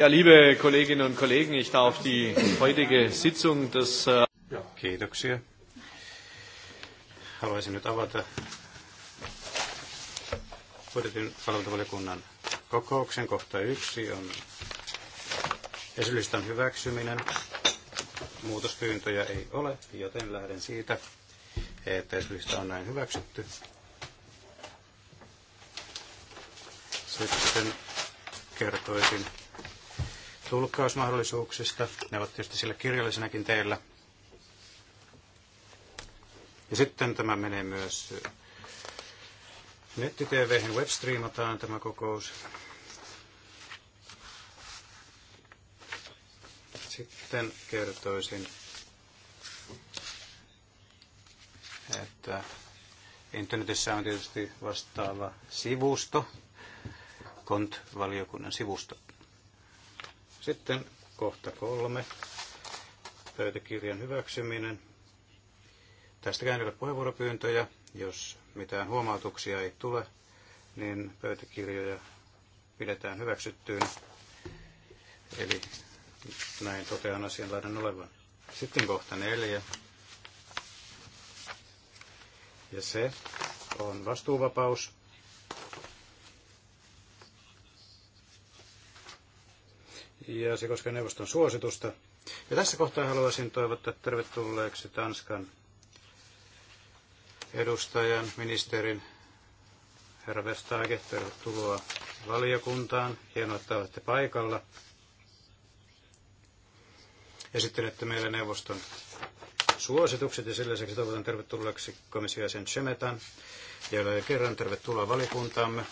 Ja, liebe Kolleginnen und Kollegen, ich darf die heutige Sitzung des... Äh, Kiitoksia. Haluaisin nyt avata budjetin valvontavaliokunnan kokouksen. Kohta yksi on esilistan hyväksyminen. Muutospyyntöjä ei ole, joten lähden siitä, että esilista on näin hyväksytty. Sitten kertoisin tulkkausmahdollisuuksista. Ne ovat tietysti sillä kirjallisenakin teillä. Ja sitten tämä menee myös netti-tvhin, webstreamataan tämä kokous. Sitten kertoisin, että internetissä on tietysti vastaava sivusto, KONT-valiokunnan sivusto. Sitten kohta kolme, pöytäkirjan hyväksyminen. Tästäkään ei ole puheenvuoropyyntöjä. Jos mitään huomautuksia ei tule, niin pöytäkirjoja pidetään hyväksyttyyn, Eli näin totean laidan olevan. Sitten kohta neljä. Ja se on vastuuvapaus. ja se koskee neuvoston suositusta. Ja tässä kohtaa haluaisin toivottaa tervetulleeksi Tanskan edustajan, ministerin, herra Vestage, tervetuloa valiokuntaan. Hienoa, että olette paikalla. Esittelette meille neuvoston suositukset ja sillä lisäksi toivotan tervetulleeksi jäsen Chemetan. Jälleen kerran tervetuloa valiokuntaamme.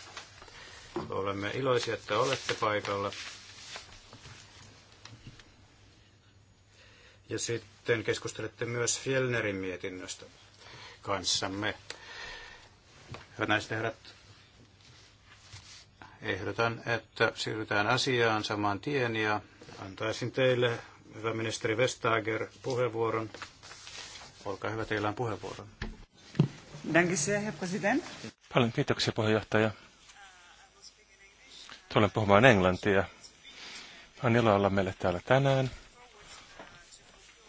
Olemme iloisia, että olette paikalla. Ja sitten keskustelette myös Fjellnerin mietinnöstä kanssamme. Hyvät naiset herrat, ehdotan, että siirrytään asiaan saman tien ja antaisin teille, hyvä ministeri Vestager, puheenvuoron. Olkaa hyvä, teillä on puheenvuoro. Paljon kiitoksia, puheenjohtaja. Tulen puhumaan englantia. On ilo olla meille täällä tänään.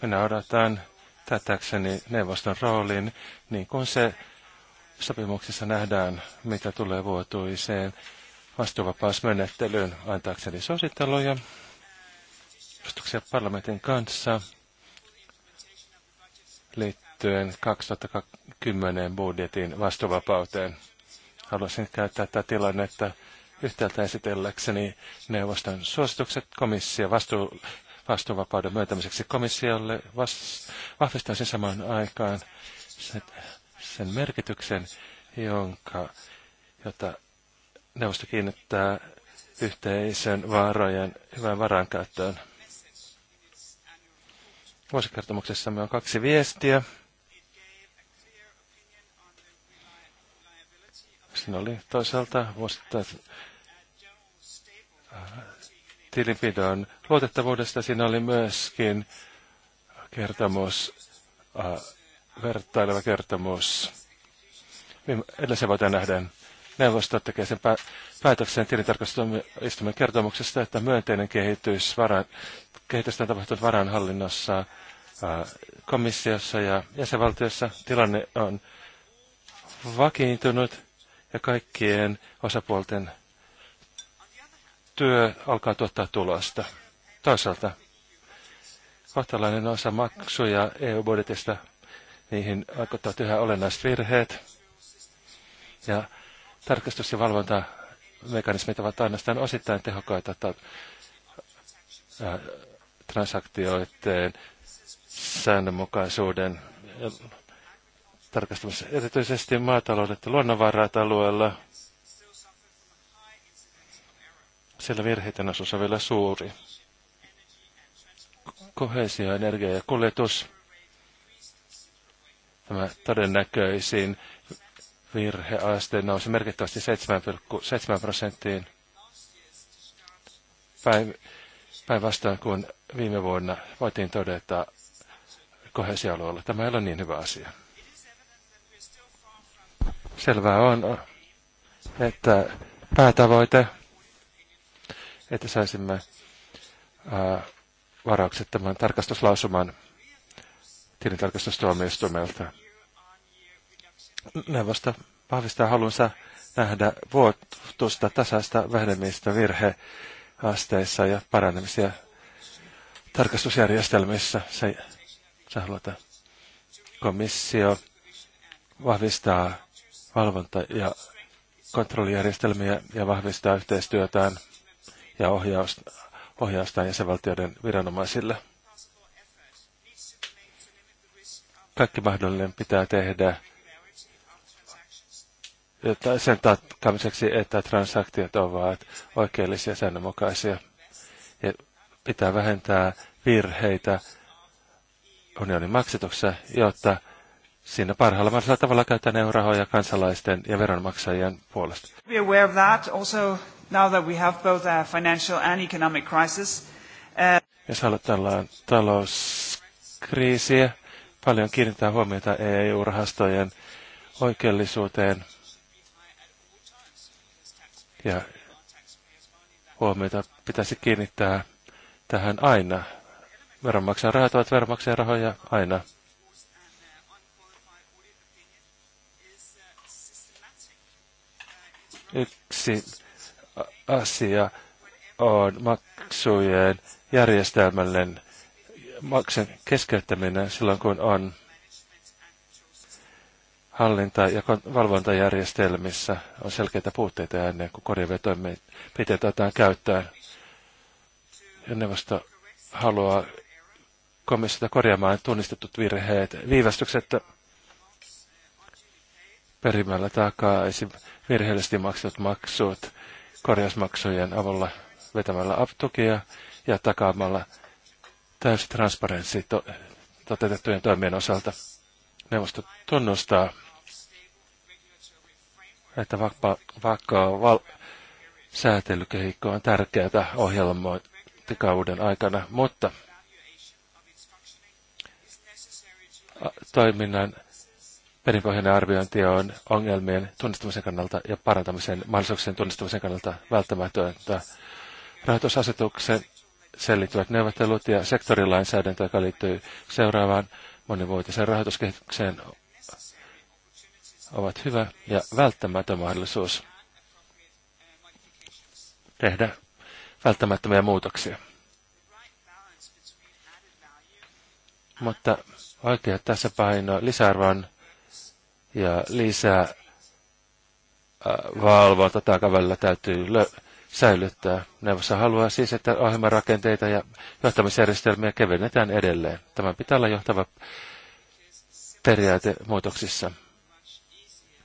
Minä odotan tätäkseni neuvoston rooliin, niin kuin se sopimuksessa nähdään, mitä tulee vuotuiseen vastuuvapausmenettelyyn antaakseni suositteluja vastuksia parlamentin kanssa liittyen 2010 budjetin vastuuvapauteen. Haluaisin käyttää tätä tilannetta yhtäältä esitelläkseni neuvoston suositukset komissio vastuu, vastuunvapauden myöntämiseksi komissiolle sen samaan aikaan sen, sen merkityksen, jonka, jota neuvosto kiinnittää yhteisön vaarojen hyvään varankäyttöön. Vuosikertomuksessamme on kaksi viestiä. Siinä oli toisaalta vuosittain tilinpidon luotettavuudesta. Siinä oli myöskin kertomus, äh, vertaileva kertomus. Edellisen vuoteen nähden neuvosto tekee sen pä- päätöksen tilintarkastustuomioistuimen kertomuksesta, että myönteinen kehitys varan, kehitystä on tapahtunut varanhallinnossa, äh, komissiossa ja jäsenvaltiossa. Tilanne on vakiintunut ja kaikkien osapuolten työ alkaa tuottaa tulosta. Toisaalta kohtalainen osa maksuja EU-budjetista, niihin vaikuttaa yhä olennaiset virheet. Ja tarkastus- ja valvontamekanismit ovat ainoastaan osittain tehokkaita transaktioiden säännönmukaisuuden tarkastamassa Erityisesti maataloudet ja luonnonvarat alueella sillä virheiden osuus on vielä suuri. Kohesio, energia ja kuljetus. Tämä todennäköisin virheaste nousi merkittävästi 7,7 prosenttiin päinvastoin kuin viime vuonna voitiin todeta kohesialueella. Tämä ei ole niin hyvä asia. Selvää on, että päätavoite että saisimme varaukset tämän tarkastuslausuman tilintarkastustuomioistuimelta. Neuvosto vahvistaa halunsa nähdä vuotusta tasaista vähenemistä virheasteissa ja parannemisia tarkastusjärjestelmissä. Se, se halutaan. Komissio vahvistaa valvonta- ja kontrollijärjestelmiä ja vahvistaa yhteistyötään ja ohjausta, ohjausta jäsenvaltioiden viranomaisille. Kaikki mahdollinen pitää tehdä sen takamiseksi, että transaktiot ovat oikeellisia ja säännönmukaisia. Ja pitää vähentää virheitä unionin maksatuksessa, jotta siinä parhaalla mahdollisella tavalla käytetään eurorahoja kansalaisten ja veronmaksajien puolesta now that we have both a financial and economic crisis. Uh... Jos aloitellaan talouskriisiä, paljon kiinnittää huomiota EU-rahastojen oikeellisuuteen ja huomiota pitäisi kiinnittää tähän aina. Veronmaksajan rahat ovat veronmaksajan rahoja aina. Yksi asia on maksujen järjestelmällinen maksen keskeyttäminen silloin, kun on hallinta- ja valvontajärjestelmissä on selkeitä puutteita ennen kuin korjaavia toimenpiteitä otetaan käyttöön. Ja neuvosto haluaa komissiota korjaamaan tunnistetut virheet, viivästykset perimällä takaisin virheellisesti maksut maksut korjausmaksujen avulla vetämällä aptukia ja takaamalla täysi transparenssi to- toteutettujen toimien osalta. Neuvosto tunnustaa, että vakka, vakka val- säätelykehikko on tärkeää ohjelmointikauden aikana, mutta toiminnan Perinpohjainen arviointi on ongelmien tunnistamisen kannalta ja parantamisen mahdollisuuksien tunnistamisen kannalta välttämätöntä. Rahoitusasetuksen selittyvät neuvottelut ja sektorilainsäädäntö, joka liittyy seuraavaan monivuotiseen rahoituskehitykseen, ovat hyvä ja välttämätön mahdollisuus tehdä välttämättömiä muutoksia. Mutta oikea tässä paino lisäarvon ja lisää äh, valvonta takavälillä täytyy säilyttää. Neuvossa haluaa siis, että ohjelmarakenteita ja johtamisjärjestelmiä kevennetään edelleen. Tämä pitää olla johtava periaate muutoksissa,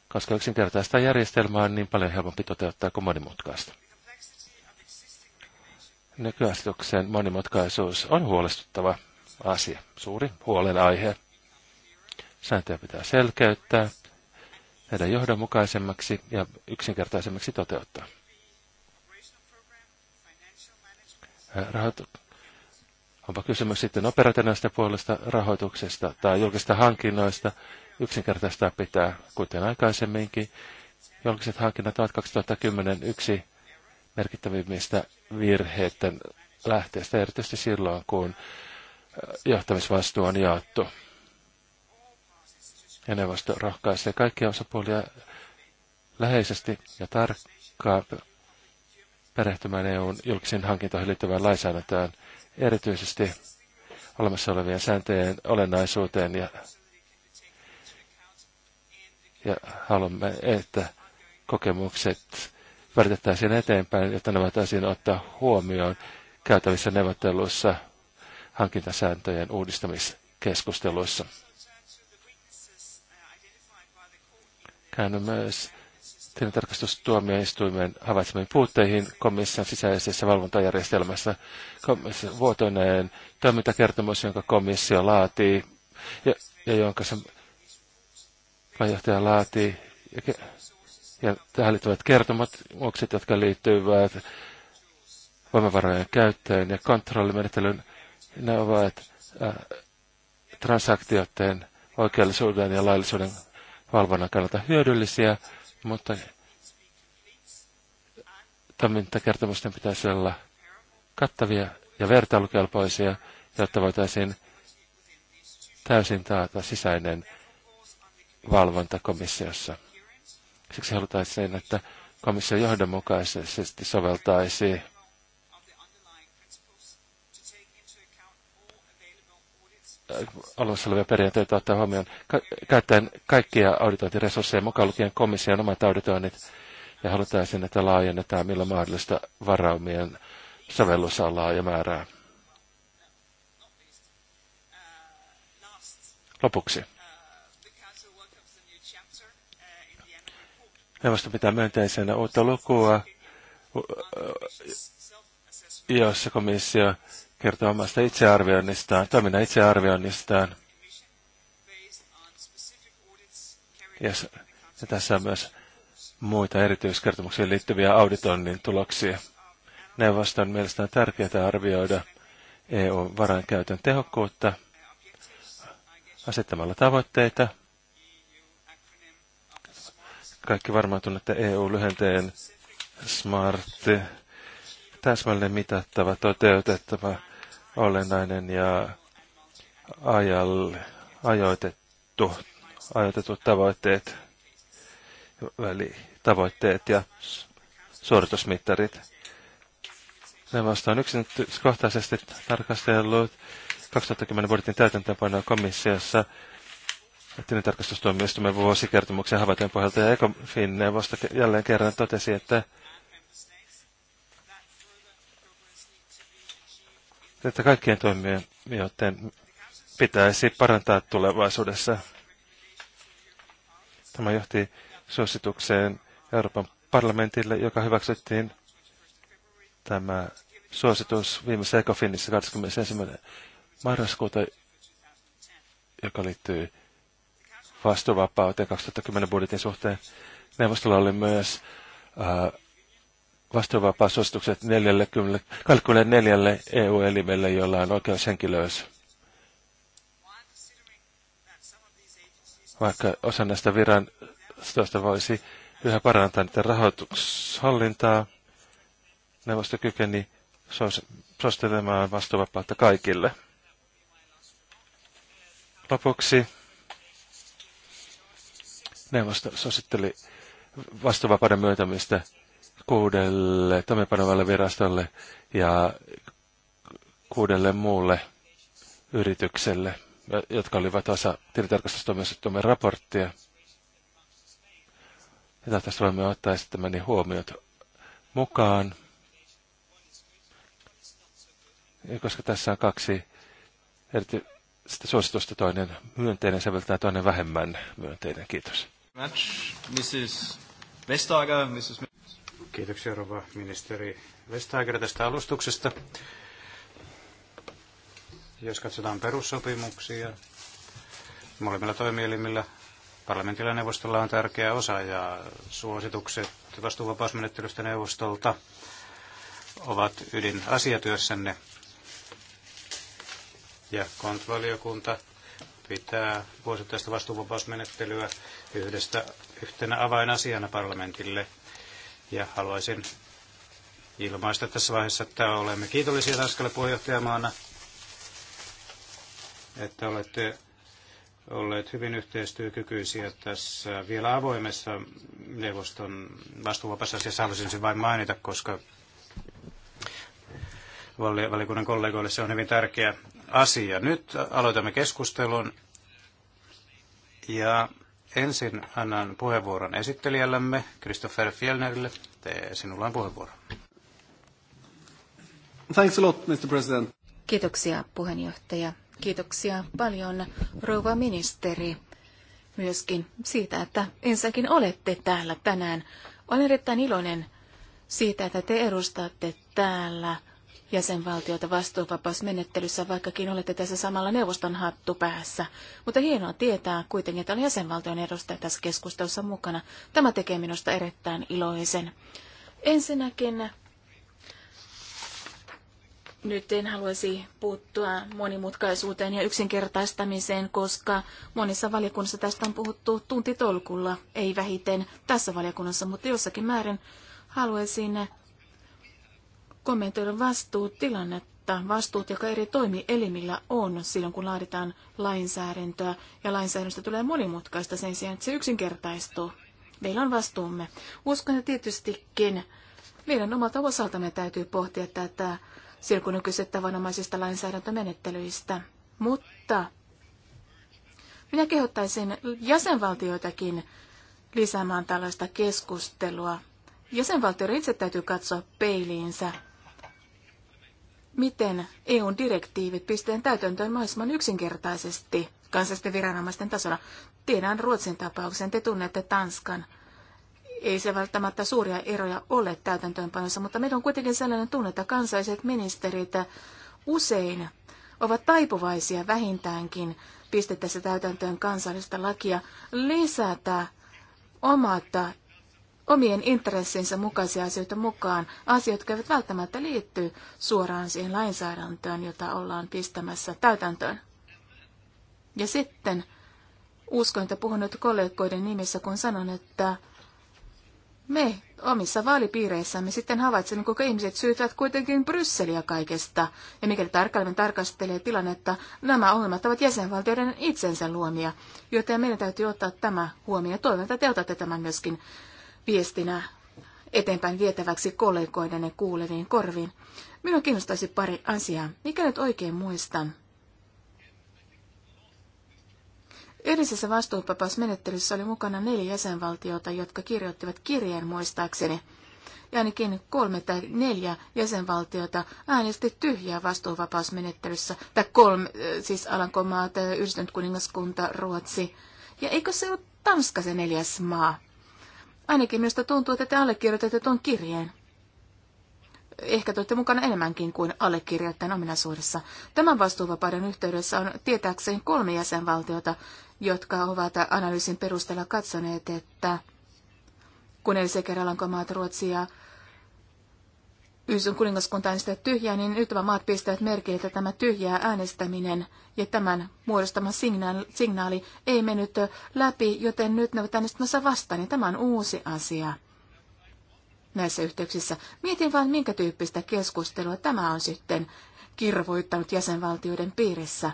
koska yksinkertaista järjestelmää on niin paljon helpompi toteuttaa kuin monimutkaista. Nykyasetuksen monimutkaisuus on huolestuttava asia, suuri huolenaihe. Sääntöjä pitää selkeyttää, tehdä johdonmukaisemmaksi ja yksinkertaisemmaksi toteuttaa. Rahoitu- Onpa kysymys sitten operatiivisesta puolesta rahoituksesta tai julkisista hankinnoista. Yksinkertaistaa pitää, kuten aikaisemminkin. Julkiset hankinnat ovat 2010 yksi merkittävimmistä virheiden lähteistä, erityisesti silloin, kun johtamisvastuu on jaettu. Ja neuvosto rohkaisee kaikkia osapuolia läheisesti ja tarkkaan perehtymään EUn julkisiin hankintoihin liittyvään lainsäädäntöön, erityisesti olemassa olevien sääntöjen olennaisuuteen ja, ja haluamme, että kokemukset välitettäisiin eteenpäin, jotta ne voitaisiin ottaa huomioon käytävissä neuvotteluissa hankintasääntöjen uudistamiskeskusteluissa. Käännyn myös tilintarkastustuomioistuimen havaitsemiin puutteihin komission sisäisessä valvontajärjestelmässä. Komission vuotoinen toimintakertomus, jonka komissio laatii ja, ja jonka se pääjohtaja laatii ja, ja tähän liittyvät kertomukset, jotka liittyvät voimavarojen käyttöön ja kontrollimenettelyyn, ne ovat äh, transaktioiden oikeellisuuden ja laillisuuden valvonnan kannalta hyödyllisiä, mutta toimintakertomusten pitäisi olla kattavia ja vertailukelpoisia, jotta voitaisiin täysin taata sisäinen valvonta komissiossa. Siksi halutaan sen, että komissio johdonmukaisesti soveltaisi alussa olevia periaatteita ottaa huomioon ka- käyttäen kaikkia auditointiresursseja, mukaan lukien komission omat auditoinnit, ja halutaan sinne että laajennetaan millä mahdollista varaumien sovellusalaa ja määrää. Lopuksi. Neuvosto pitää myönteisenä uutta lukua, jossa komissio kertoo omasta itsearvioinnistaan, toiminnan itsearvioinnistaan. Ja, ja tässä on myös muita erityiskertomuksiin liittyviä auditoinnin tuloksia. Neuvoston mielestä on tärkeää arvioida EU-varainkäytön tehokkuutta asettamalla tavoitteita. Kaikki varmaan tunnette EU-lyhenteen SMART, täsmällinen mitattava, toteutettava, olennainen ja ajalle, ajoitettu, ajoitetut tavoitteet, väli, tavoitteet ja suoritusmittarit. Ne on yksityiskohtaisesti tarkastellut 2010 budjetin täytäntöönpanoa komissiossa tilintarkastustuomioistuimen vuosikertomuksen havaintojen pohjalta ja ECOFIN-neuvosto jälleen kerran totesi, että että kaikkien toimijoiden pitäisi parantaa tulevaisuudessa. Tämä johti suositukseen Euroopan parlamentille, joka hyväksyttiin tämä suositus viimeisessä Ecofinissä 21. marraskuuta, joka liittyy vastuuvapauteen 2010 budjetin suhteen. Neuvostolla oli myös äh, vastuuvapausostukset 44 EU-elimelle, e e joilla on oikeus henkilöys. Vaikka osa näistä virastoista voisi yhä parantaa niiden rahoitushallintaa, neuvosto kykeni suostelemaan vastuuvapautta kaikille. Lopuksi neuvosto suositteli vastuuvapauden myöntämistä kuudelle toimeenpanovalle virastolle ja kuudelle muulle yritykselle, jotka olivat osa tilitarkastustoimistomme raporttia. Ja tästä voimme ottaa esittämäni huomiot mukaan, ja koska tässä on kaksi erityistä suositusta, toinen myönteinen säveltää, toinen vähemmän myönteinen. Kiitos. Much, Mrs. Vestager, Mrs. Kiitoksia rouva ministeri Vestager tästä alustuksesta. Jos katsotaan perussopimuksia, molemmilla toimielimillä parlamentilla ja neuvostolla on tärkeä osa ja suositukset vastuuvapausmenettelystä neuvostolta ovat ydin asiatyössänne. Ja kontrolliokunta pitää vuosittaista vastuuvapausmenettelyä yhdestä, yhtenä avainasiana parlamentille – ja haluaisin ilmaista tässä vaiheessa, että olemme kiitollisia Tanskalle puheenjohtajamaana, että olette olleet hyvin yhteistyökykyisiä tässä vielä avoimessa neuvoston vastuuvapaassa asiassa. Haluaisin sen vain mainita, koska valiokunnan kollegoille se on hyvin tärkeä asia. Nyt aloitamme keskustelun ja Ensin annan puheenvuoron esittelijällemme, Christopher Fjellnerille. Te, sinulla on puheenvuoro. Thanks a lot, Mr. President. Kiitoksia, puheenjohtaja. Kiitoksia paljon, rouva ministeri, myöskin siitä, että ensinnäkin olette täällä tänään. Olen erittäin iloinen siitä, että te edustatte täällä – jäsenvaltiota vastuuvapausmenettelyssä, vaikkakin olette tässä samalla neuvoston hattu päässä. Mutta hienoa tietää kuitenkin, että on jäsenvaltion edustaja tässä keskustelussa mukana. Tämä tekee minusta erittäin iloisen. Ensinnäkin nyt en haluaisi puuttua monimutkaisuuteen ja yksinkertaistamiseen, koska monissa valiokunnissa tästä on puhuttu tuntitolkulla, ei vähiten tässä valiokunnassa, mutta jossakin määrin haluaisin kommentoida vastuutilannetta, vastuut, joka eri toimielimillä on silloin, kun laaditaan lainsäädäntöä, ja lainsäädännöstä tulee monimutkaista sen sijaan, että se yksinkertaistuu. Meillä on vastuumme. Uskon, että tietystikin meidän omalta osaltamme täytyy pohtia tätä silloin, kun on kyse tavanomaisista lainsäädäntömenettelyistä. Mutta minä kehottaisin jäsenvaltioitakin lisäämään tällaista keskustelua. Jäsenvaltioiden itse täytyy katsoa peiliinsä miten EUn direktiivit pisteen täytäntöön mahdollisimman yksinkertaisesti kansallisten viranomaisten tasolla. Tiedän Ruotsin tapauksen, te tunnette Tanskan. Ei se välttämättä suuria eroja ole täytäntöönpanossa, mutta meillä on kuitenkin sellainen tunne, että kansalliset ministerit usein ovat taipuvaisia vähintäänkin pistettäessä täytäntöön kansallista lakia lisätä omat omien intressinsä mukaisia asioita mukaan, asioita, jotka eivät välttämättä liitty suoraan siihen lainsäädäntöön, jota ollaan pistämässä täytäntöön. Ja sitten uskon, että puhun nyt kollegoiden nimissä, kun sanon, että me omissa vaalipiireissämme sitten havaitsemme, kuinka ihmiset syytävät kuitenkin Brysseliä kaikesta. Ja mikäli tarkkailemme tarkastelee tilannetta, nämä ongelmat ovat jäsenvaltioiden itsensä luomia, joten meidän täytyy ottaa tämä huomioon. Toivon, että te otatte tämän myöskin viestinä eteenpäin vietäväksi kollegoidenne kuuleviin korviin. Minua kiinnostaisi pari asiaa, mikä nyt oikein muistan. Edellisessä vastuupapausmenettelyssä oli mukana neljä jäsenvaltiota, jotka kirjoittivat kirjeen muistaakseni. Ja ainakin kolme tai neljä jäsenvaltiota äänesti tyhjää vastuuvapausmenettelyssä, tai kolme, äh, siis Alankomaat, äh, Yhdistynyt kuningaskunta, Ruotsi. Ja eikö se ole Tanska se neljäs maa? Ainakin minusta tuntuu, että te allekirjoitatte tuon kirjeen. Ehkä te olette mukana enemmänkin kuin allekirjoittajan ominaisuudessa. Tämän vastuuvapauden yhteydessä on tietääkseen kolme jäsenvaltiota, jotka ovat analyysin perusteella katsoneet, että kun ensi kerralla Ruotsi ja Yhdistön kuningaskunta äänestää tyhjää, niin nyt maat pistävät merkille, että tämä tyhjää äänestäminen ja tämän muodostama signaali, signaali ei mennyt läpi, joten nyt ne ovat äänestämässä vastaan, niin tämä on uusi asia näissä yhteyksissä. Mietin vain, minkä tyyppistä keskustelua tämä on sitten kirvoittanut jäsenvaltioiden piirissä.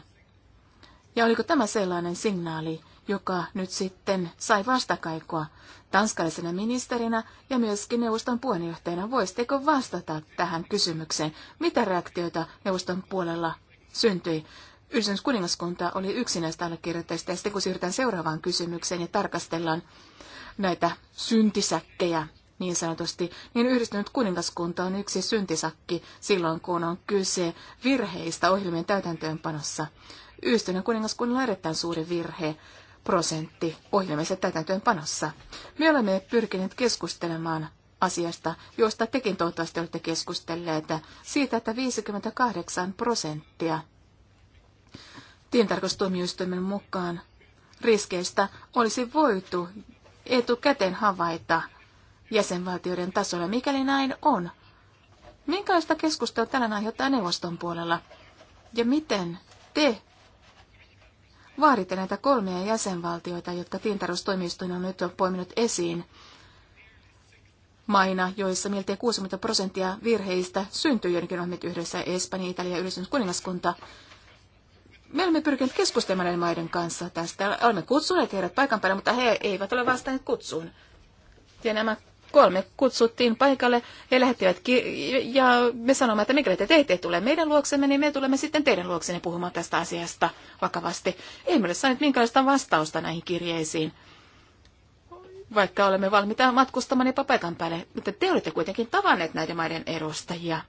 Ja oliko tämä sellainen signaali, joka nyt sitten sai vastakaikua tanskalaisena ministerinä ja myöskin neuvoston puheenjohtajana. Voisitteko vastata tähän kysymykseen? Mitä reaktioita neuvoston puolella syntyi? Yhdistynyt kuningaskunta oli yksi näistä allekirjoittajista. Ja sitten kun siirrytään seuraavaan kysymykseen ja tarkastellaan näitä syntisäkkejä niin sanotusti, niin yhdistynyt kuningaskunta on yksi syntisakki silloin, kun on kyse virheistä ohjelmien täytäntöönpanossa. Yhdistyneen kuningaskunnan on erittäin suuri virhe prosentti ohjelmissa täytäntöönpanossa. Me olemme pyrkineet keskustelemaan asiasta, josta tekin toivottavasti olette keskustelleet, siitä, että 58 prosenttia tilintarkastustuomioistuimen mukaan riskeistä olisi voitu etukäteen havaita jäsenvaltioiden tasolla, mikäli näin on. Minkälaista keskustelua tänään aiheuttaa neuvoston puolella? Ja miten te vaaditte näitä kolmea jäsenvaltioita, jotka tilintarkastustoimistoin on nyt poiminut esiin maina, joissa miltei 60 prosenttia virheistä syntyy jonkin on yhdessä Espanja, Italia ja yhdistynyt kuningaskunta. Me olemme pyrkineet keskustelemaan näiden maiden kanssa tästä. Olemme kutsuneet heidät paikan päälle, mutta he eivät ole vastanneet kutsuun. Ja nämä Kolme kutsuttiin paikalle, he lähettivät ja me sanomme, että mikäli te teette tule meidän luoksemme, niin me tulemme sitten teidän luoksenne puhumaan tästä asiasta vakavasti. Ei meille saaneet minkäänlaista vastausta näihin kirjeisiin, vaikka olemme valmiita matkustamaan jopa paikan päälle. Mutta te olette kuitenkin tavanneet näiden maiden edustajia.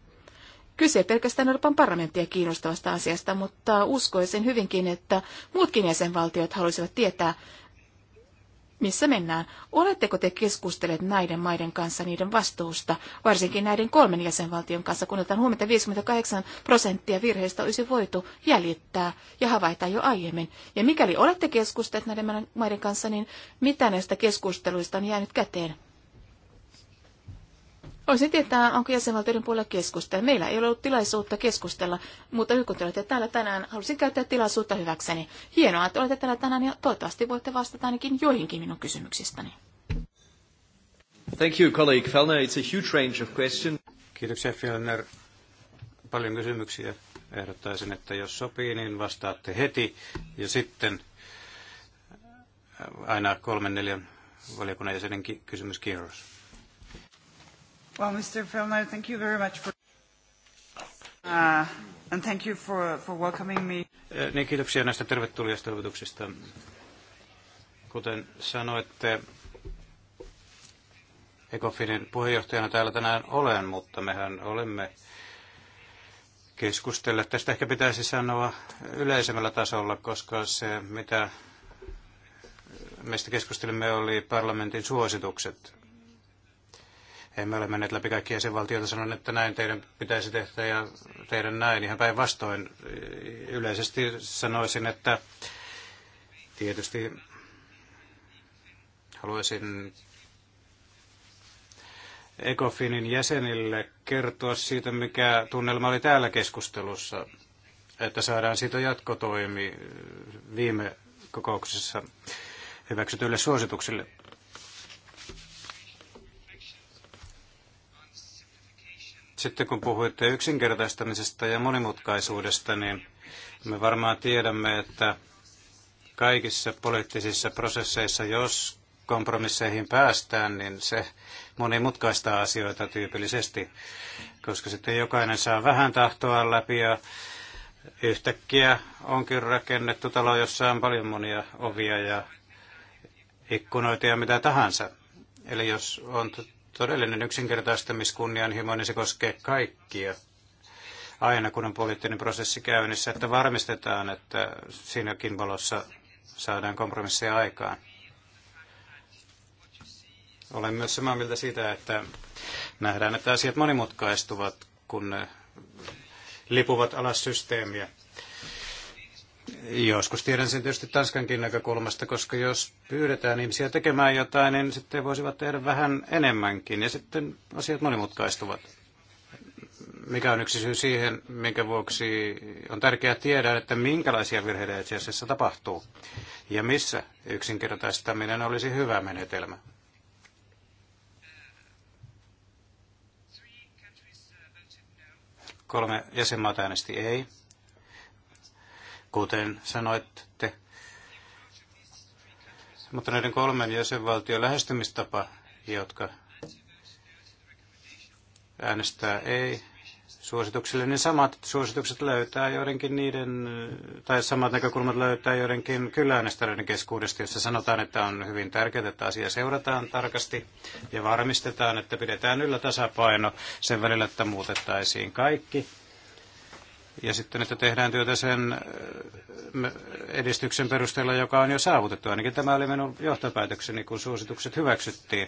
Kyse ei pelkästään Euroopan parlamenttia kiinnostavasta asiasta, mutta uskoisin hyvinkin, että muutkin jäsenvaltiot haluaisivat tietää, missä mennään. Oletteko te keskustelleet näiden maiden kanssa niiden vastuusta, varsinkin näiden kolmen jäsenvaltion kanssa, kun otetaan huomioon, että 58 prosenttia virheistä olisi voitu jäljittää ja havaita jo aiemmin. Ja mikäli olette keskustelleet näiden maiden kanssa, niin mitä näistä keskusteluista on jäänyt käteen? Haluaisin tietää, onko jäsenvaltioiden puolella keskustella. Meillä ei ole ollut tilaisuutta keskustella, mutta nyt kun te olette täällä tänään, halusin käyttää tilaisuutta hyväkseni. Hienoa, että olette täällä tänään ja toivottavasti voitte vastata ainakin joihinkin minun kysymyksistäni. Thank you, colleague Fellner. It's a huge range of questions. Kiitoksia, Fjellner. Paljon kysymyksiä. Ehdottaisin, että jos sopii, niin vastaatte heti. Ja sitten aina kolmen neljän valiokunnan jäsenen kysymyskierros. Well, Mr. Fellner, thank you very much for... Uh, and thank you for, for welcoming me. Eh, niin, kiitoksia näistä tervetuliaista toivotuksista. Kuten sanoitte, Ecofinin puheenjohtajana täällä tänään olen, mutta mehän olemme keskustelleet. Tästä ehkä pitäisi sanoa yleisemmällä tasolla, koska se, mitä meistä keskustelimme, oli parlamentin suositukset emme ole menneet läpi kaikkia jäsenvaltioita sanon, että näin teidän pitäisi tehdä ja teidän näin. Ihan päinvastoin yleisesti sanoisin, että tietysti haluaisin Ecofinin jäsenille kertoa siitä, mikä tunnelma oli täällä keskustelussa, että saadaan siitä jatkotoimi viime kokouksessa hyväksytyille suosituksille. Sitten kun puhuitte yksinkertaistamisesta ja monimutkaisuudesta, niin me varmaan tiedämme, että kaikissa poliittisissa prosesseissa, jos kompromisseihin päästään, niin se monimutkaistaa asioita tyypillisesti, koska sitten jokainen saa vähän tahtoa läpi ja yhtäkkiä onkin rakennettu talo, jossa on paljon monia ovia ja ikkunoita ja mitä tahansa. Eli jos on todellinen yksinkertaistamiskunnianhimoinen, se koskee kaikkia aina, kun on poliittinen prosessi käynnissä, että varmistetaan, että siinäkin valossa saadaan kompromisseja aikaan. Olen myös samaa mieltä siitä, että nähdään, että asiat monimutkaistuvat, kun ne lipuvat alas systeemiä. Joskus tiedän sen tietysti Tanskankin näkökulmasta, koska jos pyydetään ihmisiä tekemään jotain, niin sitten voisivat tehdä vähän enemmänkin ja sitten asiat monimutkaistuvat. Mikä on yksi syy siihen, minkä vuoksi on tärkeää tiedä, että minkälaisia virheitä itse asiassa tapahtuu ja missä yksinkertaistaminen olisi hyvä menetelmä. Kolme jäsenmaata äänesti ei kuten sanoitte. Mutta näiden kolmen jäsenvaltion lähestymistapa, jotka äänestää ei suosituksille, niin samat suositukset löytää joidenkin niiden, tai samat näkökulmat löytää joidenkin kylääänestäjien keskuudesta, jossa sanotaan, että on hyvin tärkeää, että asia seurataan tarkasti ja varmistetaan, että pidetään yllä tasapaino sen välillä, että muutettaisiin kaikki ja sitten, että tehdään työtä sen äh, edistyksen perusteella, joka on jo saavutettu. Ainakin tämä oli minun johtopäätökseni, kun suositukset hyväksyttiin.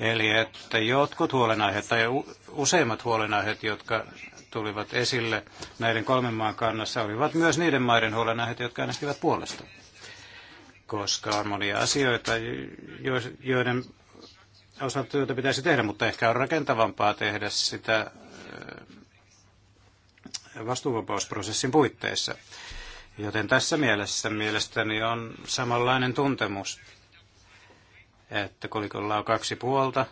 Eli että jotkut huolenaiheet tai useimmat huolenaiheet, jotka tulivat esille näiden kolmen maan kannassa, olivat myös niiden maiden huolenaiheet, jotka äänestivät puolesta. Koska on monia asioita, joiden osalta työtä pitäisi tehdä, mutta ehkä on rakentavampaa tehdä sitä äh, vastuuvapausprosessin puitteissa. Joten tässä mielessä mielestäni on samanlainen tuntemus, että kolikolla on kaksi puolta,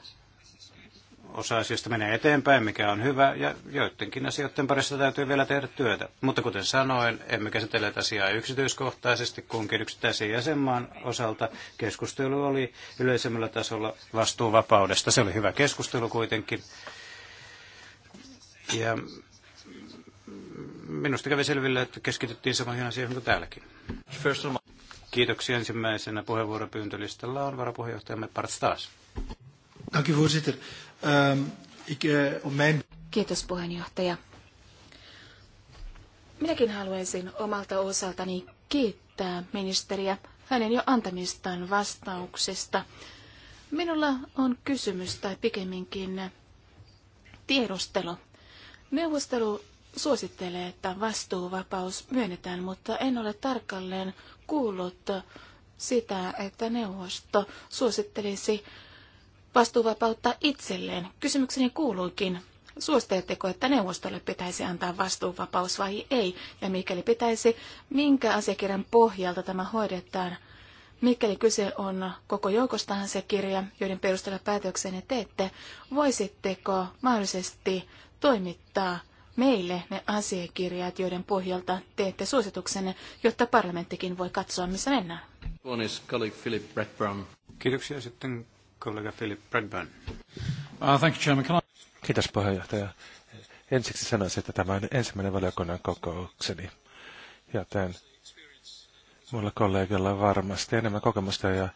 osa asioista menee eteenpäin, mikä on hyvä, ja joidenkin asioiden parissa täytyy vielä tehdä työtä. Mutta kuten sanoin, emme käsitelle asiaa yksityiskohtaisesti kunkin yksittäisen jäsenmaan osalta. Keskustelu oli yleisemmällä tasolla vastuuvapaudesta. Se oli hyvä keskustelu kuitenkin. Ja Minusta kävi selville, että keskityttiin samoihin asioihin kuin täälläkin. Kiitoksia ensimmäisenä puheenvuoropyyntölistalla on varapuheenjohtajamme Bart Stas. Ehm, eh, Kiitos puheenjohtaja. Minäkin haluaisin omalta osaltani kiittää ministeriä hänen jo antamistaan vastauksista. Minulla on kysymys tai pikemminkin tiedustelu. Neuvostelu, suosittelee, että vastuuvapaus myönnetään, mutta en ole tarkalleen kuullut sitä, että neuvosto suosittelisi vastuuvapautta itselleen. Kysymykseni kuuluukin, suositteletteko, että neuvostolle pitäisi antaa vastuuvapaus vai ei, ja mikäli pitäisi, minkä asiakirjan pohjalta tämä hoidetaan? Mikäli kyse on koko joukosta asiakirja, joiden perusteella päätöksenne teette, voisitteko mahdollisesti toimittaa meille ne asiakirjat, joiden pohjalta teette suosituksenne, jotta parlamenttikin voi katsoa, missä mennään. One is colleague Philip Redburn. Kiitoksia sitten kollega Philip Bradburn. Uh, thank you, Chairman. Can I... Kiitos puheenjohtaja. Ensiksi sanoisin, että tämä on ensimmäinen valiokunnan kokoukseni, joten mulla kollegalla on varmasti enemmän kokemusta ja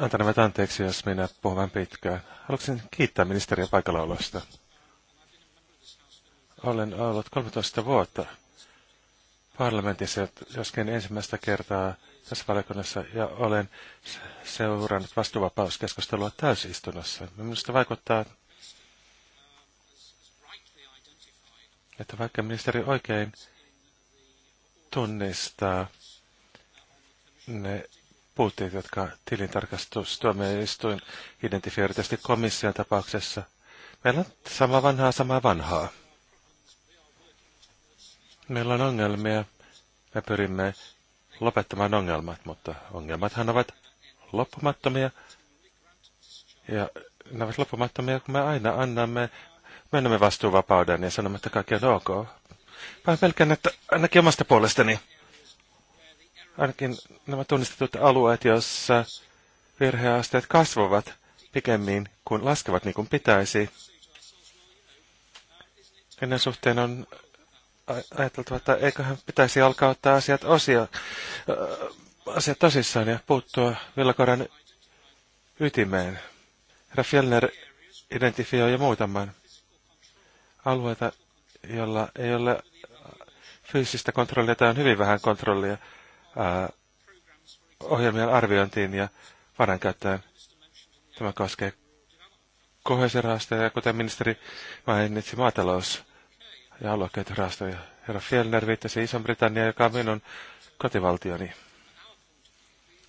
antanevat anteeksi, jos minä puhun pitkään. Haluaisin kiittää ministeriä paikallaolosta. Olen ollut 13 vuotta parlamentissa, joskin ensimmäistä kertaa tässä valiokunnassa, ja olen seurannut vastuuvapauskeskustelua täysistunnossa. Minusta vaikuttaa, että vaikka ministeri oikein tunnistaa ne puutteet, jotka tuomioistuin identifioi komission tapauksessa. Meillä on sama vanhaa, samaa vanhaa. Meillä on ongelmia. Me pyrimme lopettamaan ongelmat, mutta ongelmathan ovat loppumattomia. Ja ne ovat loppumattomia, kun me aina annamme, menemme vastuuvapauden ja sanomme, että kaikki on ok. Vaan pelkään, että ainakin omasta puolestani, ainakin nämä tunnistetut alueet, joissa virheasteet kasvavat pikemmin kuin laskevat niin kuin pitäisi. Ennen suhteen on ajateltu, että eiköhän pitäisi alkaa ottaa asiat osia, asiat tosissaan ja puuttua villakoran ytimeen. Herra Fjellner identifioi jo muutaman alueita, jolla ei ole fyysistä kontrollia tai on hyvin vähän kontrollia ohjelmien arviointiin ja varankäyttöön. Tämä koskee kohesirahastoja ja kuten ministeri mainitsi, maatalous ja rahastoja. Herra Fjellner viittasi Iso-Britannia, joka on minun kotivaltioni.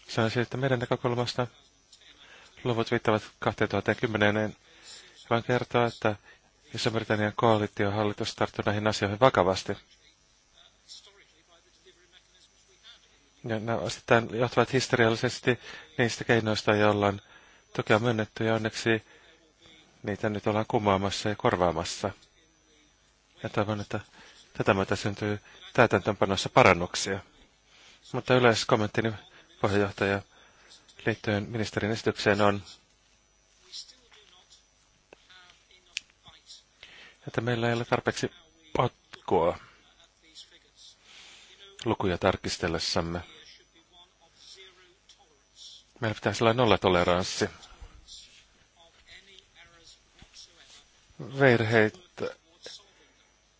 Sanoisin, että meidän näkökulmasta luvut viittavat 2010, vaan kertoo, että Iso-Britannian hallitus tarttuu näihin asioihin vakavasti. Ja nämä sitten johtuvat historiallisesti niistä keinoista, joilla on tukea myönnetty ja onneksi niitä nyt ollaan kumoamassa ja korvaamassa. Ja toivon, että tätä myötä syntyy täytäntöönpanossa parannuksia. Mutta yleiskommenttini puheenjohtaja liittyen ministerin esitykseen on, että meillä ei ole tarpeeksi potkua lukuja tarkistellessamme. Meillä pitäisi olla nollatoleranssi. Virheitä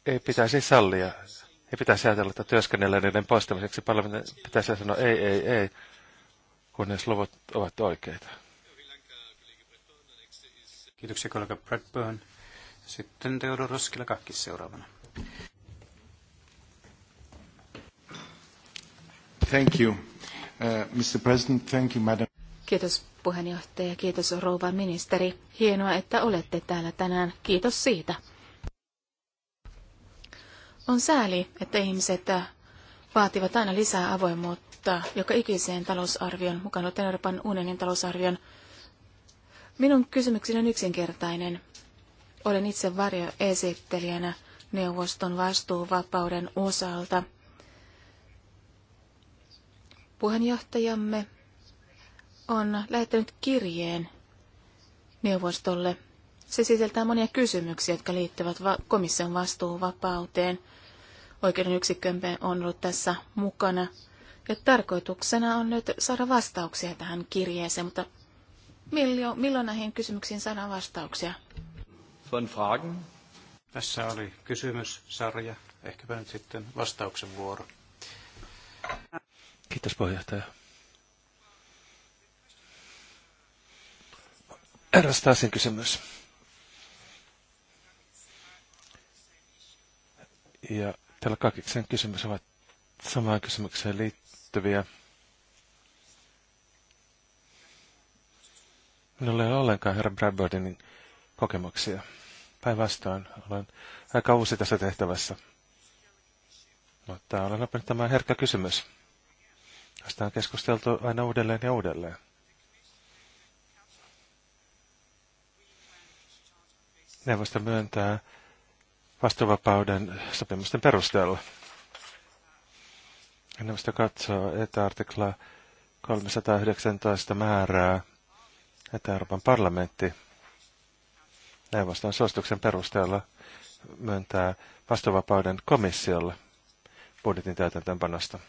ei pitäisi sallia. Ei pitäisi ajatella, että työskennellä niiden poistamiseksi. Parlamentin pitäisi sanoa ei, ei, ei, kunnes luvut ovat oikeita. Kiitoksia kollega Bradburn. Sitten Teodor Roskila kaikki seuraavana. Thank you. Uh, Mr. President, thank you, madam. Kiitos puheenjohtaja, kiitos rouva ministeri. Hienoa, että olette täällä tänään. Kiitos siitä. On sääli, että ihmiset äh, vaativat aina lisää avoimuutta joka ikiseen talousarvion, mukaan ottaen Euroopan unionin talousarvion. Minun kysymykseni on yksinkertainen. Olen itse varjoesittelijänä neuvoston vastuuvapauden osalta. Puheenjohtajamme on lähettänyt kirjeen neuvostolle. Se sisältää monia kysymyksiä, jotka liittyvät komission vastuuvapauteen – Oikeuden yksikkömme on ollut tässä mukana. Ja tarkoituksena on nyt saada vastauksia tähän kirjeeseen, mutta milloin, milloin näihin kysymyksiin saadaan vastauksia? Von Fragen. Tässä oli kysymyssarja. Ehkäpä nyt sitten vastauksen vuoro. Kiitos puheenjohtaja. Eräs taasin kysymys. Ja Täällä kakiksen kysymys ovat samaan kysymykseen liittyviä. Minulla ei ole ollenkaan herra Bradburdinin kokemuksia. Päinvastoin olen aika uusi tässä tehtävässä. Mutta olen oppinut tämä herkkä kysymys. Tästä on keskusteltu aina uudelleen ja uudelleen. Neuvosto myöntää vastuuvapauden sopimusten perusteella. Enemmistö katsoo, että artikla 319 määrää, että Euroopan parlamentti neuvoston suosituksen perusteella myöntää vastuuvapauden komissiolle budjetin täytäntöönpanosta.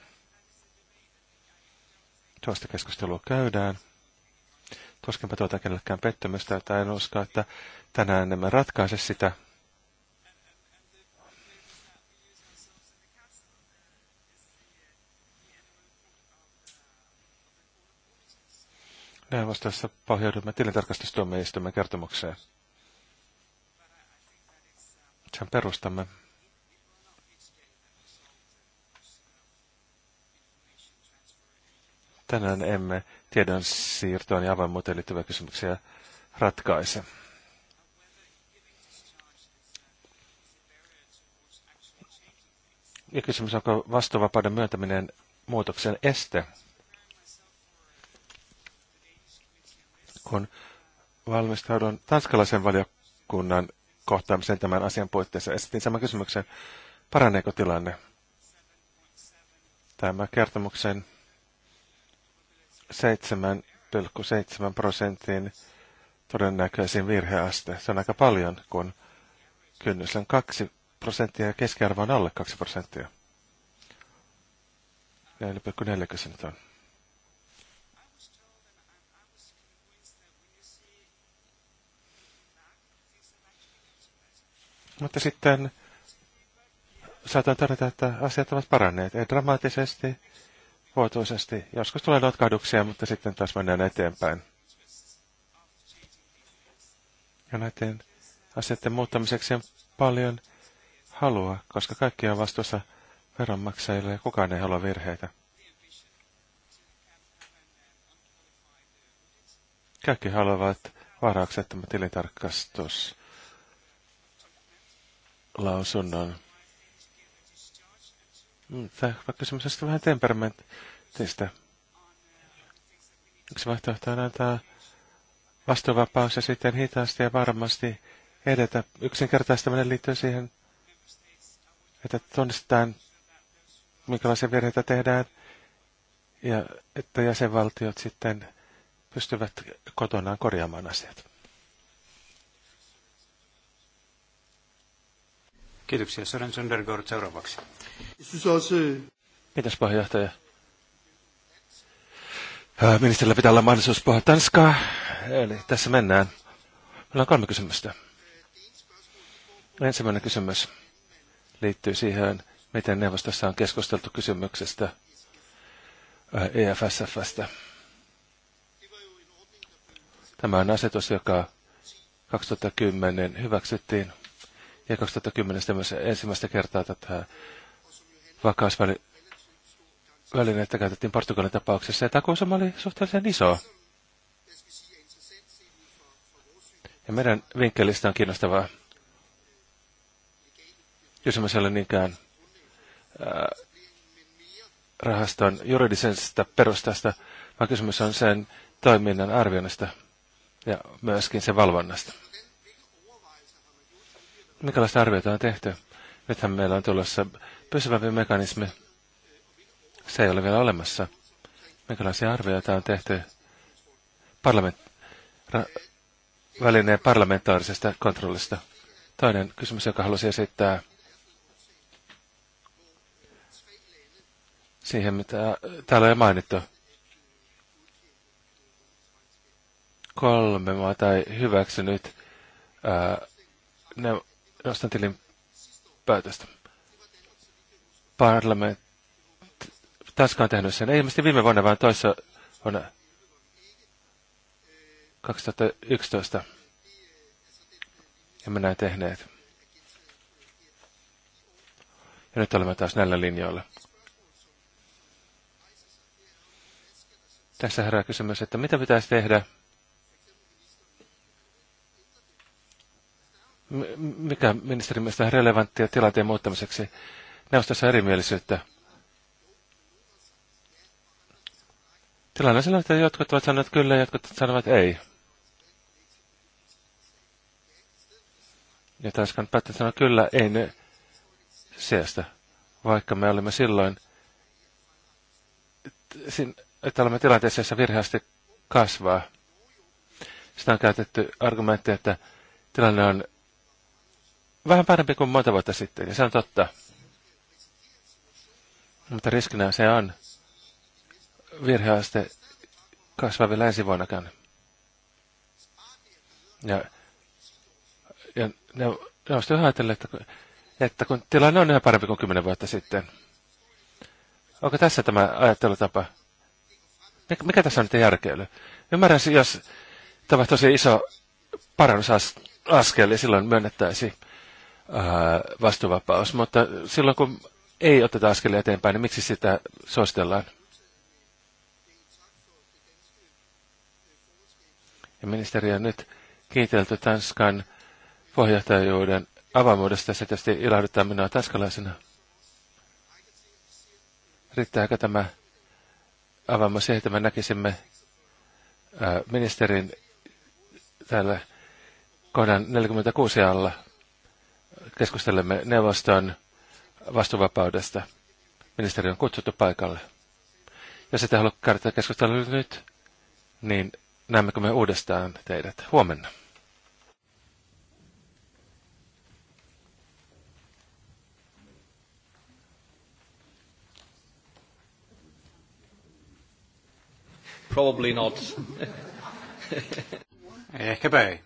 Tuosta keskustelua käydään. Tuskinpä tuota kenellekään pettymystä, että en usko, että tänään emme ratkaise sitä. Näin neuvostossa pohjaudumme tilintarkastustuomioistuimen kertomukseen. Sen perustamme. Tänään emme tiedon siirtoon ja avoimuuteen liittyviä kysymyksiä ratkaise. Ja kysymys onko vastuuvapauden myöntäminen muutoksen este kun valmistaudun tanskalaisen valiokunnan kohtaamisen tämän asian puitteissa, esitin saman kysymyksen, paraneeko tilanne? Tämä kertomuksen 7,7 prosentin todennäköisin virheaste. Se on aika paljon, kun kynnys on 2 prosenttia ja keskiarvo on alle 2 prosenttia. Ja 4,4 se nyt on. Mutta sitten saatan todeta, että asiat ovat paranneet. Ei dramaattisesti, vuotuisesti. Joskus tulee notkahduksia, mutta sitten taas mennään eteenpäin. Ja näiden asioiden muuttamiseksi on paljon halua, koska kaikki on vastuussa veronmaksajille ja kukaan ei halua virheitä. Kaikki haluavat varauksettoman tilintarkastus lausunnon. Tai vaikka semmoisesta vähän temperamentista. Yksi vaihtoehto on antaa vastuuvapaus ja sitten hitaasti ja varmasti edetä. Yksinkertaistaminen liittyy siihen, että tunnistetaan, minkälaisia virheitä tehdään, ja että jäsenvaltiot sitten pystyvät kotonaan korjaamaan asiat. Kiitoksia. Sören Sundergaard seuraavaksi. Kiitos puheenjohtaja. Äh, ministerillä pitää olla mahdollisuus puhua Tanskaa. Eli tässä mennään. Meillä on kolme kysymystä. Ensimmäinen kysymys liittyy siihen, miten neuvostossa on keskusteltu kysymyksestä äh, EFSFstä. Tämä on asetus, joka 2010 hyväksyttiin ja 2010 ensimmäistä kertaa tätä vakausvälinettä käytettiin Portugalin tapauksessa. Ja takuusoma oli suhteellisen iso. Ja meidän vinkkelistä on kiinnostavaa. Kysymys ei ole niinkään ää, äh, rahaston juridisesta perustasta, vaan kysymys on sen toiminnan arvioinnista ja myöskin sen valvonnasta minkälaista arviota on tehty? Nythän meillä on tulossa pysyvämpi mekanismi. Se ei ole vielä olemassa. Minkälaisia arvioita on tehty parlament, ra, välineen parlamentaarisesta kontrollista? Toinen kysymys, joka halusin esittää siihen, mitä täällä on mainittu. Kolme maata ei hyväksynyt ää, ne Jostain tilin päätöstä. Parlament, Tanska on tehnyt sen, ei ilmeisesti viime vuonna, vaan toissa vuonna 2011. Emme näin tehneet. Ja nyt olemme taas näillä linjoilla. Tässä herää kysymys, että mitä pitäisi tehdä, mikä ministeri mielestä on relevanttia tilanteen muuttamiseksi? Neuvostossa tässä erimielisyyttä. Tilanne on sellainen, että jotkut ovat sanoneet kyllä ja jotkut sanovat ei. Ja Tanskan päätti sanoa kyllä, ei ne sijasta, vaikka me olimme silloin, että olemme tilanteessa, jossa virheästi kasvaa. Sitä on käytetty argumentti, että tilanne on vähän parempi kuin monta vuotta sitten, ja niin se on totta. Mutta riskinä se on virheaste kasvaa vielä ensi vuonnakaan. Ja, ja ne, ne on sitten että, että kun tilanne on yhä parempi kuin kymmenen vuotta sitten. Onko tässä tämä ajattelutapa? Mikä, mikä tässä on nyt järkeily? Ymmärrän, jos tosi iso parannusaskel, ja silloin myönnettäisiin vastuvapaus, mutta silloin kun ei oteta askelia eteenpäin, niin miksi sitä suositellaan? Ja ministeri on nyt kiitelty Tanskan pohjohtajuuden avaamuudesta. Se tietysti ilahduttaa minua tanskalaisena. Riittääkö tämä avaamme siihen, että me näkisimme ministerin täällä kohdan 46 alla keskustelemme neuvoston vastuvapaudesta. Ministeri on kutsuttu paikalle. Jos ette halua kertoa keskustelua nyt, niin näemmekö me uudestaan teidät huomenna. Probably not. Ehkäpä ei.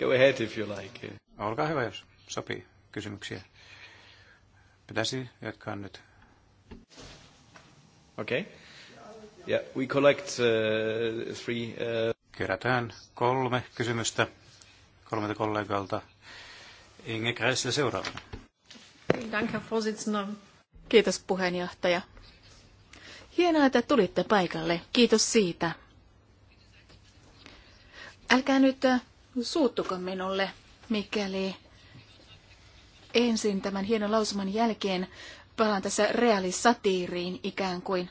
Go ahead if you like. Olkaa hyvä, jos sopii kysymyksiä. Pitäisi jatkaa nyt. Okei. Okay. Yeah, we collect uh, three... Uh... Kerätään kolme kysymystä kolmelta kollegalta. Inge Kressle seuraava. Kiitos puheenjohtaja. Hienoa, että tulitte paikalle. Kiitos siitä. Älkää nyt suuttuko minulle, mikäli ensin tämän hienon lausuman jälkeen palaan tässä realisatiiriin ikään kuin.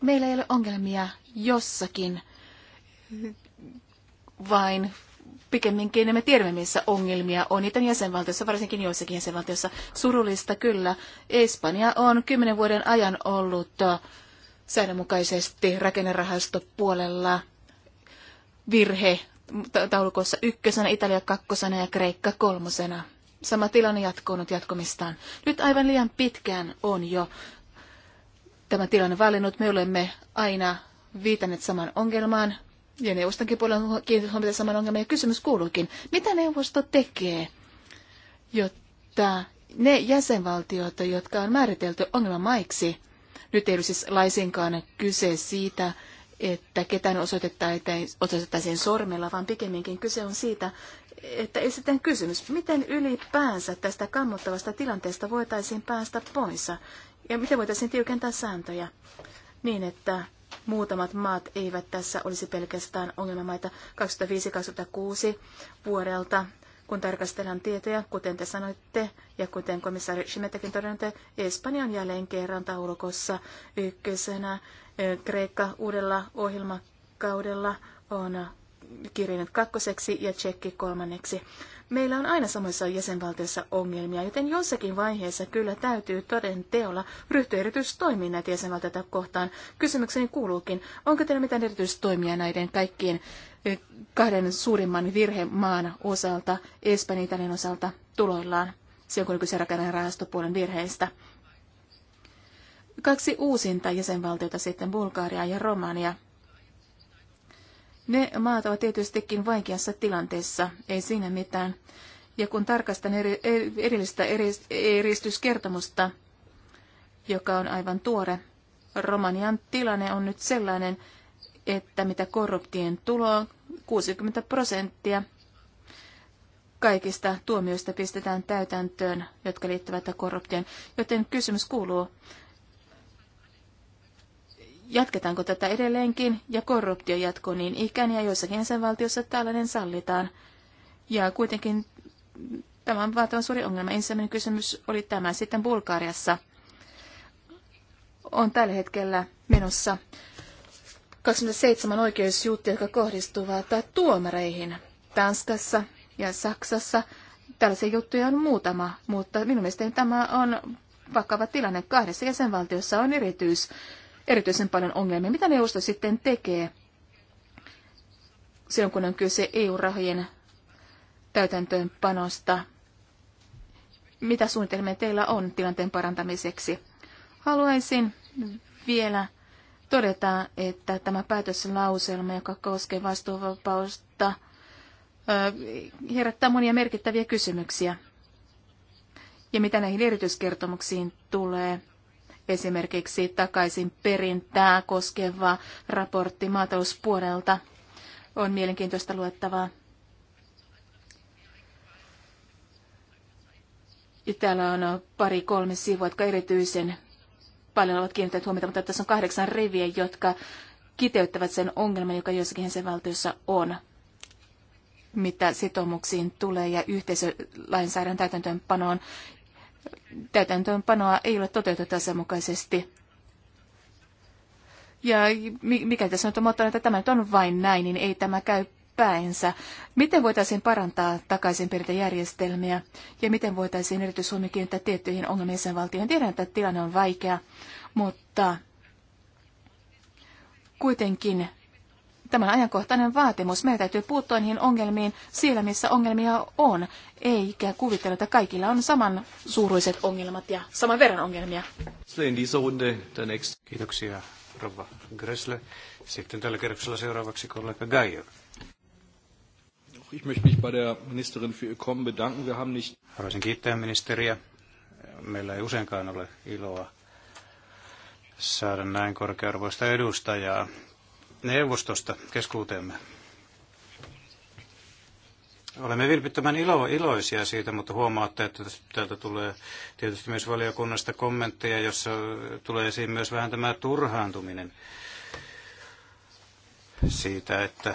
Meillä ei ole ongelmia jossakin, vain pikemminkin me tiedämme, missä ongelmia on niiden jäsenvaltiossa, varsinkin joissakin jäsenvaltiossa. Surullista kyllä. Espanja on kymmenen vuoden ajan ollut säännönmukaisesti rakennerahastopuolella virhe taulukossa ykkösenä, Italia kakkosena ja Kreikka kolmosena. Sama tilanne jatkuu nyt jatkumistaan. Nyt aivan liian pitkään on jo tämä tilanne valinnut. Me olemme aina viitanneet saman ongelmaan ja neuvostonkin puolella on kiinnitetty huomiota saman ongelman. Ja kysymys kuuluukin, mitä neuvosto tekee, jotta ne jäsenvaltiot, jotka on määritelty ongelmamaiksi, nyt ei ole siis laisinkaan kyse siitä, että ketään osoitettaisiin sormella, vaan pikemminkin kyse on siitä, että esitän kysymys, miten ylipäänsä tästä kammottavasta tilanteesta voitaisiin päästä pois ja miten voitaisiin tiukentaa sääntöjä niin, että muutamat maat eivät tässä olisi pelkästään ongelmamaita 2005-2006 vuodelta kun tarkastellaan tietoja, kuten te sanoitte, ja kuten komissaari Schmettekin todennut, Espanja on jälleen kerran taulukossa ykkösenä. Kreikka uudella ohjelmakaudella on kirjannut kakkoseksi ja Tsekki kolmanneksi. Meillä on aina samoissa jäsenvaltioissa ongelmia, joten jossakin vaiheessa kyllä täytyy toden teolla ryhtyä erityistoimiin näitä jäsenvaltioita kohtaan. Kysymykseni kuuluukin, onko teillä mitään erityistoimia näiden kaikkien kahden suurimman virhemaan osalta, Espanjan Italian osalta tuloillaan, silloin kun kyse rahastopuolen virheistä? Kaksi uusinta jäsenvaltiota sitten, Bulgaria ja Romania, ne maat ovat tietystikin vaikeassa tilanteessa, ei siinä mitään. Ja kun tarkastan eri, edellistä eristyskertomusta, joka on aivan tuore, Romanian tilanne on nyt sellainen, että mitä korruptien tuloa, 60 prosenttia kaikista tuomioista pistetään täytäntöön, jotka liittyvät korruptioon. Joten kysymys kuuluu, jatketaanko tätä edelleenkin ja korruptio jatkuu niin ikään ja joissakin jäsenvaltiossa tällainen sallitaan. Ja kuitenkin tämä on valtavan suuri ongelma. Ensimmäinen kysymys oli tämä sitten Bulgariassa. On tällä hetkellä menossa 27 oikeusjuttuja, jotka kohdistuvat tuomareihin Tanskassa ja Saksassa. Tällaisia juttuja on muutama, mutta minun mielestäni tämä on vakava tilanne. Kahdessa jäsenvaltiossa on erityis erityisen paljon ongelmia. Mitä neuvosto sitten tekee silloin, kun on kyse EU-rahojen täytäntöönpanosta? Mitä suunnitelmia teillä on tilanteen parantamiseksi? Haluaisin vielä todeta, että tämä päätöslauselma, joka koskee vastuuvapausta, herättää monia merkittäviä kysymyksiä. Ja mitä näihin erityiskertomuksiin tulee, esimerkiksi takaisin perintää koskeva raportti maatalouspuolelta on mielenkiintoista luettavaa. Ja täällä on pari-kolme sivua, jotka erityisen paljon ovat kiinnittäneet huomiota, mutta tässä on kahdeksan riviä, jotka kiteyttävät sen ongelman, joka joissakin valtiossa on mitä sitoumuksiin tulee ja yhteisölainsäädännön täytäntöönpanoon täytäntöönpanoa ei ole toteutettu asianmukaisesti. Ja mikä tässä nyt on muotoinen, että tämä nyt on vain näin, niin ei tämä käy päänsä. Miten voitaisiin parantaa takaisin ja miten voitaisiin erityishuomio kiinnittää tiettyihin ongelmien valtioihin? Tiedän, että tilanne on vaikea, mutta kuitenkin Tämä ajankohtainen vaatimus. Meidän täytyy puuttua niihin ongelmiin siellä, missä ongelmia on, eikä kuvitella, että kaikilla on saman suuruiset ongelmat ja saman verran ongelmia. Kiitoksia, Rova Gressle. Sitten tällä kerroksella seuraavaksi kollega Geier. Ich möchte mich bei der Ministerin für bedanken. Wir haben nicht Haluaisin kiittää ministeriä. Meillä ei useinkaan ole iloa saada näin korkearvoista edustajaa neuvostosta keskuuteemme. Olemme vilpittömän ilo, iloisia siitä, mutta huomaatte, että täältä tulee tietysti myös valiokunnasta kommentteja, jossa tulee esiin myös vähän tämä turhaantuminen siitä, että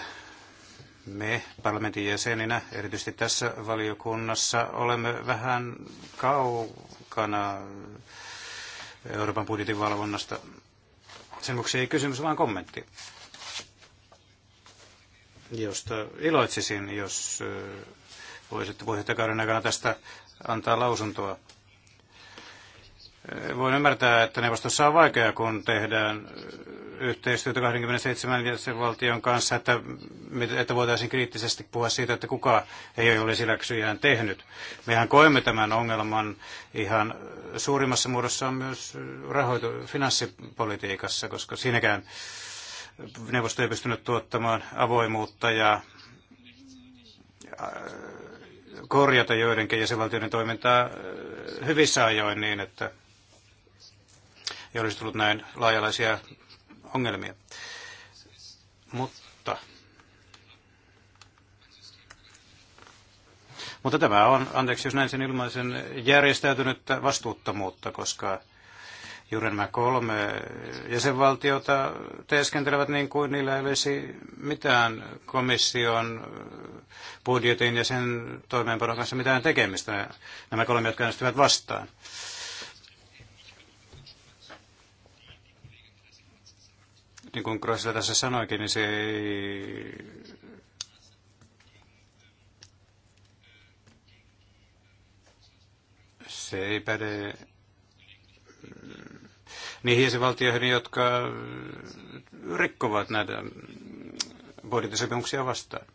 me parlamentin jäseninä, erityisesti tässä valiokunnassa, olemme vähän kaukana Euroopan budjetin valvonnasta. Sen vuoksi ei kysymys, vaan kommentti josta iloitsisin, jos voisitte puheenjohtajakauden aikana tästä antaa lausuntoa. Voin ymmärtää, että neuvostossa on vaikeaa, kun tehdään yhteistyötä 27 jäsenvaltion kanssa, että, että voitaisiin kriittisesti puhua siitä, että kuka ei olisi läksyjään tehnyt. Mehän koemme tämän ongelman ihan suurimmassa muodossa myös rahoitu finanssipolitiikassa, koska siinäkään neuvosto ei pystynyt tuottamaan avoimuutta ja korjata joidenkin jäsenvaltioiden toimintaa äh, hyvissä ajoin niin, että ei olisi tullut näin laajalaisia ongelmia. Mutta, mutta tämä on, anteeksi jos näin sen ilmaisen, järjestäytynyttä vastuuttomuutta, koska Juuri nämä kolme jäsenvaltiota teeskentelevät niin kuin niillä ei olisi mitään komission budjetin ja sen toimeenpanon kanssa mitään tekemistä. Nämä kolme, jotka äänestivät vastaan. Niin kuin Kroisilla tässä sanoikin, niin se ei se ei päde niihin jäsenvaltioihin, jotka rikkovat näitä budjettisopimuksia vastaan.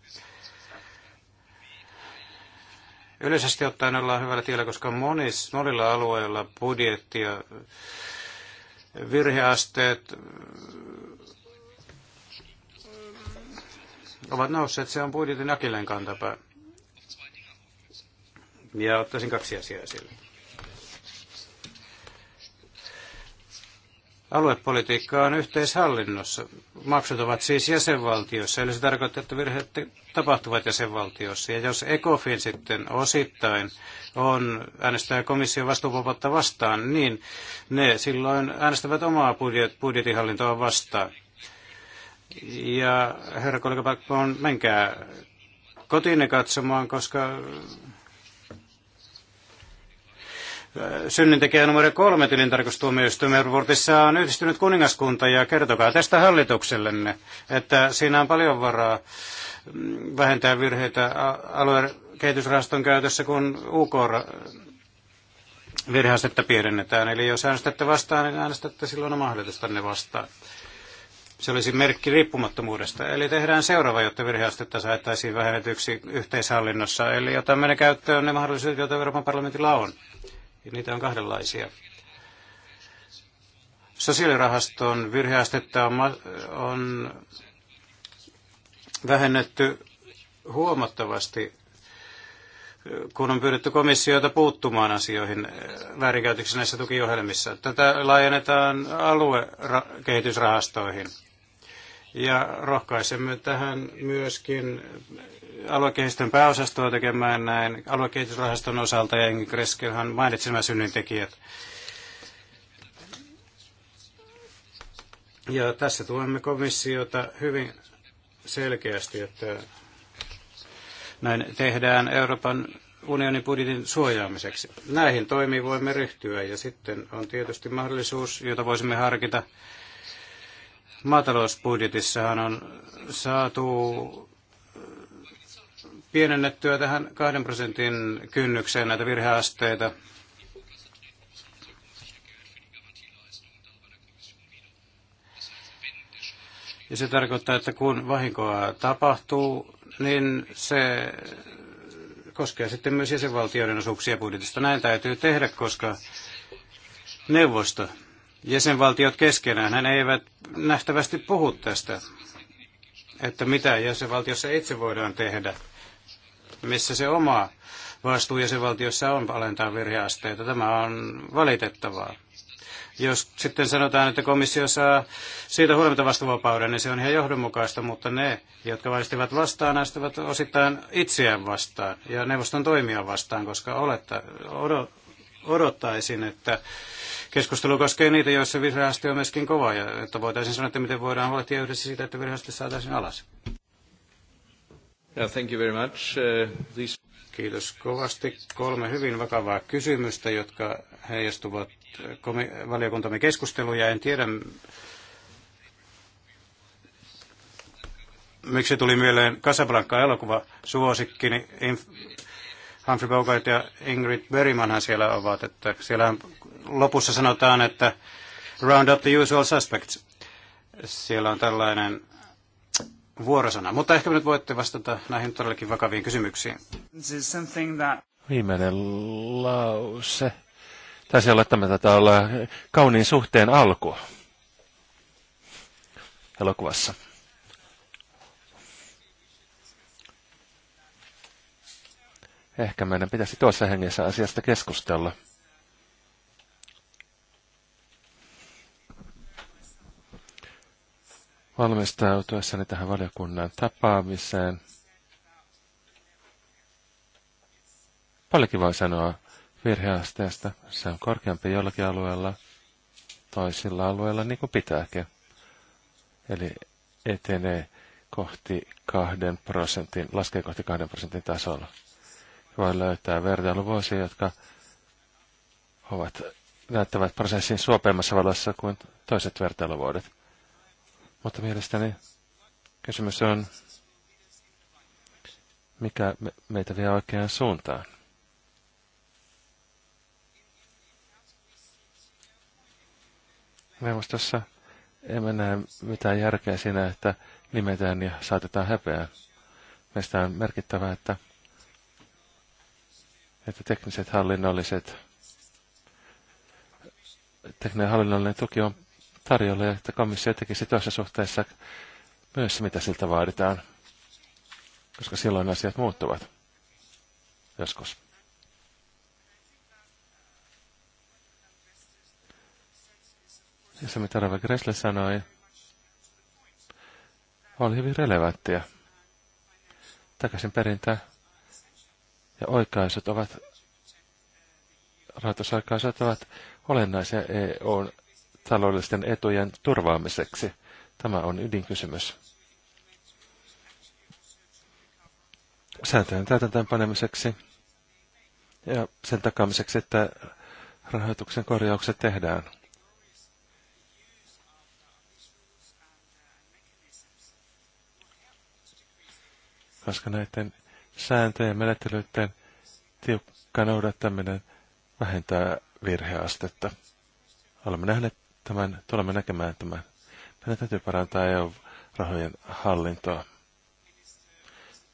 Yleisesti ottaen ollaan hyvällä tiellä, koska monis, monilla alueilla budjetti ja virheasteet ovat nousseet. Se on budjetin akilleen kantapää. Ja ottaisin kaksi asiaa esille. Aluepolitiikka on yhteishallinnossa. Maksut ovat siis jäsenvaltiossa, eli se tarkoittaa, että virheet tapahtuvat jäsenvaltiossa. Ja jos ECOFIN sitten osittain on, äänestää komission vastuuvapautta vastaan, niin ne silloin äänestävät omaa budjet, budjetinhallintoa vastaan. Ja herra kollega Backbone, menkää kotiinne katsomaan, koska synnintekijä numero kolme tilintarkastustuomioistuimen raportissa on yhdistynyt kuningaskunta ja kertokaa tästä hallituksellenne, että siinä on paljon varaa mm, vähentää virheitä aluekehitysrahaston käytössä, kun UK virheastetta pienennetään. Eli jos äänestätte vastaan, niin äänestätte silloin omaa ne vastaan. Se olisi merkki riippumattomuudesta. Eli tehdään seuraava, jotta virheastetta saataisiin vähennetyksi yhteishallinnossa. Eli otamme ne käyttöön ne mahdollisuudet, joita Euroopan parlamentilla on ja niitä on kahdenlaisia. Sosiaalirahaston virheastetta on, on vähennetty huomattavasti, kun on pyydetty komissiota puuttumaan asioihin äh, väärinkäytöksissä näissä tukiohjelmissa. Tätä laajennetaan aluekehitysrahastoihin. Ja rohkaisemme tähän myöskin aluekehitystön pääosastoa tekemään näin aluekehitysrahaston osalta, ja Engin Kreskelhan mainitsi nämä synnyntekijät. Ja tässä tuemme komissiota hyvin selkeästi, että näin tehdään Euroopan unionin budjetin suojaamiseksi. Näihin toimiin voimme ryhtyä ja sitten on tietysti mahdollisuus, jota voisimme harkita. Maatalousbudjetissahan on saatu pienennettyä tähän kahden prosentin kynnykseen näitä virheasteita. Ja se tarkoittaa, että kun vahinkoa tapahtuu, niin se koskee sitten myös jäsenvaltioiden osuuksia budjetista. Näin täytyy tehdä, koska neuvosto, jäsenvaltiot keskenään, hän eivät nähtävästi puhu tästä, että mitä jäsenvaltiossa itse voidaan tehdä – missä se oma vastuu jäsenvaltiossa on alentaa virheasteita. Tämä on valitettavaa. Jos sitten sanotaan, että komissio saa siitä huolimatta vastuvapauden, niin se on ihan johdonmukaista, mutta ne, jotka vaistivat vastaan, äästävät osittain itseään vastaan ja neuvoston toimia vastaan, koska oletta, odot, odottaisin, että keskustelu koskee niitä, joissa virheaste on myöskin kova, ja että voitaisiin sanoa, että miten voidaan huolehtia yhdessä siitä, että virheaste saataisiin alas thank you very much. Uh, these... Kiitos kovasti. Kolme hyvin vakavaa kysymystä, jotka heijastuvat valiokuntamme Ja En tiedä, miksi tuli mieleen Casablanca-elokuva suosikkini. Niin Humphrey Bogart ja Ingrid Bergmanhan siellä ovat. Että siellä lopussa sanotaan, että round up the usual suspects. Siellä on tällainen vuorosana. Mutta ehkä nyt voitte vastata näihin todellakin vakaviin kysymyksiin. Viimeinen lause. Taisi olla me tätä olla kauniin suhteen alku elokuvassa. Ehkä meidän pitäisi tuossa hengessä asiasta keskustella. valmistautuessani tähän valiokunnan tapaamiseen. Paljonkin voi sanoa virheasteesta. Se on korkeampi jollakin alueella, toisilla alueilla niin kuin pitääkin. Eli etenee kohti kahden prosentin, laskee kohti kahden prosentin tasolla. Voi löytää vertailuvuosia, jotka ovat, näyttävät prosessin suopeimmassa valossa kuin toiset vertailuvuodet. Mutta mielestäni kysymys on, mikä meitä vie oikeaan suuntaan. Neuvostossa emme näe mitään järkeä siinä, että nimetään ja saatetaan häpeää. Meistä on merkittävää, että, että tekniset hallinnolliset tekninen hallinnollinen tuki on tarjolla, että komissio tekisi tuossa suhteessa myös mitä siltä vaaditaan, koska silloin asiat muuttuvat joskus. Ja se, mitä Rava Gressle sanoi, oli hyvin relevanttia. Takaisin perintä ja oikaisut ovat, rahoitusoikaisut ovat olennaisia EUn taloudellisten etujen turvaamiseksi. Tämä on ydinkysymys. Sääntöjen täytäntöön panemiseksi ja sen takaamiseksi, että rahoituksen korjaukset tehdään. Koska näiden sääntöjen ja menettelyiden tiukka noudattaminen vähentää virheastetta. Olemme nähneet tämän, tulemme näkemään tämän. Meidän täytyy parantaa EU-rahojen hallintoa.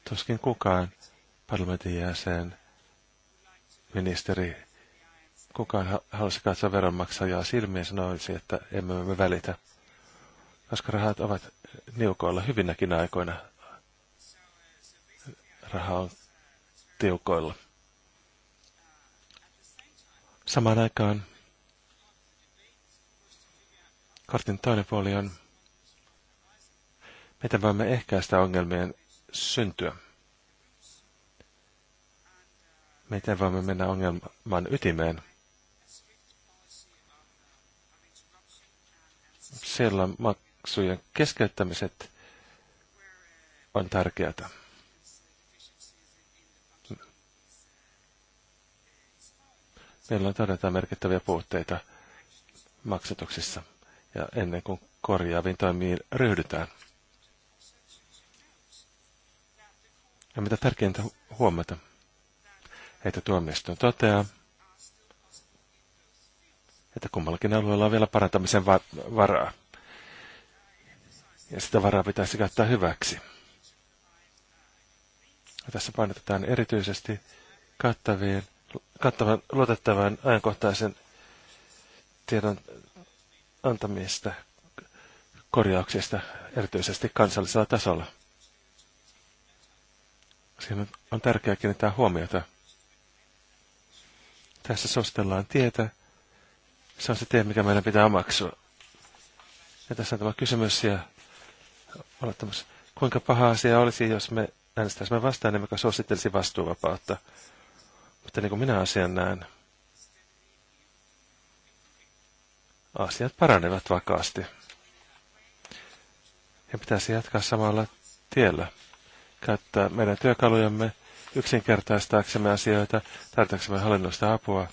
Tuskin kukaan parlamentin jäsen, ministeri, kukaan halusi katsoa veronmaksajaa silmiin ja sanoisi, että emme me välitä, koska rahat ovat niukoilla hyvinäkin aikoina. Raha on tiukoilla. Samaan aikaan Kartin toinen puoli on, miten voimme ehkäistä ongelmien syntyä. Miten voimme mennä ongelman ytimeen. Siellä maksujen keskeyttämiset on tärkeää. Meillä on todella merkittäviä puutteita maksatuksissa ja ennen kuin korjaaviin toimiin ryhdytään. Ja mitä tärkeintä huomata, että tuomioistuin toteaa, että kummallakin alueella on vielä parantamisen va- varaa. Ja sitä varaa pitäisi käyttää hyväksi. Ja tässä painotetaan erityisesti kattavien, kattavan, luotettavan ajankohtaisen tiedon antamista korjauksista, erityisesti kansallisella tasolla. Siinä on tärkeää kiinnittää huomiota. Tässä sostellaan tietä. Se on se tie, mikä meidän pitää omaksua. Ja tässä on tämä kysymys ja olettamus. Kuinka paha asia olisi, jos me äänestäisimme vastaan, niin mikä suosittelisi vastuuvapautta. Mutta niin kuin minä asian näen, asiat paranevat vakaasti. Ja pitäisi jatkaa samalla tiellä, käyttää meidän työkalujamme yksinkertaistaaksemme asioita, tarvitaksemme hallinnollista apua,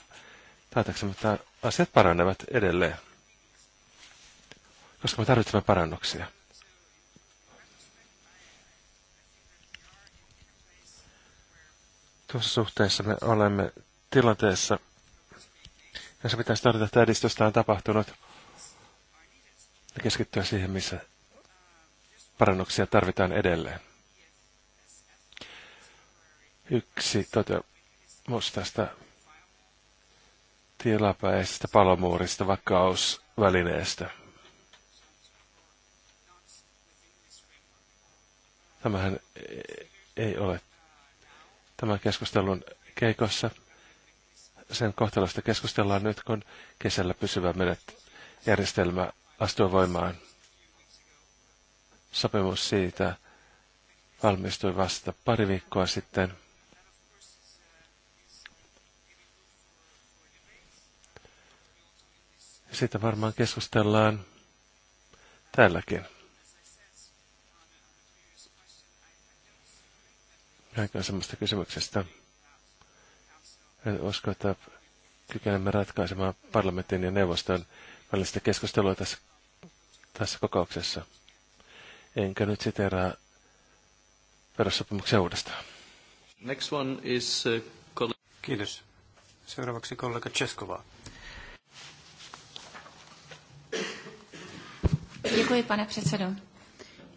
tarvitaksemme, että asiat paranevat edelleen, koska me tarvitsemme parannuksia. Tuossa suhteessa me olemme tilanteessa, jossa pitäisi tarvita, että edistystä on tapahtunut ja keskittyä siihen, missä parannuksia tarvitaan edelleen. Yksi toteamus tästä tilapäisestä palomuurista vakausvälineestä. Tämähän ei ole tämän keskustelun keikossa sen kohtalosta keskustellaan nyt, kun kesällä pysyvä järjestelmä astuu voimaan. Sopimus siitä valmistui vasta pari viikkoa sitten. Siitä varmaan keskustellaan täälläkin. semmoista kysymyksestä. En usko, että kykenemme ratkaisemaan parlamentin ja neuvoston välistä keskustelua tässä, tässä kokouksessa. Enkä nyt siteraa perussopimuksen uudestaan. Next one is, uh, Kiitos. Seuraavaksi kollega Cheskova. Děkuji, pane předsedo.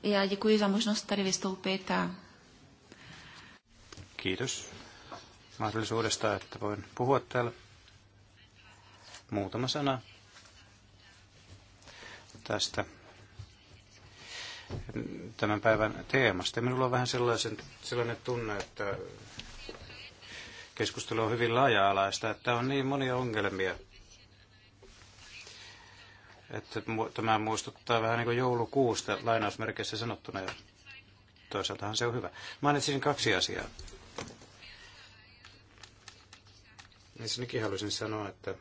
Já děkuji za možnost tady vystoupit a... Kiitos, mahdollisuudesta, että voin puhua täällä. Muutama sana tästä tämän päivän teemasta. Minulla on vähän sellaisen, sellainen tunne, että keskustelu on hyvin laaja-alaista, että on niin monia ongelmia, että tämä muistuttaa vähän niin kuin joulukuusta lainausmerkeissä sanottuna ja toisaaltahan se on hyvä. Mainitsin kaksi asiaa. Ensinnäkin haluaisin sanoa, että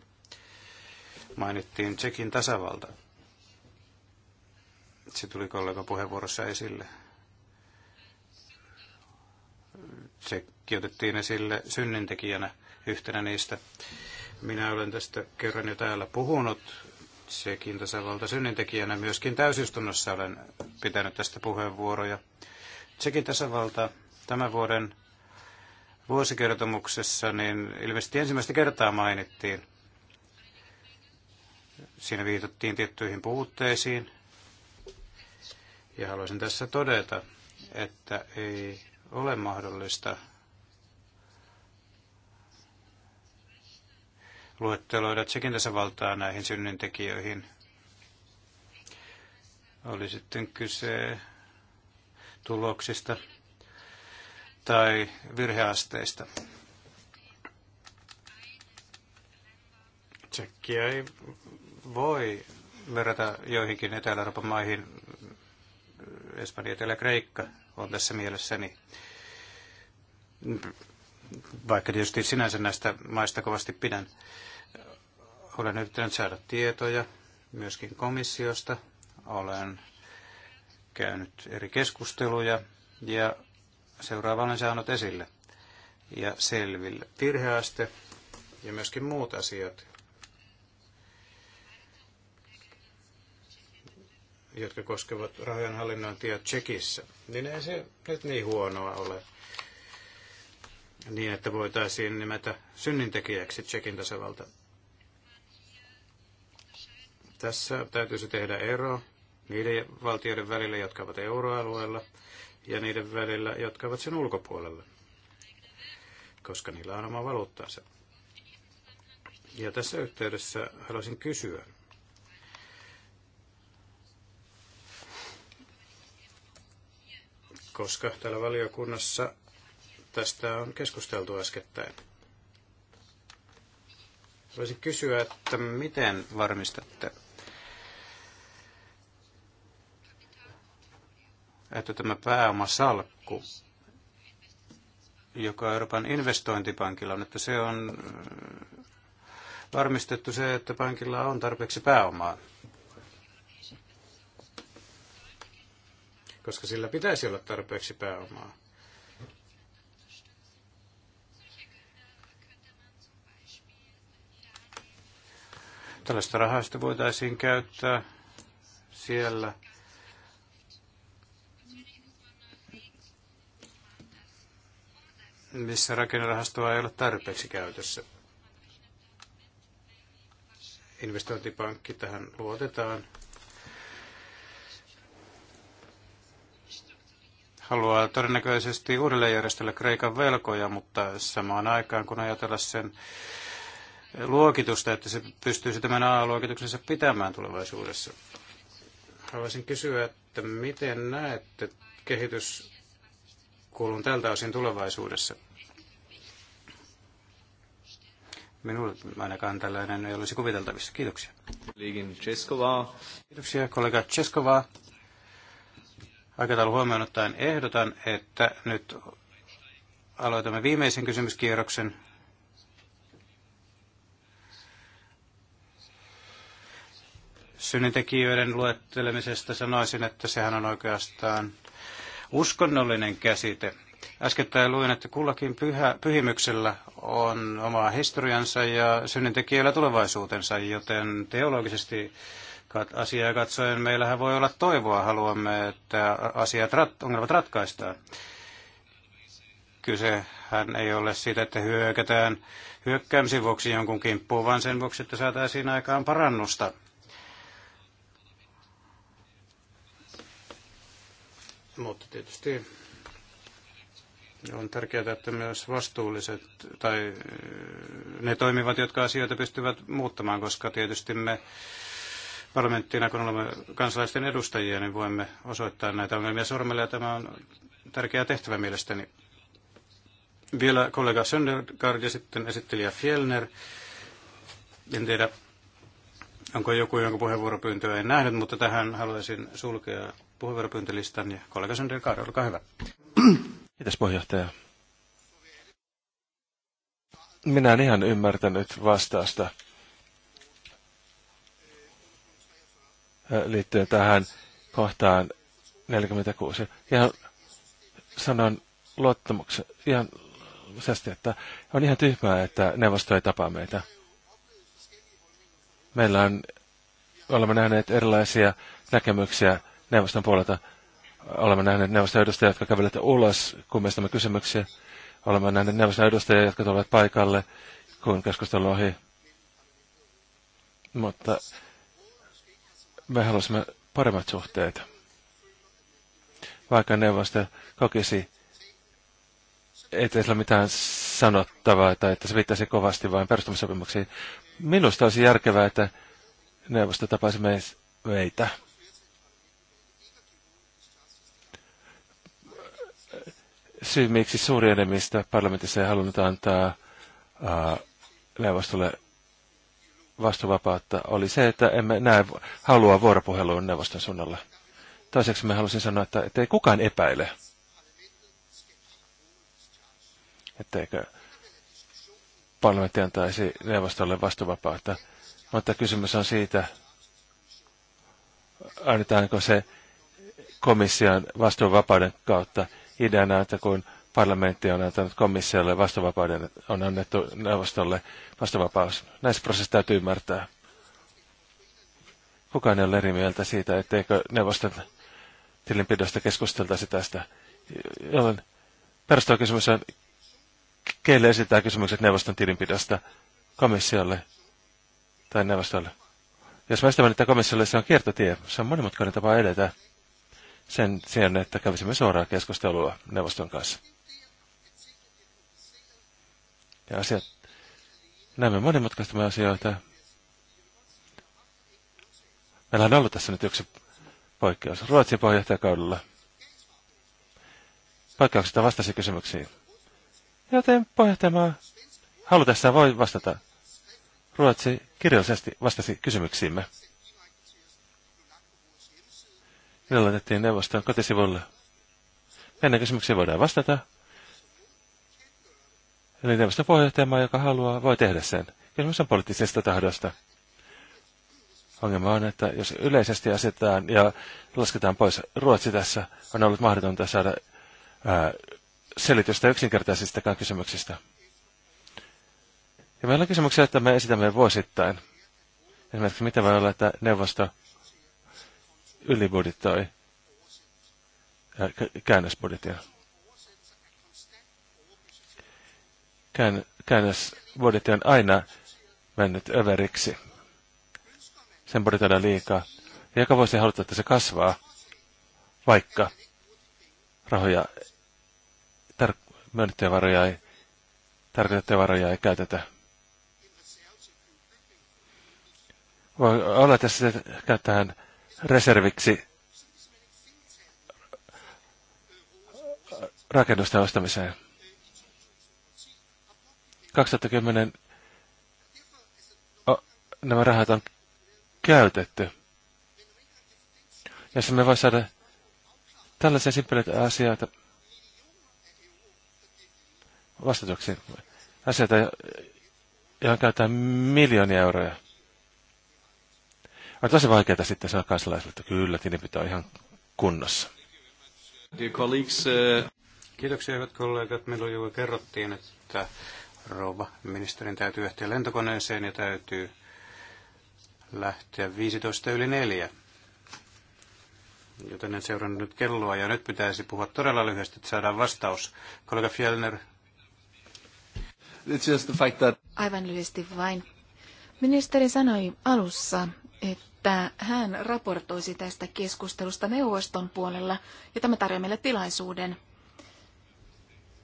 mainittiin Tsekin tasavalta. Se tuli kollega puheenvuorossa esille. Tsekki otettiin esille synnintekijänä yhtenä niistä. Minä olen tästä kerran jo täällä puhunut. Tsekin tasavalta synnintekijänä myöskin täysistunnossa olen pitänyt tästä puheenvuoroja. Tsekin tasavalta tämän vuoden vuosikertomuksessa, niin ilmeisesti ensimmäistä kertaa mainittiin. Siinä viitattiin tiettyihin puutteisiin. Ja haluaisin tässä todeta, että ei ole mahdollista luetteloida sekin tässä valtaa näihin synnyntekijöihin. Oli sitten kyse tuloksista tai virheasteista. Tsekkiä ei voi verrata joihinkin Etelä-Euroopan maihin. Espanja, Etelä-Kreikka on tässä mielessäni. Vaikka tietysti sinänsä näistä maista kovasti pidän. Olen yrittänyt saada tietoja myöskin komissiosta. Olen käynyt eri keskusteluja ja Seuraava olen saanut esille ja selville. Virheaste ja myöskin muut asiat, jotka koskevat rahojen hallinnointia Tsekissä, niin ei se nyt niin huonoa ole niin, että voitaisiin nimetä synnintekijäksi Tsekin tasavalta. Tässä täytyisi tehdä ero niiden valtioiden välillä, jotka ovat euroalueella ja niiden välillä, jotka ovat sen ulkopuolella, koska niillä on oma valuuttansa. Ja tässä yhteydessä haluaisin kysyä, koska täällä valiokunnassa tästä on keskusteltu äskettäin. Voisin kysyä, että miten varmistatte että tämä pääomasalkku, joka Euroopan investointipankilla on, että se on äh, varmistettu se, että pankilla on tarpeeksi pääomaa. Koska sillä pitäisi olla tarpeeksi pääomaa. Tällaista rahasta voitaisiin käyttää siellä – missä rakennerahastoa ei ole tarpeeksi käytössä. Investointipankki tähän luotetaan. Haluaa todennäköisesti uudelleenjärjestellä Kreikan velkoja, mutta samaan aikaan kun ajatella sen luokitusta, että se pystyisi tämän A-luokituksensa pitämään tulevaisuudessa. Haluaisin kysyä, että miten näette kehityskulun tältä osin tulevaisuudessa? Minulle ainakaan tällainen ei olisi kuviteltavissa. Kiitoksia. Kiitoksia kollega Cheskovaa. Aikataulu huomioon ottaen ehdotan, että nyt aloitamme viimeisen kysymyskierroksen. Synnintekijöiden luettelemisesta sanoisin, että sehän on oikeastaan uskonnollinen käsite – Äskettäin luin, että kullakin pyhä, pyhimyksellä on oma historiansa ja synnintekijöillä tulevaisuutensa, joten teologisesti kat asiaa katsoen meillähän voi olla toivoa. Haluamme, että asiat, ongelmat ratkaistaan. Kysehän ei ole siitä, että hyökätään hyökkäämisen vuoksi jonkun kimppuun, vaan sen vuoksi, että saataisiin aikaan parannusta. Mutta tietysti on tärkeää, että myös vastuulliset tai äh, ne toimivat, jotka asioita pystyvät muuttamaan, koska tietysti me parlamenttina, kun olemme kansalaisten edustajia, niin voimme osoittaa näitä ongelmia sormella ja tämä on tärkeä tehtävä mielestäni. Vielä kollega Söndergaard ja sitten esittelijä Fjellner. En tiedä, onko joku, jonka puheenvuoropyyntöä en nähnyt, mutta tähän haluaisin sulkea puheenvuoropyyntölistan ja kollega Söndergaard, olkaa hyvä. Kiitos puheenjohtaja. Minä en ihan ymmärtänyt vastausta liittyen tähän kohtaan 46. Ihan sanon luottamuksen, ihan sästi, että on ihan tyhmää, että neuvosto ei tapaa meitä. Meillä on, olemme nähneet erilaisia näkemyksiä neuvoston puolelta Olemme nähneet neuvoston edustajia, jotka kävelevät ulos, kun me kysymyksiä. Olemme nähneet neuvoston edustajia, jotka tulevat paikalle, kun keskustelu ohi. Mutta me haluaisimme paremmat suhteet. Vaikka neuvosto kokisi, ettei sillä mitään sanottavaa tai että se viittaisi kovasti vain perustamissopimuksiin. Minusta olisi järkevää, että neuvosto tapaisi meitä. syy, miksi suuri enemmistö parlamentissa ei halunnut antaa neuvostolle vastuvapautta, oli se, että emme näe halua vuoropuheluun neuvoston suunnalla. Toiseksi me halusin sanoa, että ei kukaan epäile, etteikö parlamentti antaisi neuvostolle vastuvapautta. Mutta kysymys on siitä, annetaanko se komission vastuunvapauden kautta ideana, että kun parlamentti on antanut komissiolle vastavapauden, on annettu neuvostolle vastavapaus. Näissä prosessissa täytyy ymmärtää. Kukaan ei ole eri mieltä siitä, etteikö neuvoston tilinpidosta keskusteltaisi tästä. Jolloin perustuva kysymys on, keille esittää kysymykset neuvoston tilinpidosta komissiolle tai neuvostolle. Jos mä estämään, että komissiolle, se on kiertotie. Se on monimutkainen tapa edetä sen sijaan, että kävisimme suoraa keskustelua neuvoston kanssa. Ja asiat, näemme monimutkaistamme asioita. Meillä on ollut tässä nyt yksi poikkeus. Ruotsin puheenjohtajakaudella. Poikkeuksesta vastasi kysymyksiin. Joten puheenjohtajamaa halutessaan voi vastata. Ruotsi kirjallisesti vastasi kysymyksiimme laitettiin neuvostoon kotisivulle. Meidän kysymyksiä voidaan vastata. Eli neuvoston puheenjohtajamaa, joka haluaa, voi tehdä sen. Kysymys on poliittisesta tahdosta. Ongelma on, että jos yleisesti asetetaan ja lasketaan pois Ruotsi tässä, on ollut mahdotonta saada ää, selitystä yksinkertaisistakaan kysymyksistä. Ja meillä on kysymyksiä, että me esitämme vuosittain. Esimerkiksi mitä voi olla, että neuvosto ylibudjettoi käännösbudjetin. Kään, käännösbudjetti on aina mennyt överiksi. Sen budjetoidaan liikaa. Ja joka voisi haluta, että se kasvaa, vaikka rahoja, tar- myönnettyjä varoja ei, tarkoitettuja varoja ei käytetä. Voi olla, että sitä käytetään reserviksi rakennusten ostamiseen. 2010 o, nämä rahat on käytetty. Ja se me voi saada tällaisia simpeleitä asioita vastatuksi, asioita, johon käytetään miljoonia euroja on tosi vaikeaa sitten sanoa kansalaisille, että kyllä, tilinpito on ihan kunnossa. Uh, Kiitoksia hyvät kollegat. Meillä jo kerrottiin, että rouva ministerin täytyy ehtiä lentokoneeseen ja täytyy lähteä 15 yli 4. Joten en seurannut nyt kelloa ja nyt pitäisi puhua todella lyhyesti, että saadaan vastaus. Kollega Fjellner. It's just the fact that... Aivan lyhyesti vain. Ministeri sanoi alussa, että hän raportoisi tästä keskustelusta neuvoston puolella, ja tämä tarjoaa meille tilaisuuden.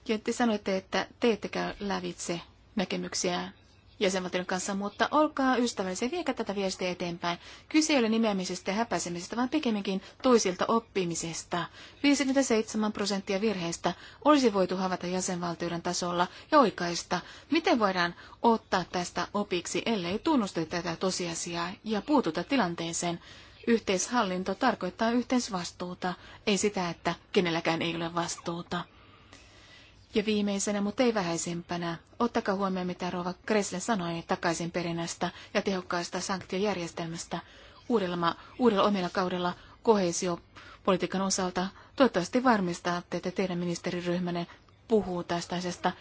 Ja te sanoitte, että te ette käy lävitse näkemyksiä jäsenvaltion kanssa, mutta olkaa ystävällisiä, viekä tätä viestiä eteenpäin. Kyse ei ole nimeämisestä ja häpäisemisestä, vaan pikemminkin toisilta oppimisesta. 57 prosenttia virheistä olisi voitu havaita jäsenvaltioiden tasolla ja oikaista. Miten voidaan ottaa tästä opiksi, ellei tunnusteta tätä tosiasiaa ja puututa tilanteeseen? Yhteishallinto tarkoittaa yhteisvastuuta, ei sitä, että kenelläkään ei ole vastuuta. Ja viimeisenä, mutta ei vähäisempänä, ottakaa huomioon, mitä Rova Kresle sanoi takaisin perinnästä ja tehokkaasta sanktiojärjestelmästä uudella, uudella omilla kaudella kohesiopolitiikan osalta. Toivottavasti varmistatte, että teidän ministeriryhmänne puhuu tästä asiasta.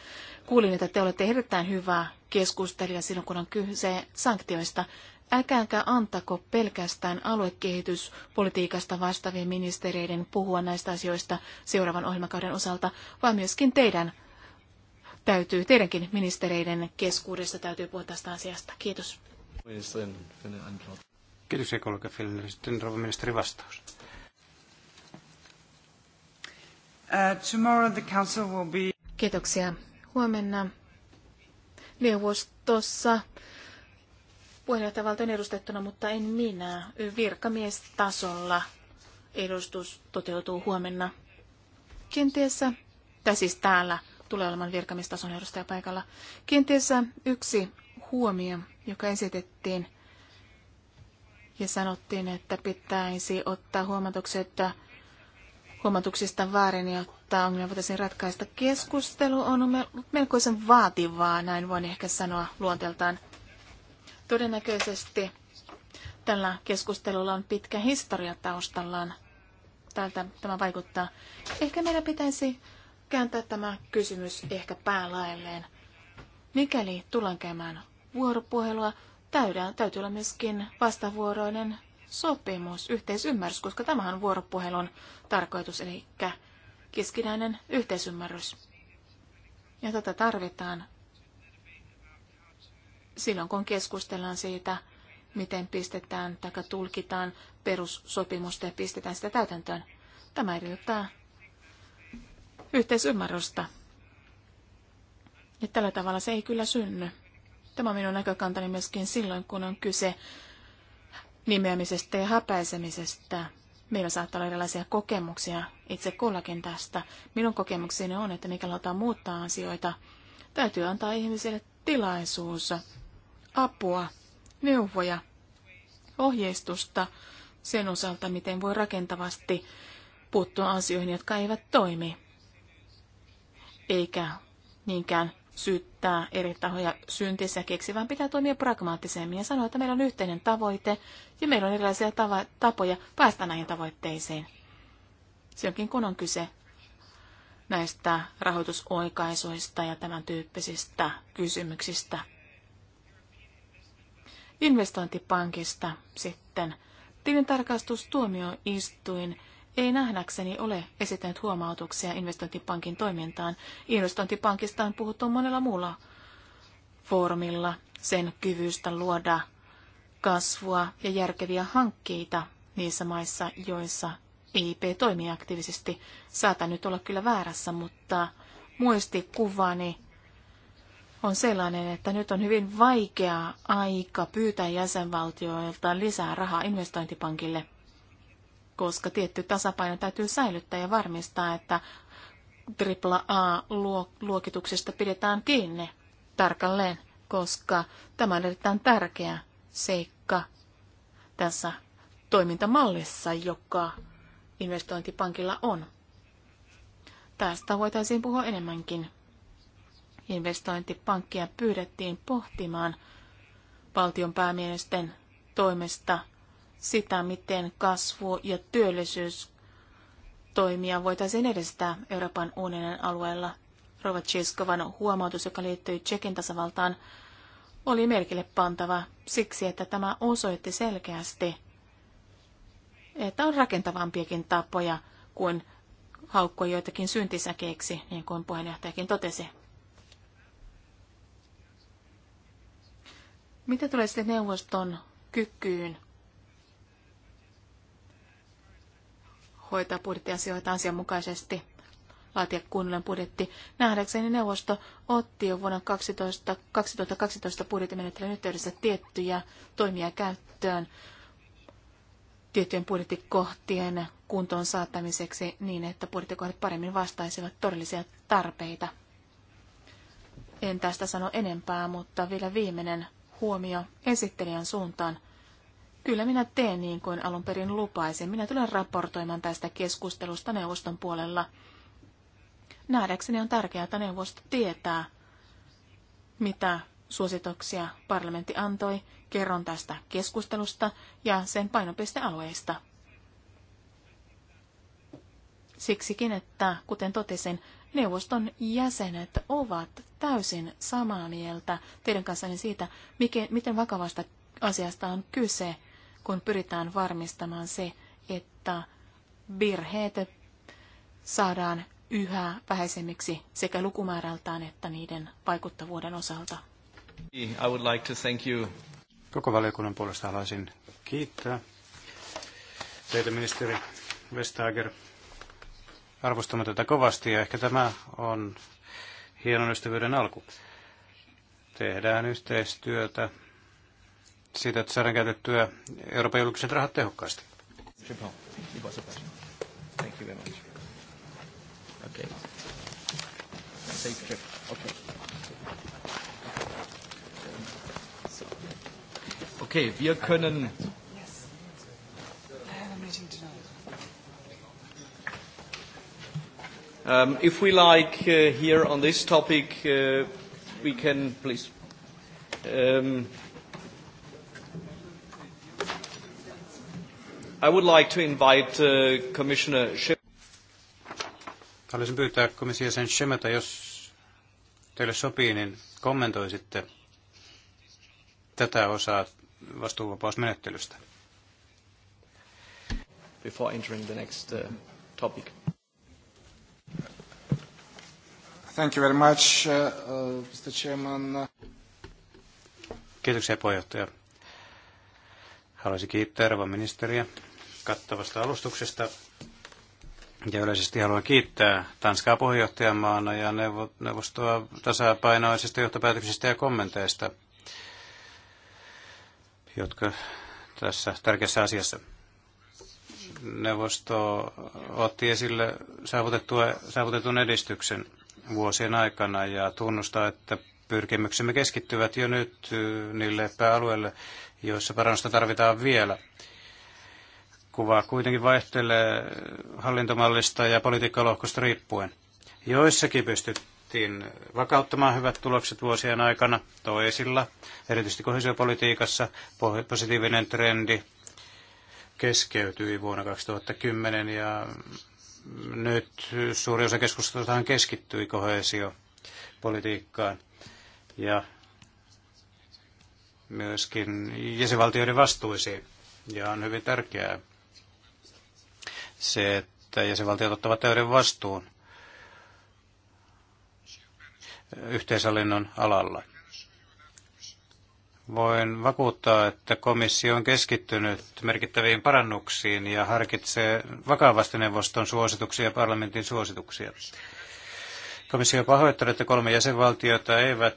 Kuulin, että te olette erittäin hyvä keskustelija silloin, kun on kyse sanktioista. Äkääkä antako pelkästään aluekehityspolitiikasta vastaavien ministereiden puhua näistä asioista seuraavan ohjelmakauden osalta, vaan myöskin teidän täytyy, teidänkin ministereiden keskuudessa täytyy puhua tästä asiasta. Kiitos. Kiitos ekologa Filler. Sitten rouva ministeri vastaus. Uh, the will be... Kiitoksia. Huomenna neuvostossa puheenjohtajavaltion edustettuna, mutta en minä. Virkamiestasolla edustus toteutuu huomenna. kenteessä, tai siis täällä tulee olemaan virkamiestason edustaja paikalla. Kenteessä yksi huomio, joka esitettiin ja sanottiin, että pitäisi ottaa huomatukset huomatuksista väärin, jotta ongelma voitaisiin ratkaista. Keskustelu on melkoisen vaativaa, näin voin ehkä sanoa luonteeltaan. Todennäköisesti tällä keskustelulla on pitkä historia taustallaan. Tältä tämä vaikuttaa. Ehkä meidän pitäisi kääntää tämä kysymys ehkä päälaelleen. Mikäli tullaan käymään vuoropuhelua, täydään, täytyy olla myöskin vastavuoroinen sopimus, yhteisymmärrys, koska tämä on vuoropuhelun tarkoitus, eli keskinäinen yhteisymmärrys. Ja tätä tarvitaan silloin, kun keskustellaan siitä, miten pistetään tai tulkitaan perussopimusta ja pistetään sitä täytäntöön. Tämä edellyttää yhteisymmärrystä. Ja tällä tavalla se ei kyllä synny. Tämä on minun näkökantani myöskin silloin, kun on kyse nimeämisestä ja häpäisemisestä. Meillä saattaa olla erilaisia kokemuksia itse kullakin tästä. Minun kokemukseni on, että mikä halutaan muuttaa asioita, täytyy antaa ihmisille tilaisuus apua, neuvoja, ohjeistusta sen osalta, miten voi rakentavasti puuttua asioihin, jotka eivät toimi, eikä niinkään syyttää eri tahoja keksi, vaan pitää toimia pragmaattisemmin ja sanoa, että meillä on yhteinen tavoite ja meillä on erilaisia tava- tapoja päästä näihin tavoitteisiin. onkin kun on kyse näistä rahoitusoikaisuista ja tämän tyyppisistä kysymyksistä investointipankista sitten. Tilintarkastustuomioistuin ei nähdäkseni ole esittänyt huomautuksia investointipankin toimintaan. Investointipankista on puhuttu monella muulla foorumilla sen kyvystä luoda kasvua ja järkeviä hankkeita niissä maissa, joissa e IP toimii aktiivisesti. Saatan nyt olla kyllä väärässä, mutta muistikuvani on sellainen, että nyt on hyvin vaikea aika pyytää jäsenvaltioilta lisää rahaa investointipankille, koska tietty tasapaino täytyy säilyttää ja varmistaa, että AAA-luokituksesta pidetään kiinni tarkalleen, koska tämä on erittäin tärkeä seikka tässä toimintamallissa, joka investointipankilla on. Tästä voitaisiin puhua enemmänkin investointipankkia pyydettiin pohtimaan valtion päämiesten toimesta sitä, miten kasvu- ja työllisyystoimia voitaisiin edistää Euroopan unionin alueella. Rova huomautus, joka liittyi Tsekin tasavaltaan, oli merkille pantava siksi, että tämä osoitti selkeästi, että on rakentavampiakin tapoja kuin haukkoi joitakin syntisäkeiksi, niin kuin puheenjohtajakin totesi. Mitä tulee sitten neuvoston kykyyn hoitaa budjettiasioita asianmukaisesti, laatia kunnollinen budjetti. Nähdäkseni neuvosto otti jo vuonna 12, 2012 budjettimenettelyn yhteydessä tiettyjä toimia käyttöön tiettyjen budjettikohtien kuntoon saattamiseksi niin, että budjettikohdat paremmin vastaisivat todellisia tarpeita. En tästä sano enempää, mutta vielä viimeinen huomio esittelijän suuntaan. Kyllä minä teen niin kuin alun perin lupaisin. Minä tulen raportoimaan tästä keskustelusta neuvoston puolella. Nähdäkseni on tärkeää, että neuvosto tietää, mitä suosituksia parlamentti antoi. Kerron tästä keskustelusta ja sen painopistealueista. Siksikin, että kuten totesin, neuvoston jäsenet ovat täysin samaa mieltä teidän kanssanne siitä, miten vakavasta asiasta on kyse, kun pyritään varmistamaan se, että virheet saadaan yhä vähäisemmiksi sekä lukumäärältään että niiden vaikuttavuuden osalta. I would like to thank you. Koko valiokunnan puolesta haluaisin kiittää teitä ministeri Vestager Arvostamme tätä kovasti ja ehkä tämä on hienon ystävyyden alku. Tehdään yhteistyötä siitä, että saadaan käytettyä Euroopan julkiset rahat tehokkaasti. Thank you very much. Okay. Okay. Okay, wir können Um, if we like uh, here on this topic, uh, we can please. Um, I would like to invite uh, Commissioner Shep. Haluaisin pyytää komissio sen Shemeta, jos teille sopii, niin kommentoisitte tätä osaa vastuuvapausmenettelystä. Before entering the next uh, topic. Thank you very much, uh, uh Mr. Chairman. Kiitoksia puheenjohtaja. Haluaisin kiittää Euroopan ministeriä kattavasta alustuksesta. Ja yleisesti haluan kiittää Tanskaa puheenjohtajamaana ja neuvostoa tasapainoisista johtopäätöksistä ja kommenteista, jotka tässä tärkeässä asiassa neuvosto otti esille saavutetun edistyksen vuosien aikana ja tunnustaa, että pyrkimyksemme keskittyvät jo nyt niille pääalueille, joissa parannusta tarvitaan vielä. Kuva kuitenkin vaihtelee hallintomallista ja politiikkalohkosta riippuen. Joissakin pystyttiin vakauttamaan hyvät tulokset vuosien aikana, toisilla, erityisesti kohesiopolitiikassa, positiivinen trendi keskeytyi vuonna 2010 ja nyt suuri osa keskustelustahan keskittyi kohesiopolitiikkaan ja myöskin jäsenvaltioiden vastuisiin. Ja on hyvin tärkeää se, että jäsenvaltiot ottavat täyden vastuun yhteishallinnon alalla. Voin vakuuttaa, että komissio on keskittynyt merkittäviin parannuksiin ja harkitsee vakavasti neuvoston suosituksia ja parlamentin suosituksia. Komissio pahoittelee, että kolme jäsenvaltiota eivät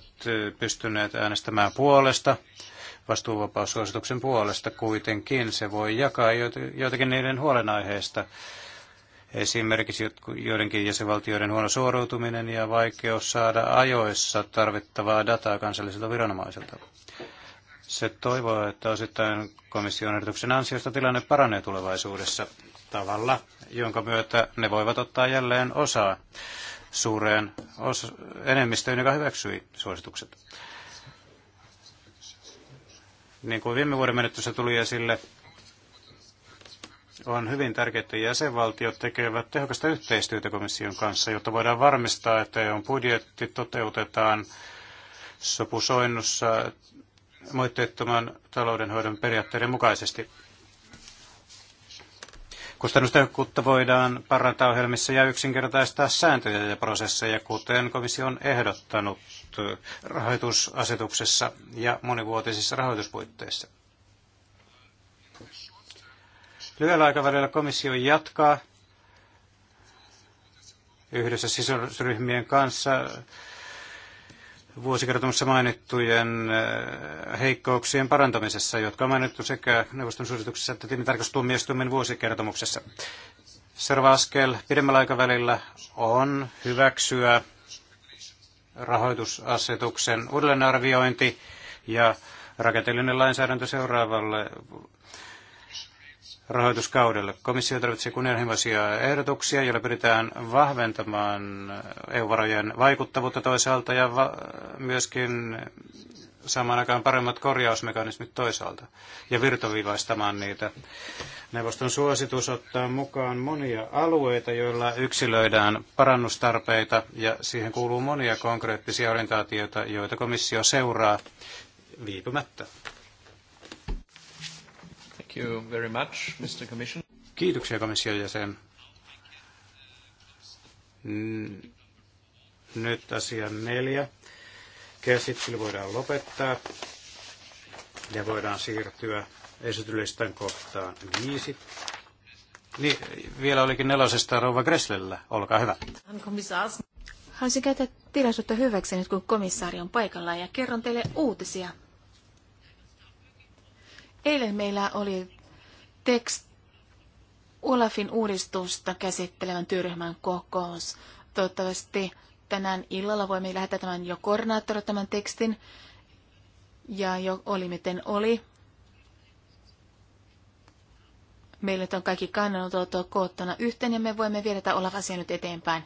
pystyneet äänestämään puolesta, vastuuvapaussuosituksen puolesta kuitenkin. Se voi jakaa joitakin niiden huolenaiheista. Esimerkiksi joidenkin jäsenvaltioiden huono suoriutuminen ja vaikeus saada ajoissa tarvittavaa dataa kansallisilta viranomaisilta. Se toivoo, että osittain komission ehdotuksen ansiosta tilanne paranee tulevaisuudessa tavalla, jonka myötä ne voivat ottaa jälleen osaa suureen os- enemmistöön, joka hyväksyi suositukset. Niin kuin viime vuoden menettössä tuli esille, on hyvin tärkeää, että jäsenvaltiot tekevät tehokasta yhteistyötä komission kanssa, jotta voidaan varmistaa, että eu budjetti toteutetaan sopusoinnussa moitteettoman taloudenhoidon periaatteiden mukaisesti. Kustannustehokkuutta voidaan parantaa ohjelmissa ja yksinkertaistaa sääntöjä ja prosesseja, kuten komissio on ehdottanut rahoitusasetuksessa ja monivuotisissa rahoituspuitteissa. Lyhyellä aikavälillä komissio jatkaa yhdessä sisäryhmien kanssa vuosikertomuksessa mainittujen äh, heikkouksien parantamisessa, jotka on mainittu sekä neuvoston suosituksessa että tilintarkastustuomioistuimen vuosikertomuksessa. Seuraava askel pidemmällä aikavälillä on hyväksyä rahoitusasetuksen uudelleenarviointi ja rakenteellinen lainsäädäntö seuraavalle rahoituskaudelle. Komissio tarvitsee kunnianhimoisia ehdotuksia, joilla pyritään vahventamaan EU-varojen vaikuttavuutta toisaalta ja myöskin samaan aikaan paremmat korjausmekanismit toisaalta ja virtoviivaistamaan niitä. Neuvoston suositus ottaa mukaan monia alueita, joilla yksilöidään parannustarpeita ja siihen kuuluu monia konkreettisia orientaatioita, joita komissio seuraa viipymättä you very much, Mr. Commission. Kiitoksia komission jäsen. Nyt asia neljä. Käsittely voidaan lopettaa ja voidaan siirtyä esityslistan kohtaan viisi. Niin, vielä olikin nelosesta Rouva Gresslellä. Olkaa hyvä. Haluaisin käyttää tilaisuutta hyväksi nyt, kun komissaari on paikalla ja kerron teille uutisia Eilen meillä oli tekst Olafin uudistusta käsittelevän työryhmän kokous. Toivottavasti tänään illalla voimme lähettää tämän jo koordinaattori tämän tekstin. Ja jo oli miten oli. Meillä on kaikki kannanotot koottuna yhteen ja me voimme viedä tämän Olaf-asian nyt eteenpäin.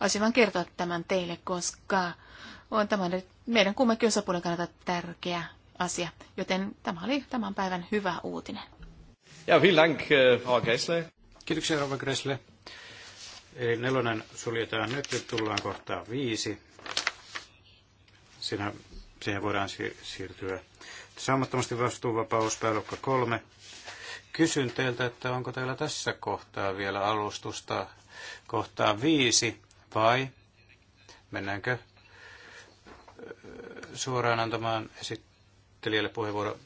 Olisin vain kertoa tämän teille, koska on tämä meidän kummankin osapuolen kannalta tärkeä asia. Joten tämä oli tämän päivän hyvä uutinen. Ja vielen dank, eh, Frau Gressle. Kiitoksia, Rova Gressle. Eli nelonen suljetaan nyt, nyt tullaan kohtaan viisi. Siinä, siihen voidaan siirtyä. Saamattomasti vastuuvapaus, pääluokka kolme. Kysyn teiltä, että onko teillä tässä kohtaa vielä alustusta kohtaan viisi vai mennäänkö eh, suoraan antamaan esittää? esittelijälle puheenvuoro.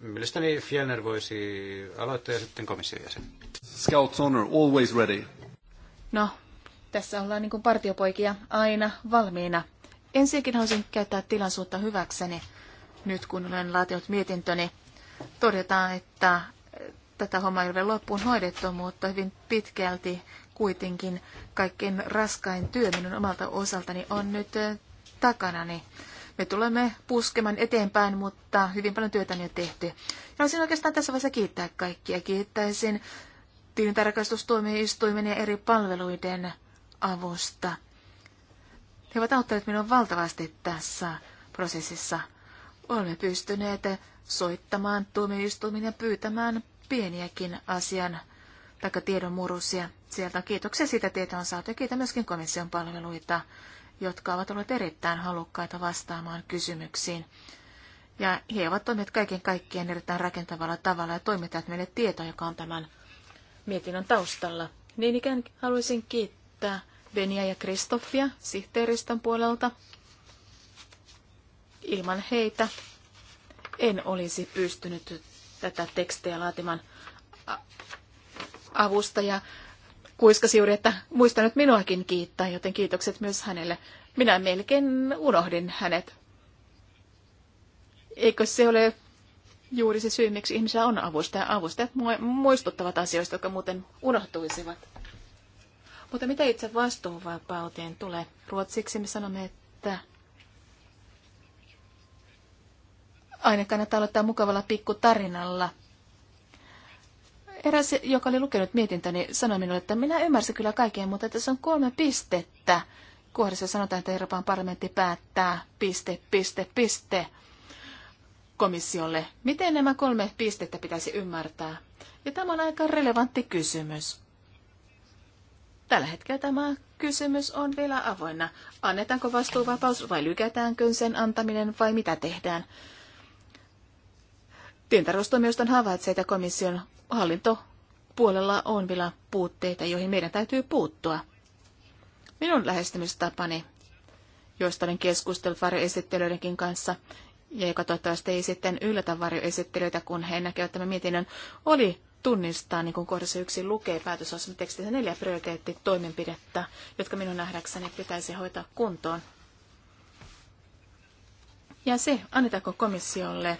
Mielestäni Fjellner voisi aloittaa ja sitten komission jäsen. Scouts honor, always ready. No, tässä ollaan niin kuin partiopoikia aina valmiina. Ensinnäkin haluaisin käyttää tilaisuutta hyväkseni, nyt kun olen laatinut mietintöni. Todetaan, että eh, tätä hommaa ei ole loppuun hoidettu, mutta hyvin pitkälti kuitenkin kaikkein raskain työ minun omalta osaltani on nyt eh, takanani. Me tulemme puskemaan eteenpäin, mutta hyvin paljon työtä on jo tehty. Ja olisin oikeastaan tässä vaiheessa kiittää kaikkia. Kiittäisin tilintarkastustuomioistuimen ja eri palveluiden avusta. He ovat auttaneet minua valtavasti tässä prosessissa. Olemme pystyneet soittamaan tuomioistuimen ja pyytämään pieniäkin asian tai tiedon murusia sieltä. Kiitoksia siitä, että on saatu ja kiitän myöskin komission palveluita jotka ovat olleet erittäin halukkaita vastaamaan kysymyksiin. Ja he ovat toimineet kaiken kaikkien erittäin rakentavalla tavalla ja toimittajat meille tietoa, joka on tämän mietinnön taustalla. Niin ikään haluaisin kiittää Benia ja Kristoffia sihteeristön puolelta. Ilman heitä en olisi pystynyt tätä tekstiä laatimaan ja kuiskasi juuri, että muista nyt minuakin kiittää, joten kiitokset myös hänelle. Minä melkein unohdin hänet. Eikö se ole juuri se syy, miksi ihmisiä on avustaja? Avustajat muistuttavat asioista, jotka muuten unohtuisivat. Mutta mitä itse vastuuvapauteen tulee? Ruotsiksi me sanomme, että aina kannattaa aloittaa mukavalla pikku tarinalla – Eräs, joka oli lukenut mietintäni, sanoi minulle, että minä ymmärsin kyllä kaiken, mutta tässä on kolme pistettä. Kohdassa sanotaan, että Euroopan parlamentti päättää piste, piste, piste komissiolle. Miten nämä kolme pistettä pitäisi ymmärtää? Ja tämä on aika relevantti kysymys. Tällä hetkellä tämä kysymys on vielä avoinna. Annetaanko vastuuvapaus vai lykätäänkö sen antaminen vai mitä tehdään? Tientarvostoimioston havaitsee, että komission hallintopuolella on vielä puutteita, joihin meidän täytyy puuttua. Minun lähestymistapani, joista olen keskustellut varjoesittelyidenkin kanssa, ja joka toivottavasti ei sitten yllätä varjoesittelyitä, kun he näkevät tämän mietinnön, oli tunnistaa, niin kuin kohdassa yksi lukee päätösasematekstissä neljä prioriteettitoimenpidettä, jotka minun nähdäkseni pitäisi hoitaa kuntoon. Ja se, annetaanko komissiolle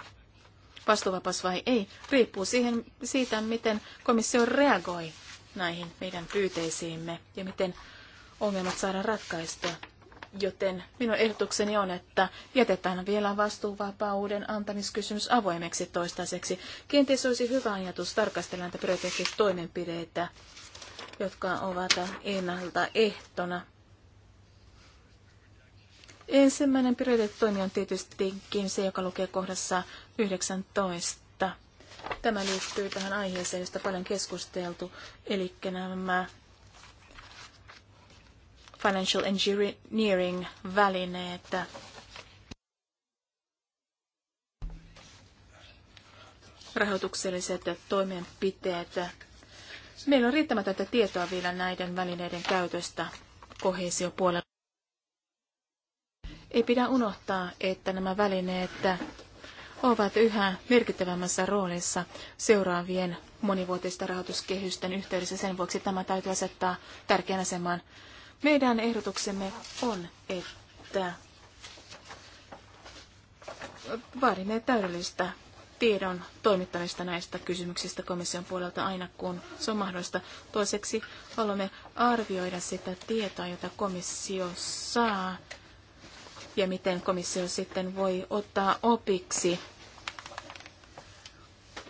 vastuuvapaus vai ei, riippuu siihen, siitä, miten komissio reagoi näihin meidän pyyteisiimme ja miten ongelmat saadaan ratkaistua. Joten minun ehdotukseni on, että jätetään vielä vastuuvapauden antamiskysymys avoimeksi toistaiseksi. Kenties olisi hyvä ajatus tarkastella näitä prioriteettitoimenpideitä, jotka ovat ennalta ehtona Ensimmäinen periaatetoimi on tietystikin se, joka lukee kohdassa 19. Tämä liittyy tähän aiheeseen, josta paljon keskusteltu, eli nämä financial engineering välineet. rahoitukselliset toimenpiteet. Meillä on riittämätöntä tietoa vielä näiden välineiden käytöstä kohesiopuolella. Ei pidä unohtaa, että nämä välineet ovat yhä merkittävämmässä roolissa seuraavien monivuotisten rahoituskehysten yhteydessä. Sen vuoksi tämä täytyy asettaa tärkeän asemaan. Meidän ehdotuksemme on, että vaadimme täydellistä tiedon toimittamista näistä kysymyksistä komission puolelta aina, kun se on mahdollista. Toiseksi haluamme arvioida sitä tietoa, jota komissio saa ja miten komissio sitten voi ottaa opiksi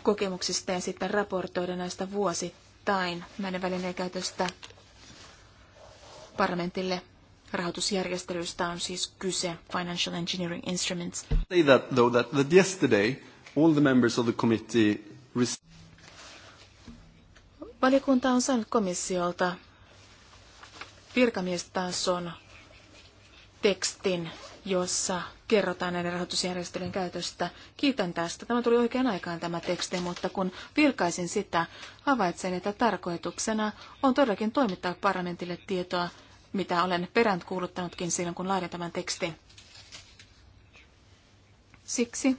kokemuksista ja sitten raportoida näistä vuosittain näiden välineen käytöstä parlamentille. Rahoitusjärjestelystä on siis kyse, Financial Engineering Instruments. Say that though that, that yesterday all the members of the committee Valiokunta on saanut komissiolta virkamiestason tekstin jossa kerrotaan näiden rahoitusjärjestelyjen käytöstä. Kiitän tästä. Tämä tuli oikein aikaan tämä teksti, mutta kun vilkaisin sitä, havaitsen, että tarkoituksena on todellakin toimittaa parlamentille tietoa, mitä olen kuuluttanutkin silloin, kun laadin tämän tekstin. Siksi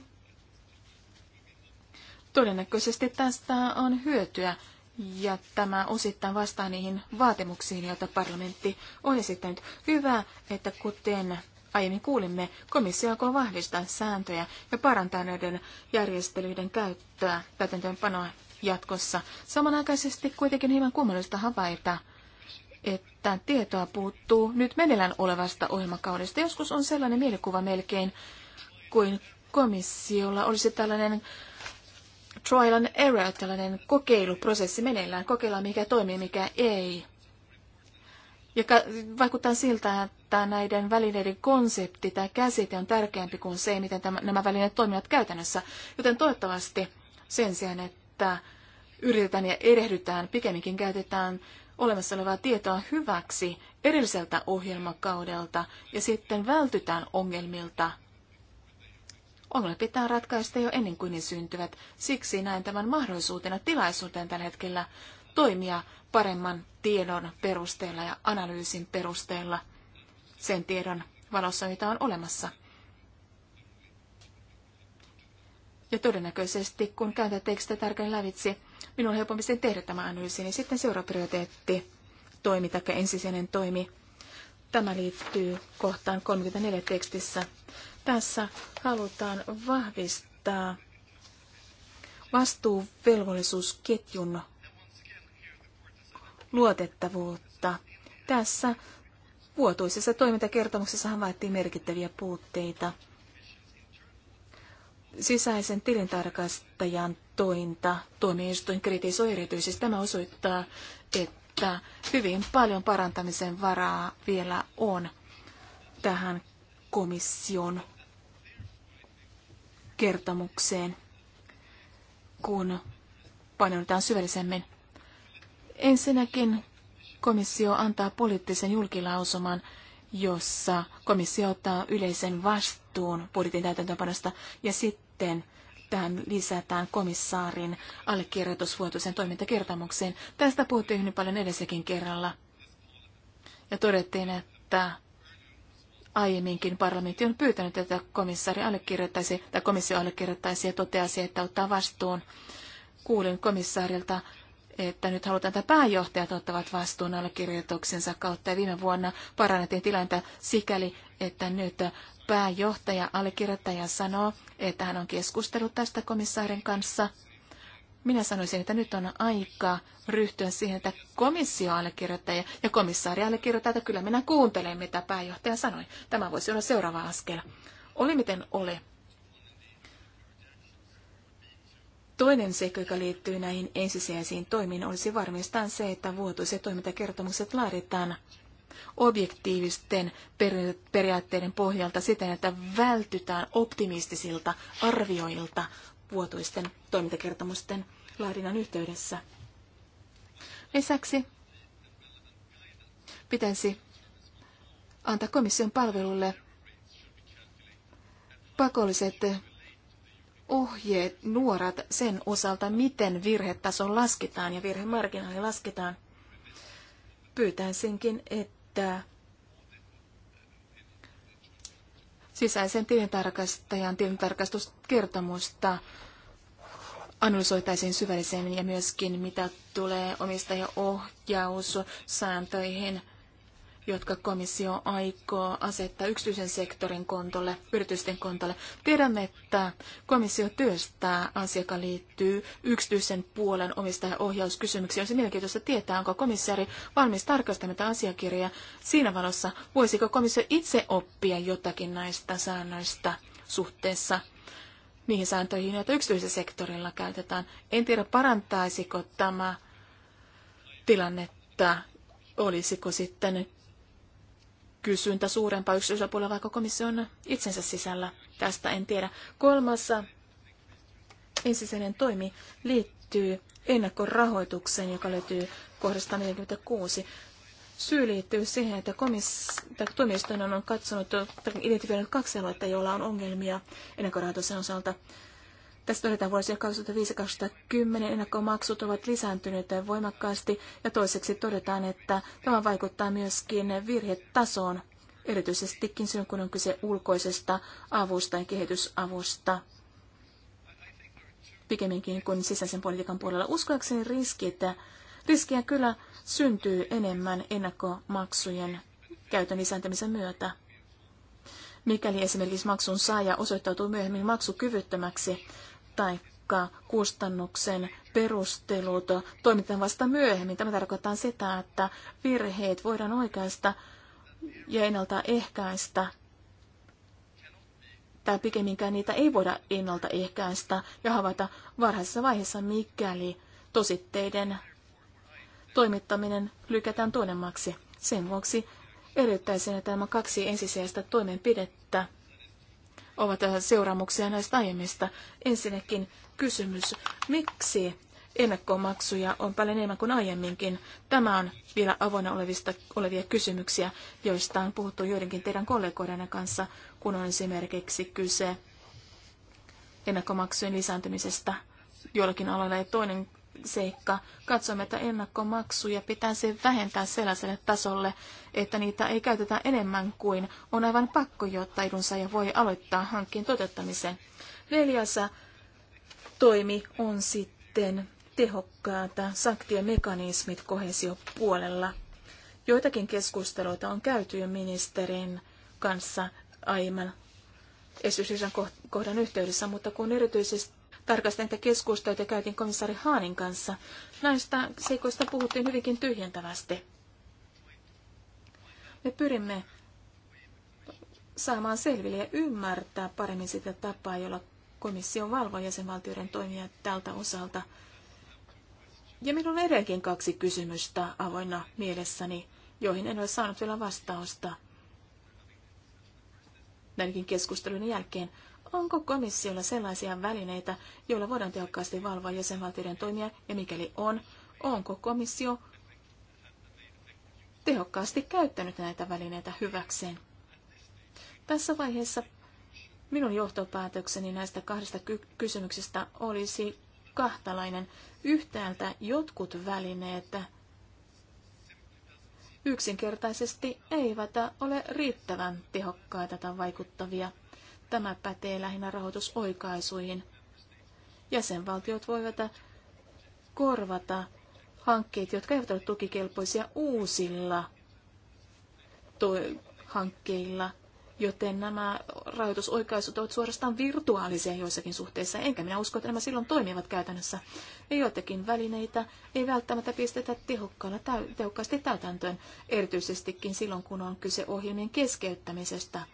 todennäköisesti tästä on hyötyä ja tämä osittain vastaa niihin vaatimuksiin, joita parlamentti on esittänyt. Hyvä, että kuten aiemmin kuulimme, komissio alkoi vahvistaa sääntöjä ja parantaa näiden järjestelyiden käyttöä täytäntöönpanoa jatkossa. Samanaikaisesti kuitenkin hieman kummallista havaita, että tietoa puuttuu nyt meneillään olevasta ohjelmakaudesta. Joskus on sellainen mielikuva melkein, kuin komissiolla olisi tällainen trial and error, tällainen kokeiluprosessi meneillään. Kokeillaan mikä toimii, mikä ei. Ja vaikuttaa siltä, että näiden välineiden konsepti tai käsite on tärkeämpi kuin se, miten tämä, nämä välineet toimivat käytännössä. Joten toivottavasti sen sijaan, että yritetään ja erehdytään, pikemminkin käytetään olemassa olevaa tietoa hyväksi edelliseltä ohjelmakaudelta ja sitten vältytään ongelmilta. Ongelmat pitää ratkaista jo ennen kuin ne syntyvät. Siksi näen tämän mahdollisuutena tilaisuuteen tällä hetkellä toimia paremman tiedon perusteella ja analyysin perusteella sen tiedon valossa, mitä on olemassa. Ja todennäköisesti, kun kääntää tekstiä tarkan lävitse, minun on helpompi sen tehdä tämä analyysi, niin sitten seuraava prioriteetti, toimi tai ensisijainen toimi. Tämä liittyy kohtaan 34 tekstissä. Tässä halutaan vahvistaa vastuuvelvollisuusketjun luotettavuutta. Tässä vuotuisessa toimintakertomuksessa havaittiin merkittäviä puutteita. Sisäisen tilintarkastajan tointa tuomioistuin kritisoi erityisesti. Tämä osoittaa, että hyvin paljon parantamisen varaa vielä on tähän komission kertomukseen, kun painotetaan syvällisemmin Ensinnäkin komissio antaa poliittisen julkilausuman, jossa komissio ottaa yleisen vastuun budjetin täytäntöönpanosta ja sitten tähän lisätään komissaarin allekirjoitusvuotuisen toimintakertomukseen. Tästä puhuttiin hyvin paljon edessäkin kerralla. Ja todettiin, että aiemminkin parlamentti on pyytänyt, että komissaari allekirjoittaisi, tai komissio allekirjoittaisi ja toteaisi, että ottaa vastuun. Kuulin komissaarilta, että nyt halutaan, että pääjohtajat ottavat vastuun allekirjoituksensa kautta. Ja viime vuonna parannettiin tilannetta sikäli, että nyt pääjohtaja, allekirjoittaja sanoo, että hän on keskustellut tästä komissaarin kanssa. Minä sanoisin, että nyt on aika ryhtyä siihen, että komissio allekirjoittaja ja komissaari allekirjoittaa, että kyllä minä kuuntelen, mitä pääjohtaja sanoi. Tämä voisi olla seuraava askel. Oli miten ole. Toinen seikka, joka liittyy näihin ensisijaisiin toimiin, olisi varmistaa se, että vuotuiset toimintakertomukset laaditaan objektiivisten periaatteiden pohjalta siten, että vältytään optimistisilta arvioilta vuotuisten toimintakertomusten laadinnan yhteydessä. Lisäksi pitäisi antaa komission palvelulle pakolliset ohjeet, nuorat sen osalta, miten virhetason lasketaan ja virhemarginaali lasketaan. Pyytäisinkin, että sisäisen tilintarkastajan tilintarkastuskertomusta analysoitaisiin syvällisemmin ja myöskin mitä tulee omistajaohjaussääntöihin – jotka komissio aikoo asettaa yksityisen sektorin kontolle, yritysten kontolle. Tiedämme, että komissio työstää asiakka liittyy yksityisen puolen omistajaohjauskysymyksiin. Olisi mielenkiintoista tietää, onko komissaari valmis tarkastamaan tätä asiakirjaa siinä valossa, voisiko komissio itse oppia jotakin näistä säännöistä suhteessa niihin sääntöihin, joita yksityisen sektorilla käytetään. En tiedä, parantaisiko tämä tilannetta, olisiko sitten kysyntä suurempaa yksityisellä puolella, vaikka komission itsensä sisällä. Tästä en tiedä. Kolmas ensisijainen toimi liittyy ennakkorahoitukseen, joka löytyy kohdasta 46. Syy liittyy siihen, että, komis- on katsonut, tai identifioinut kaksi aluetta, joilla on ongelmia ennakkorahoituksen osalta. Tässä todetaan vuosia 2005-2010 ennakkomaksut ovat lisääntyneet voimakkaasti ja toiseksi todetaan, että tämä vaikuttaa myöskin virhetasoon, erityisestikin silloin kun on kyse ulkoisesta avusta ja kehitysavusta pikemminkin kuin sisäisen politiikan puolella. Uskoakseni että riskiä kyllä syntyy enemmän ennakkomaksujen käytön lisääntymisen myötä. Mikäli esimerkiksi maksun saaja osoittautuu myöhemmin maksukyvyttömäksi, tai kustannuksen perustelut toimitetaan vasta myöhemmin. Tämä tarkoittaa sitä, että virheet voidaan oikeasta ja ennaltaehkäistä tai pikemminkään niitä ei voida ennaltaehkäistä ja havaita varhaisessa vaiheessa, mikäli tositteiden toimittaminen lykätään tuonemmaksi. Sen vuoksi erittäisin, että nämä kaksi ensisijaista toimenpidettä ovat seuraamuksia näistä aiemmista. Ensinnäkin kysymys, miksi ennakkomaksuja on paljon enemmän kuin aiemminkin? Tämä on vielä avoinna olevista, olevia kysymyksiä, joista on puhuttu joidenkin teidän kollegoiden kanssa, kun on esimerkiksi kyse ennakkomaksujen lisääntymisestä joillakin aloilla. Ja toinen seikka. Katsomme, että ennakkomaksuja pitäisi vähentää sellaiselle tasolle, että niitä ei käytetä enemmän kuin on aivan pakko, jotta ja voi aloittaa hankkeen toteuttamisen. Neljäs toimi on sitten tehokkaata sanktiomekanismit kohesiopuolella. Joitakin keskusteluita on käyty jo ministerin kanssa aiemman esitysisän kohdan yhteydessä, mutta kun erityisesti tarkastan niitä keskusteluita, joita käytiin komissaari Haanin kanssa. Näistä seikoista puhuttiin hyvinkin tyhjentävästi. Me pyrimme saamaan selville ja ymmärtää paremmin sitä tapaa, jolla komissio valvoo jäsenvaltioiden toimia tältä osalta. Ja minulla on edelleenkin kaksi kysymystä avoinna mielessäni, joihin en ole saanut vielä vastausta. Näinkin keskustelun jälkeen onko komissiolla sellaisia välineitä, joilla voidaan tehokkaasti valvoa jäsenvaltioiden toimia, ja mikäli on, onko komissio tehokkaasti käyttänyt näitä välineitä hyväkseen? Tässä vaiheessa minun johtopäätökseni näistä kahdesta ky- kysymyksestä olisi kahtalainen. Yhtäältä jotkut välineet yksinkertaisesti eivät ole riittävän tehokkaita tai vaikuttavia – Tämä pätee lähinnä rahoitusoikaisuihin. Jäsenvaltiot voivat korvata hankkeet, jotka eivät ole tukikelpoisia uusilla hankkeilla, joten nämä rahoitusoikaisut ovat suorastaan virtuaalisia joissakin suhteissa, enkä minä usko, että nämä silloin toimivat käytännössä. Ja joitakin välineitä ei välttämättä pistetä tehokkaalla, tehokkaasti täytäntöön, erityisestikin silloin, kun on kyse ohjelmien keskeyttämisestä –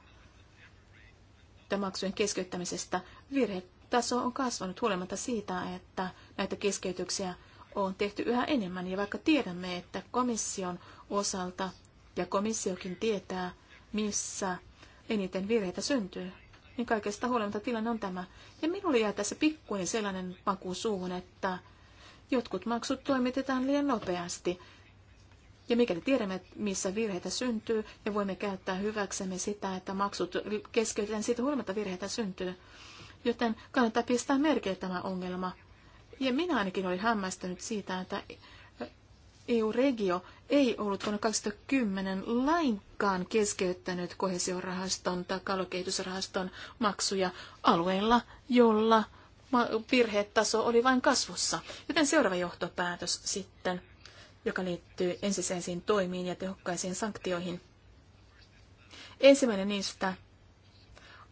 maksujen keskeyttämisestä virhetaso on kasvanut huolimatta siitä, että näitä keskeytyksiä on tehty yhä enemmän. Ja vaikka tiedämme, että komission osalta ja komissiokin tietää, missä eniten virheitä syntyy, niin kaikesta huolimatta tilanne on tämä. Ja minulle jää tässä pikkuinen sellainen maku suuhun, että jotkut maksut toimitetaan liian nopeasti ja mikäli tiedämme, missä virheitä syntyy, ja voimme käyttää hyväksemme sitä, että maksut keskeytetään siitä huolimatta virheitä syntyy. Joten kannattaa pistää merkille tämä ongelma. Ja minä ainakin olin hämmästynyt siitä, että EU-regio ei ollut vuonna 2010 lainkaan keskeyttänyt kohesiorahaston tai kalokehitysrahaston maksuja alueilla, jolla virhetaso oli vain kasvussa. Joten seuraava johtopäätös sitten joka liittyy ensisijaisiin toimiin ja tehokkaisiin sanktioihin. Ensimmäinen niistä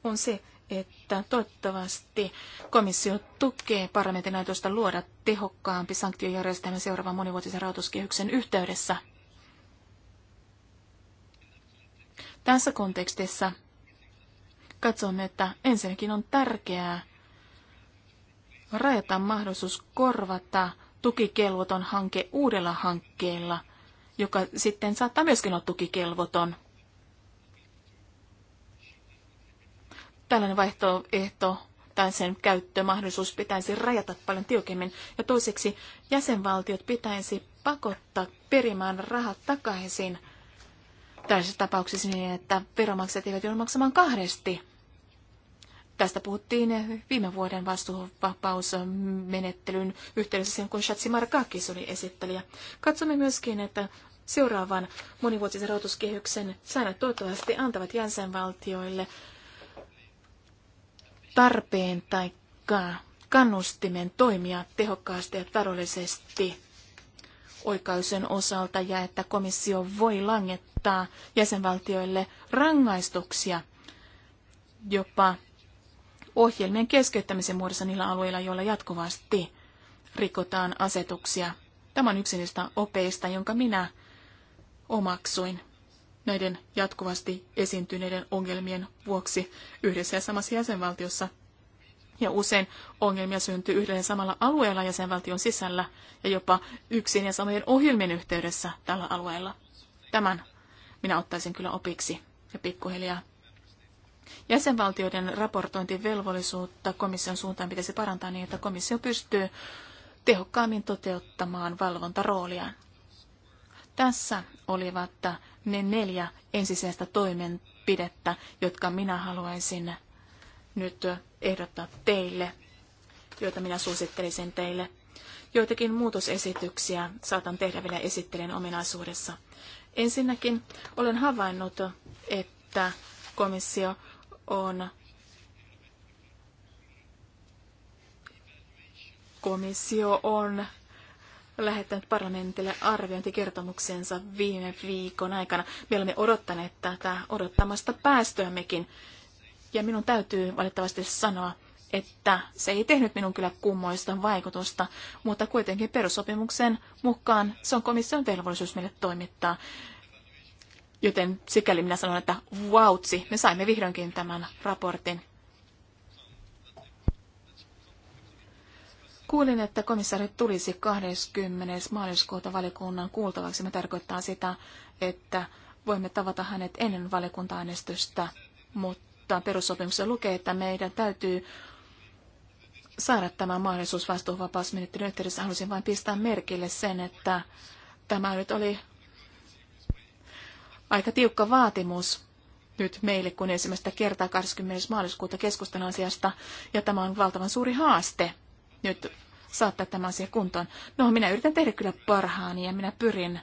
on se, että toivottavasti komissio tukee parlamentin ajatusta luoda tehokkaampi sanktiojärjestelmä seuraavan monivuotisen rahoituskehyksen yhteydessä. Tässä kontekstissa katsomme, että ensinnäkin on tärkeää rajata mahdollisuus korvata tukikelvoton hanke uudella hankkeella, joka sitten saattaa myöskin olla tukikelvoton. Tällainen vaihtoehto tai sen käyttömahdollisuus pitäisi rajata paljon tiukemmin. Ja toiseksi jäsenvaltiot pitäisi pakottaa perimään rahat takaisin tällaisissa tapauksissa niin, että veromaksajat eivät joudu maksamaan kahdesti Tästä puhuttiin viime vuoden vastuuvapausmenettelyn yhteydessä, kun Shatsi Markakis oli esittelijä. Katsomme myöskin, että seuraavan monivuotisen rahoituskehyksen säännöt toivottavasti antavat jäsenvaltioille tarpeen tai kannustimen toimia tehokkaasti ja taloudellisesti oikaisen osalta ja että komissio voi langettaa jäsenvaltioille rangaistuksia jopa ohjelmien keskeyttämisen muodossa niillä alueilla, joilla jatkuvasti rikotaan asetuksia. Tämä on yksi niistä opeista, jonka minä omaksuin näiden jatkuvasti esiintyneiden ongelmien vuoksi yhdessä ja samassa jäsenvaltiossa. Ja usein ongelmia syntyy yhdellä samalla alueella jäsenvaltion sisällä ja jopa yksin ja samojen ohjelmien yhteydessä tällä alueella. Tämän minä ottaisin kyllä opiksi ja pikkuhiljaa Jäsenvaltioiden raportointivelvollisuutta komission suuntaan pitäisi parantaa niin, että komissio pystyy tehokkaammin toteuttamaan valvontarooliaan. Tässä olivat ne neljä ensisijaista toimenpidettä, jotka minä haluaisin nyt ehdottaa teille, joita minä suosittelisin teille. Joitakin muutosesityksiä saatan tehdä vielä esittelen ominaisuudessa. Ensinnäkin olen havainnut, että komissio on komissio on lähettänyt parlamentille arviointikertomuksensa viime viikon aikana. Me olemme odottaneet tätä odottamasta päästöämmekin. Ja minun täytyy valitettavasti sanoa, että se ei tehnyt minun kyllä kummoista vaikutusta, mutta kuitenkin perussopimuksen mukaan se on komission velvollisuus meille toimittaa Joten sikäli minä sanon, että vautsi, me saimme vihdoinkin tämän raportin. Kuulin, että komissaari tulisi 20. maaliskuuta valikunnan kuultavaksi. Me tarkoittaa sitä, että voimme tavata hänet ennen valikunta äänestystä mutta perussopimuksessa lukee, että meidän täytyy saada tämä mahdollisuus vastuuvapausmenettelyn yhteydessä. Haluaisin vain pistää merkille sen, että tämä nyt oli aika tiukka vaatimus nyt meille, kun ensimmäistä kertaa 20. maaliskuuta keskustan asiasta, ja tämä on valtavan suuri haaste nyt saattaa tämä asia kuntoon. No, minä yritän tehdä kyllä parhaani ja minä pyrin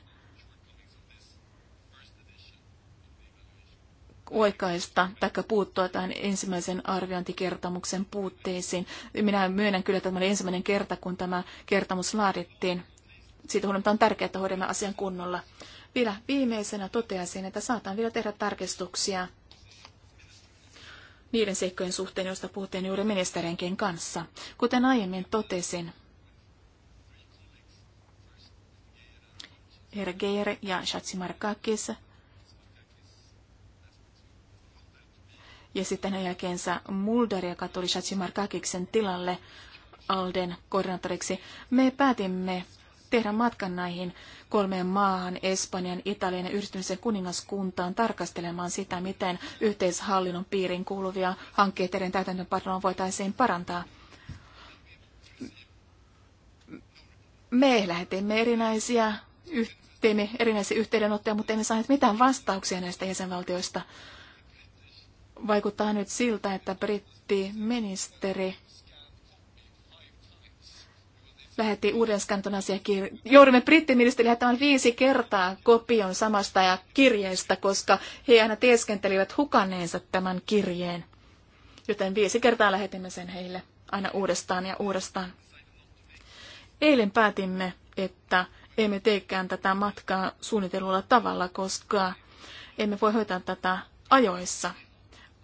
oikaista tai puuttua tähän ensimmäisen arviointikertomuksen puutteisiin. Minä myönnän kyllä, että tämä oli ensimmäinen kerta, kun tämä kertomus laadittiin. Siitä huolimatta on tärkeää, että hoidamme asian kunnolla. Vielä viimeisenä toteaisin, että saatan vielä tehdä tarkistuksia niiden seikkojen suhteen, joista puhuttiin juuri ministerienkin kanssa. Kuten aiemmin totesin, Ergeir ja Shatsimarkakis ja sitten hänen jälkeensä Mulder, joka tuli Shatsimarkakiksen tilalle Alden koordinaattoriksi. Me päätimme tehdä matkan näihin kolmeen maahan, Espanjan, Italian ja yhdistymisen kuningaskuntaan tarkastelemaan sitä, miten yhteishallinnon piiriin kuuluvia hankkeiden täytäntöönpanoa voitaisiin parantaa. Me lähetimme erinäisiä teimme erinäisiä yhteydenottoja, mutta emme saaneet mitään vastauksia näistä jäsenvaltioista. Vaikuttaa nyt siltä, että brittiministeri lähetti uuden skanton asiakirjan. Joudumme brittiministeri lähettämään viisi kertaa kopion samasta ja kirjeestä, koska he aina teeskentelivät hukanneensa tämän kirjeen. Joten viisi kertaa lähetimme sen heille aina uudestaan ja uudestaan. Eilen päätimme, että emme teekään tätä matkaa suunnitellulla tavalla, koska emme voi hoitaa tätä ajoissa.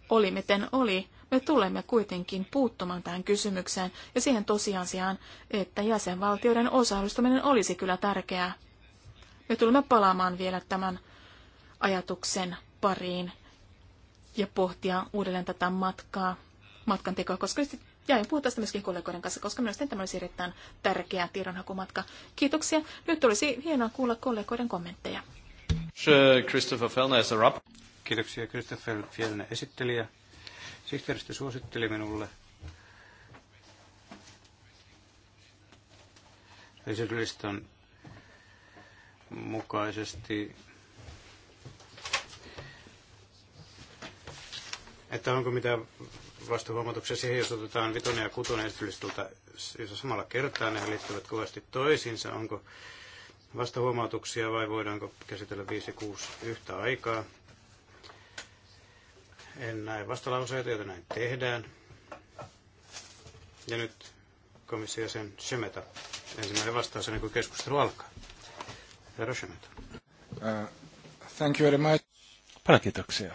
Oli miten oli. Me tulemme kuitenkin puuttumaan tähän kysymykseen ja siihen tosiasiaan, että jäsenvaltioiden osallistuminen olisi kyllä tärkeää. Me tulemme palaamaan vielä tämän ajatuksen pariin ja pohtia uudelleen tätä matkaa, matkan tekoa, koska ja en puhu tästä myöskin kollegoiden kanssa, koska mielestäni tämä olisi erittäin tärkeä tiedonhakumatka. Kiitoksia. Nyt olisi hienoa kuulla kollegoiden kommentteja. Christopher Fellner, Kiitoksia Christopher Fjellner esittelijä. Sihteeristö suositteli minulle esityslistan mukaisesti, että onko mitään vastuhuomautuksia siihen, jos otetaan vitonen ja kutonen esityslistalta siis samalla kertaa, ne liittyvät kovasti toisiinsa, onko vastahuomautuksia vai voidaanko käsitellä 5-6 yhtä aikaa. En näe vastalauseita, joten näin tehdään. Ja nyt komissio sen Shemeta. Ensimmäinen vastaus ennen kuin keskustelu alkaa. Herra Shemeta. Uh, thank you very much. Paljon kiitoksia.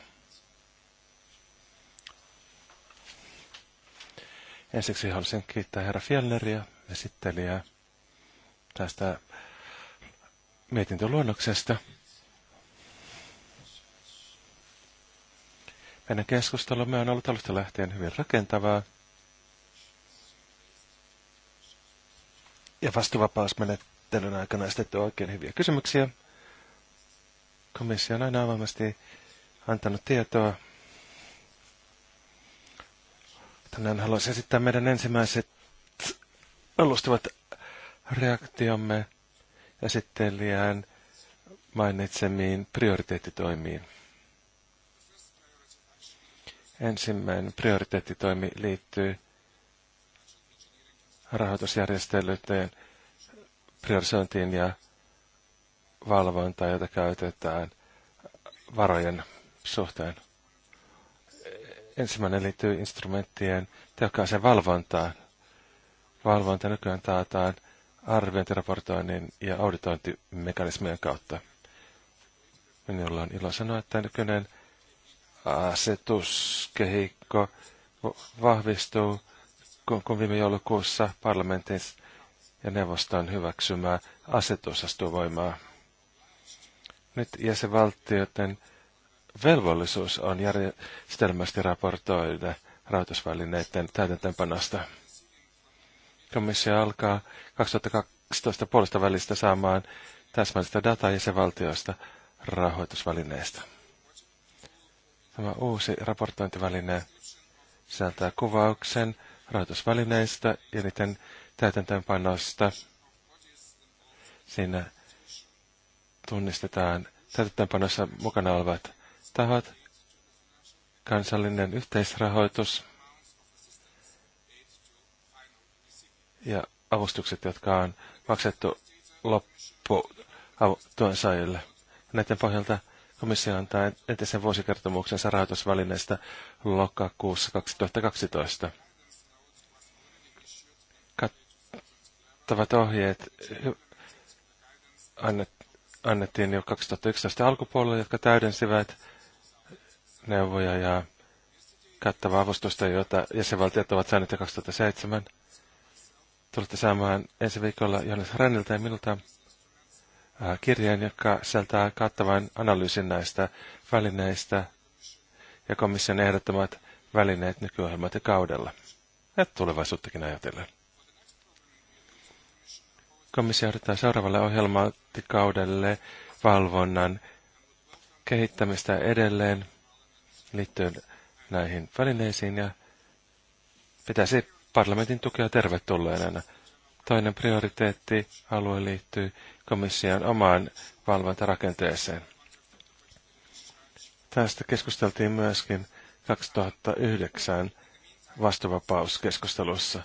Ensiksi haluaisin kiittää herra Fjelleriä, esittelijää, tästä mietintöluonnoksesta. luonnoksesta Meidän keskustelumme on ollut alusta lähtien hyvin rakentavaa. Ja vastuvapausmenettelyn aikana esitetty oikein hyviä kysymyksiä. Komissio on aina avoimesti antanut tietoa. Tänään haluaisin esittää meidän ensimmäiset alustavat reaktiomme esittelijään mainitsemiin prioriteettitoimiin. Ensimmäinen prioriteettitoimi liittyy rahoitusjärjestelyiden priorisointiin ja valvontaan, jota käytetään varojen suhteen. Ensimmäinen liittyy instrumenttien tehokkaaseen valvontaan. Valvonta nykyään taataan arviointiraportoinnin ja auditointimekanismien kautta. Minulla on ilo sanoa, että nykyinen asetuskehikko vahvistuu, kun, viime joulukuussa parlamentin ja neuvoston hyväksymä asetus astuu voimaan. Nyt jäsenvaltioiden velvollisuus on järjestelmästi raportoida rahoitusvälineiden täytäntöönpanosta. Komissio alkaa 2012 puolesta välistä saamaan täsmällistä dataa jäsenvaltioista rahoitusvälineistä. Tämä uusi raportointiväline sisältää kuvauksen rahoitusvälineistä ja niiden täytäntöönpanosta. Siinä tunnistetaan täytäntöönpanossa mukana olevat tahot, kansallinen yhteisrahoitus ja avustukset, jotka on maksettu loppu tuen saajille. Näiden pohjalta Komissio antaa entisen vuosikertomuksensa rahoitusvälineestä lokakuussa 2012. Kattavat ohjeet annettiin jo 2011 alkupuolella, jotka täydensivät neuvoja ja kattavaa avustusta, jota jäsenvaltiot ovat saaneet jo 2007. Tulette saamaan ensi viikolla Johannes Ränniltä ja minulta Äh, kirjeen, joka sisältää kattavan analyysin näistä välineistä ja komission ehdottomat välineet nykyohjelmat ja kaudella ja tulevaisuuttakin ajatellen. Komissio ehdottaa seuraavalle ohjelmatikaudelle valvonnan kehittämistä edelleen liittyen näihin välineisiin ja pitäisi parlamentin tukea tervetulleena. Toinen prioriteetti alue liittyy komission omaan valvontarakenteeseen. Tästä keskusteltiin myöskin 2009 vastuvapauskeskustelussa.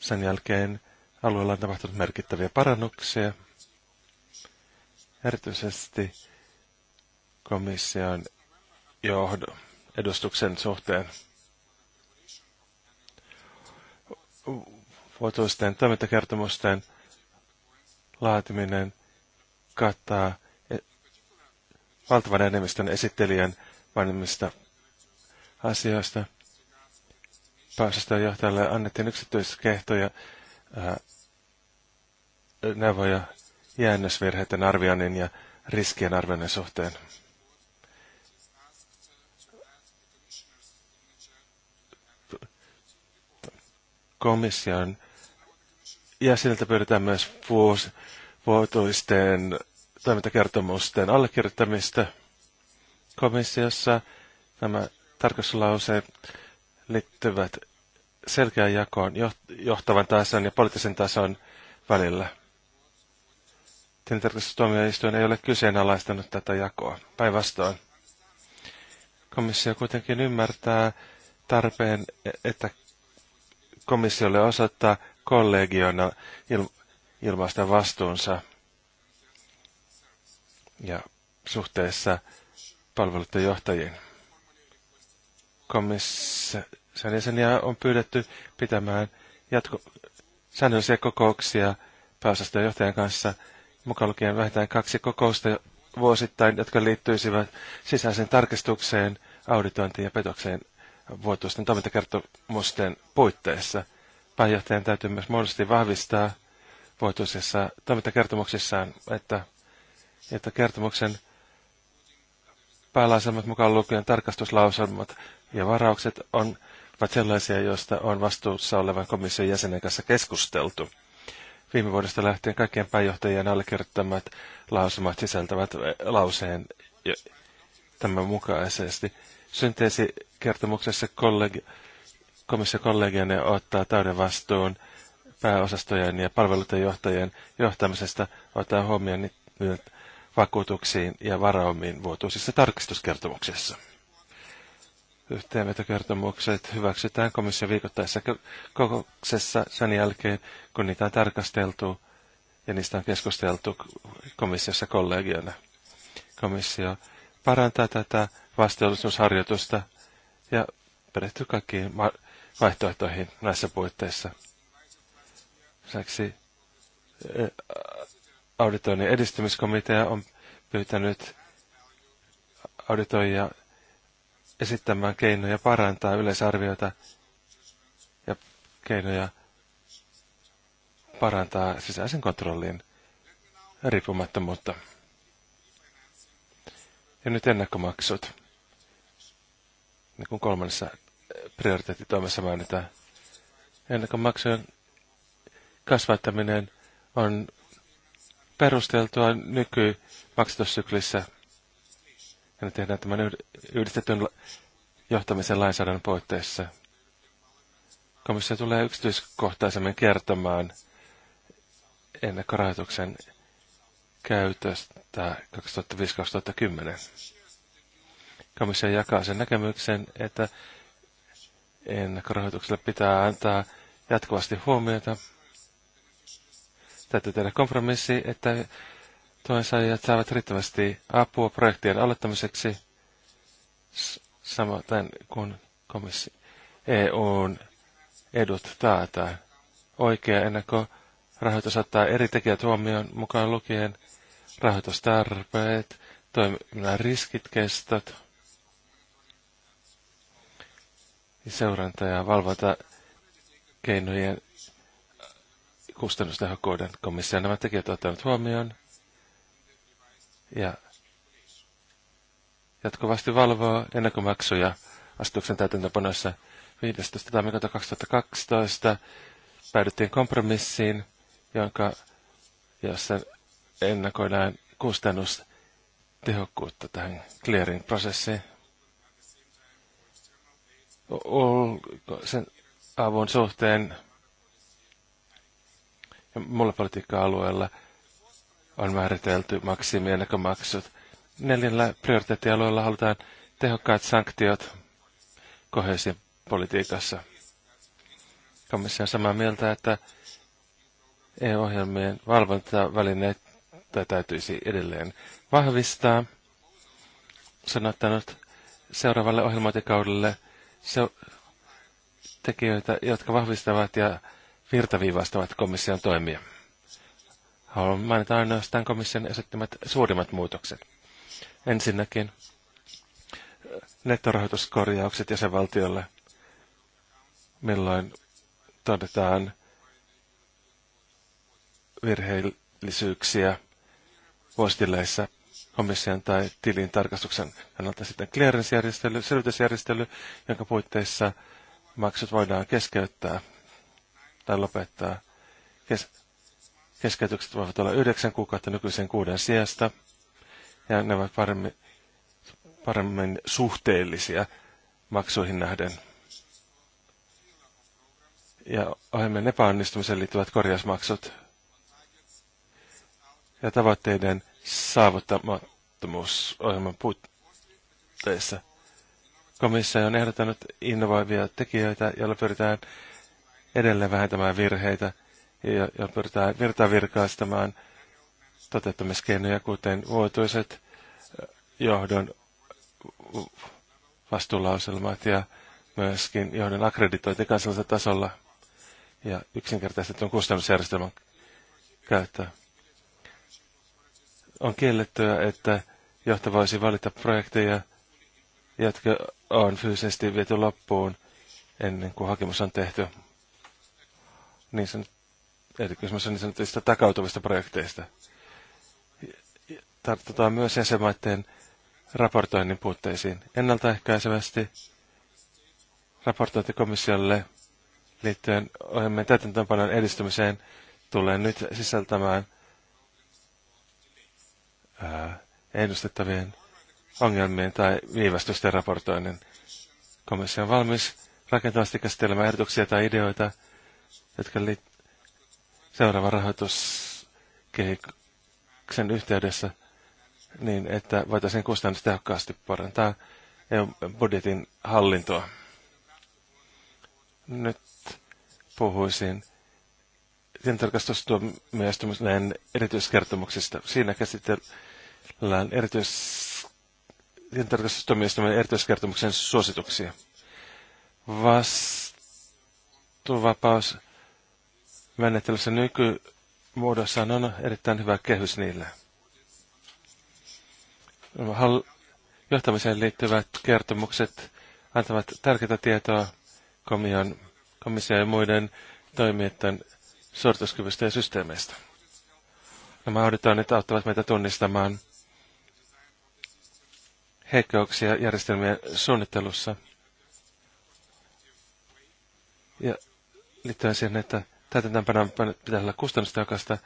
Sen jälkeen alueella on tapahtunut merkittäviä parannuksia. Erityisesti komission johdon edustuksen suhteen. Vuotuisten toimintakertomusten laatiminen kattaa e- valtavan enemmistön esittelijän vanhemmista asioista. Pääosaston johtajalle annettiin yksityiskehtoja, ää, neuvoja jäännösvirheiden arvioinnin ja riskien arvioinnin suhteen. Komission ja sieltä pyydetään myös vuos, vuotuisten toimintakertomusten allekirjoittamista komissiossa. Nämä tarkastuslauseet liittyvät selkeän jakoon johtavan tason ja poliittisen tason välillä. Tilintarkastustuomioistuin ei ole kyseenalaistanut tätä jakoa. Päinvastoin. Komissio kuitenkin ymmärtää tarpeen, e-, että komissiolle osoittaa kollegiona il, ilmaista vastuunsa ja suhteessa palveluiden johtajiin. Komission jäseniä on pyydetty pitämään jatko, säännöllisiä kokouksia pääosastojen johtajan kanssa, mukaan lukien vähintään kaksi kokousta vuosittain, jotka liittyisivät sisäiseen tarkistukseen, auditointiin ja petokseen vuotuisten toimintakertomusten puitteissa – Pääjohtajan täytyy myös muodollisesti vahvistaa vuotuisessa toimintakertomuksessaan, että, että kertomuksen päälaisemmat mukaan lukien tarkastuslauselmat ja varaukset on, ovat sellaisia, joista on vastuussa olevan komission jäsenen kanssa keskusteltu. Viime vuodesta lähtien kaikkien pääjohtajien allekirjoittamat lausumat sisältävät lauseen tämän mukaisesti. kertomuksessa kollegi komissiokollegianne ottaa täyden vastuun pääosastojen ja palveluiden johtajien johtamisesta ottaa huomioon niiden vakuutuksiin ja varaumiin vuotuisissa tarkistuskertomuksissa. Yhteenvetokertomukset hyväksytään komission viikoittaisessa kokouksessa sen jälkeen, kun niitä on tarkasteltu ja niistä on keskusteltu komissiossa kollegiona. Komissio parantaa tätä vastuullisuusharjoitusta ja perehtyy kaikkiin vaihtoehtoihin näissä puitteissa. Lisäksi eh, auditoinnin edistymiskomitea on pyytänyt auditoijia esittämään keinoja parantaa yleisarviota ja keinoja parantaa sisäisen kontrollin riippumattomuutta. Ja nyt ennakkomaksut, niin kuin kolmannessa prioriteettitoimessa mainitaan. Ennakkomaksujen kasvattaminen on perusteltua nykymaksatussyklissä. Ja ne tehdään tämän yhdistetyn johtamisen lainsäädännön puitteissa. Komissio tulee yksityiskohtaisemmin kertomaan ennakkorahoituksen käytöstä 2005-2010. Komissio jakaa sen näkemyksen, että ennakkorahoitukselle pitää antaa jatkuvasti huomiota. Täytyy tehdä kompromissi, että tuensaajat saavat riittävästi apua projektien aloittamiseksi, samoin kuin komissi EUn edut taataan. Oikea rahoitus ottaa eri tekijät huomioon mukaan lukien rahoitustarpeet, toiminnan riskit, kestot, seuranta- ja valvontakeinojen kustannustehokkuuden komissio nämä tekijät ottanut huomioon ja jatkuvasti valvoo ennakkomaksuja astuksen täytäntöpanoissa 15. tammikuuta 2012 päädyttiin kompromissiin, jonka, jossa ennakoidaan kustannustehokkuutta tähän clearing-prosessiin sen avun suhteen ja mulla politiikka-alueella on määritelty maksimi- näkömaksut. Neljällä prioriteettialueella halutaan tehokkaat sanktiot kohesin politiikassa. Komissio on samaa mieltä, että EU-ohjelmien valvontavälineitä täytyisi edelleen vahvistaa. Se on seuraavalle ohjelmointikaudelle – se tekijöitä, jotka vahvistavat ja virtaviivaistavat komission toimia. Haluan mainita ainoastaan komission esittämät suurimmat muutokset. Ensinnäkin eh, nettorahoituskorjaukset jäsenvaltiolle, milloin todetaan virheellisyyksiä vuositileissä komission tai tilin tarkastuksen kannalta sitten clearance-järjestely, selvitysjärjestely, jonka puitteissa maksut voidaan keskeyttää tai lopettaa. Kes- keskeytykset voivat olla yhdeksän kuukautta nykyisen kuuden sijasta, ja ne ovat paremmin, paremmin suhteellisia maksuihin nähden. Ja ohjelmien epäonnistumiseen liittyvät korjausmaksut ja tavoitteiden saavuttamattomuusohjelman puitteissa. Komissio on ehdottanut innovoivia tekijöitä, joilla pyritään edelleen vähentämään virheitä ja, ja pyritään virtavirkaistamaan toteuttamiskeinoja, kuten vuotuiset eh, johdon vastuulauselmat ja myöskin johdon akkreditointi kansallisella tasolla ja yksinkertaistetun kustannusjärjestelmän käyttö on kiellettyä, että johto voisi valita projekteja, jotka on fyysisesti viety loppuun ennen kuin hakemus on tehty. Niin sanot, eli kysymys on niin sanotuista takautuvista projekteista. Tartutaan myös jäsenmaiden raportoinnin puutteisiin. Ennaltaehkäisevästi raportointikomissiolle liittyen ohjelmien täytäntöönpanon edistymiseen tulee nyt sisältämään – ennustettavien ongelmien tai viivästysten raportoinnin. Komissio on valmis rakentavasti käsittelemään ehdotuksia tai ideoita, jotka liittyvät seuraavan rahoituskehityksen yhteydessä niin, että voitaisiin kustannustehokkaasti parantaa budjetin hallintoa. Nyt puhuisin tilintarkastustuomioistuimen erityiskertomuksista. Siinä käsitellään erityis, erityiskertomuksen suosituksia. Vastuvapaus menettelyssä nykymuodossaan on erittäin hyvä kehys niille. johtamiseen liittyvät kertomukset antavat tärkeää tietoa komission, komission ja muiden toimijoiden suorituskyvystä ja systeemeistä. Nämä auditoinnit auttavat meitä tunnistamaan – heikkouksia järjestelmien suunnittelussa. Ja liittyen siihen, että täytäntäänpänä pitää olla kustannustehokasta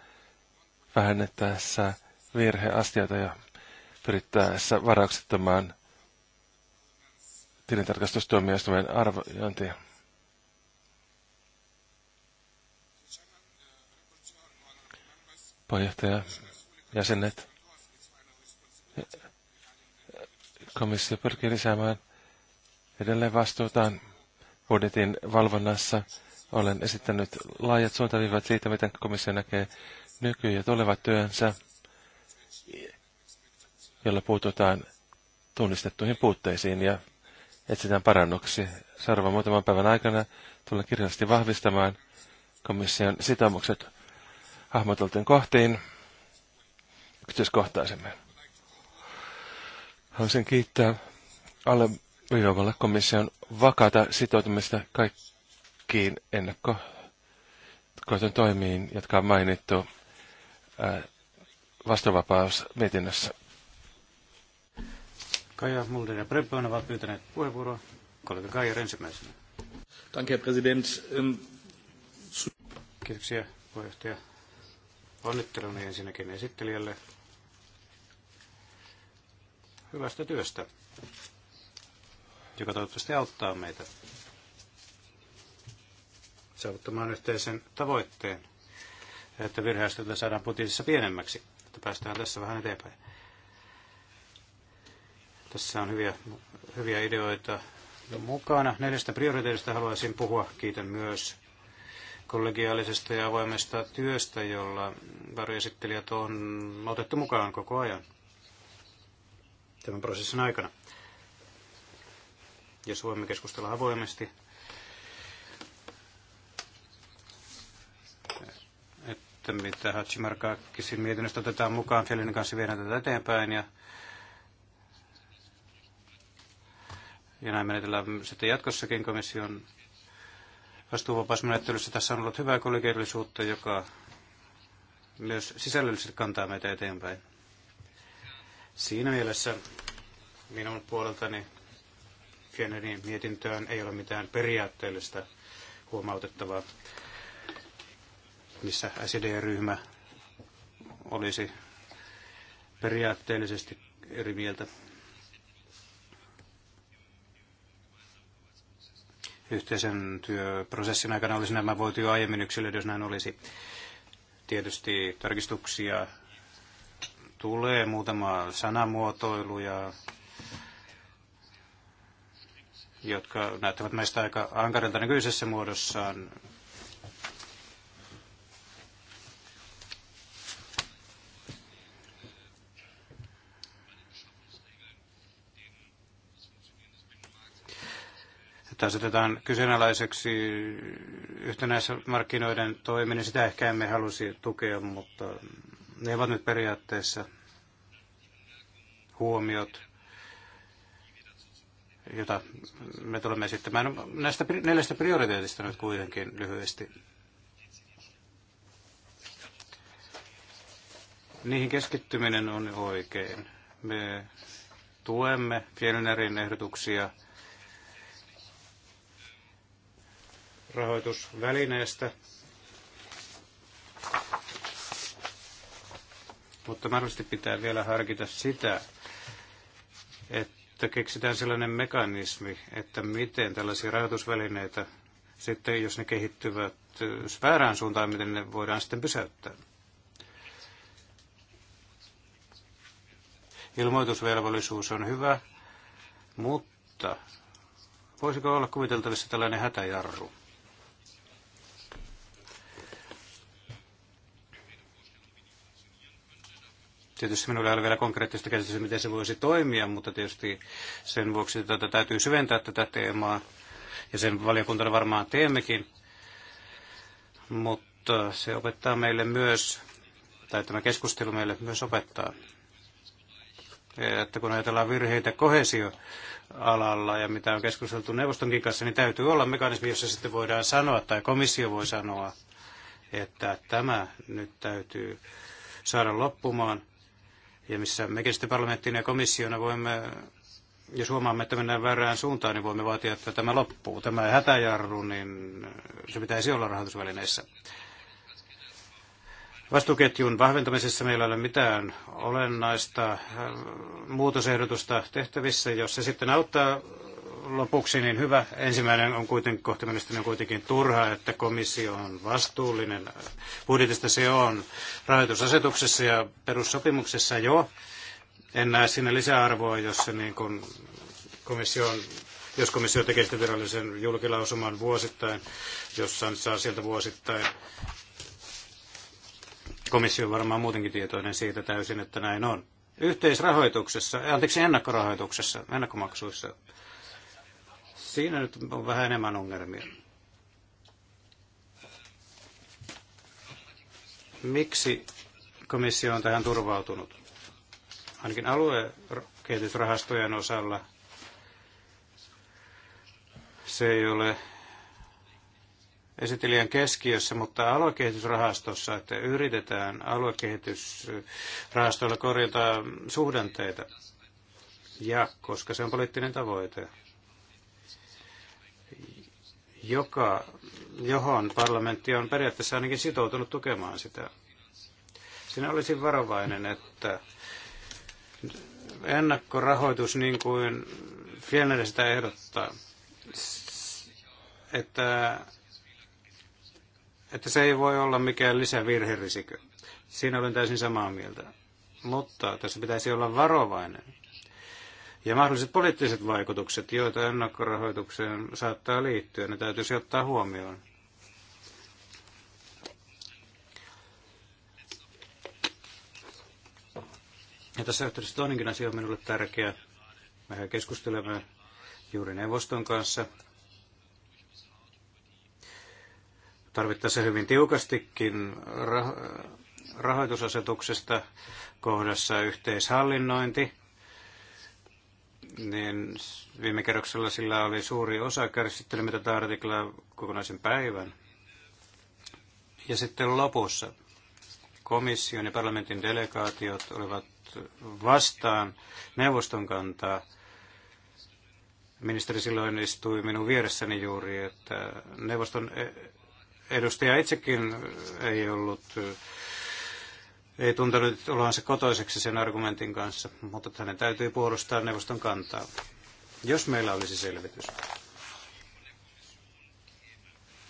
vähennettäessä virheastioita ja pyrittäessä varauksettomaan tilintarkastustuomioistuimen arviointia. Puheenjohtaja, jäsenet. komissio pyrkii lisäämään edelleen vastuutaan budjetin valvonnassa. Olen esittänyt laajat suuntaviivat siitä, miten komissio näkee nyky- ja tulevat työnsä, jolla puututaan tunnistettuihin puutteisiin ja etsitään parannuksi. Seuraavan muutaman päivän aikana tulen kirjallisesti vahvistamaan komission sitoumukset hahmoteltujen kohtiin yksityiskohtaisemmin. Haluaisin kiittää alleviivaamalla komission vakata sitoutumista kaikkiin ennakkokoitun toimiin, jotka on mainittu äh, vastuuvapaus mietinnössä. Kaija Mulder ja Brempön ovat pyytäneet puheenvuoroa. Kollega Kaija ensimmäisenä. Danke, Herr ähm, Kiitoksia, puheenjohtaja. Onnittelun ensinnäkin esittelijälle hyvästä työstä, joka toivottavasti auttaa meitä saavuttamaan yhteisen tavoitteen, että virheastetta saadaan budjetissa pienemmäksi, että päästään tässä vähän eteenpäin. Tässä on hyviä, hyviä ideoita mukana. Neljästä prioriteetista haluaisin puhua. Kiitän myös kollegiaalisesta ja avoimesta työstä, jolla varjoesittelijät on otettu mukaan koko ajan tämän prosessin aikana. Jos voimme keskustella avoimesti, että mitä Hachimarkaakkisin mietinnöstä otetaan mukaan, Fjellinen kanssa viedään tätä eteenpäin ja ja näin menetellään sitten jatkossakin komission vastuuvapausmenettelyssä. Tässä on ollut hyvää kollegiallisuutta, joka myös sisällöllisesti kantaa meitä eteenpäin. Siinä mielessä minun puoleltani Kennedyn mietintöön ei ole mitään periaatteellista huomautettavaa, missä SED-ryhmä olisi periaatteellisesti eri mieltä. Yhteisen työprosessin aikana olisi nämä voitu jo aiemmin yksilöidä, jos näin olisi. Tietysti tarkistuksia tulee muutama sanamuotoilu, ja, jotka näyttävät meistä aika ankarilta nykyisessä muodossaan. että asetetaan kyseenalaiseksi yhtenäismarkkinoiden toiminnan, sitä ehkä emme halusi tukea, mutta ne ovat nyt periaatteessa huomiot, jota me tulemme esittämään näistä neljästä prioriteetista nyt kuitenkin lyhyesti. Niihin keskittyminen on oikein. Me tuemme Fjellnerin ehdotuksia rahoitusvälineestä, mutta mahdollisesti pitää vielä harkita sitä, että keksitään sellainen mekanismi, että miten tällaisia rahoitusvälineitä sitten, jos ne kehittyvät väärään suuntaan, miten ne voidaan sitten pysäyttää. Ilmoitusvelvollisuus on hyvä, mutta voisiko olla kuviteltavissa tällainen hätäjarru? Tietysti minulla ei ole vielä konkreettista käsitystä, miten se voisi toimia, mutta tietysti sen vuoksi tätä täytyy syventää tätä teemaa, ja sen valiokuntana varmaan teemmekin. Mutta se opettaa meille myös, tai tämä keskustelu meille myös opettaa, että kun ajatellaan virheitä kohesioalalla ja mitä on keskusteltu neuvostonkin kanssa, niin täytyy olla mekanismi, jossa sitten voidaan sanoa, tai komissio voi sanoa, että tämä nyt täytyy saada loppumaan – ja missä mekin sitten parlamenttina ja komissiona voimme, jos huomaamme, että mennään väärään suuntaan, niin voimme vaatia, että tämä loppuu. Tämä hätäjarru, niin se pitäisi olla rahoitusvälineissä. Vastuuketjun vahventamisessa meillä ei ole mitään olennaista muutosehdotusta tehtävissä. Jos se sitten auttaa lopuksi, niin hyvä. Ensimmäinen on kuitenkin kohta mielestäni kuitenkin turha, että komissio on vastuullinen. Budjetista se on rahoitusasetuksessa ja perussopimuksessa jo. En näe siinä lisäarvoa, jos se niin kuin komissio on jos komissio tekee sitä virallisen julkilausuman vuosittain, jos saa sieltä vuosittain. Komissio on varmaan muutenkin tietoinen siitä täysin, että näin on. Yhteisrahoituksessa, anteeksi ennakkorahoituksessa, ennakkomaksuissa Siinä nyt on vähän enemmän ongelmia. Miksi komissio on tähän turvautunut? Ainakin aluekehitysrahastojen osalla se ei ole esitelijän keskiössä, mutta aluekehitysrahastossa, että yritetään aluekehitysrahastoilla korjata suhdanteita. Ja koska se on poliittinen tavoite, joka, johon parlamentti on periaatteessa ainakin sitoutunut tukemaan sitä. sinä olisin varovainen, että ennakkorahoitus niin kuin Fjellner sitä ehdottaa, että, että se ei voi olla mikään lisävirherisikö. Siinä olen täysin samaa mieltä. Mutta tässä pitäisi olla varovainen ja mahdolliset poliittiset vaikutukset, joita ennakkorahoitukseen saattaa liittyä, ne täytyisi ottaa huomioon. Ja tässä yhteydessä toinenkin asia on minulle tärkeä. Mehän keskustelemme juuri neuvoston kanssa. Tarvittaessa hyvin tiukastikin rahoitusasetuksesta kohdassa yhteishallinnointi niin viime kerroksella sillä oli suuri osa. Käsittelimme tätä artiklaa kokonaisen päivän. Ja sitten lopussa komission ja parlamentin delegaatiot olivat vastaan neuvoston kantaa. Ministeri silloin istui minun vieressäni juuri, että neuvoston e- edustaja itsekin ei ollut ei tuntenut olonsa kotoiseksi sen argumentin kanssa, mutta hänen täytyy puolustaa neuvoston kantaa. Jos meillä olisi selvitys,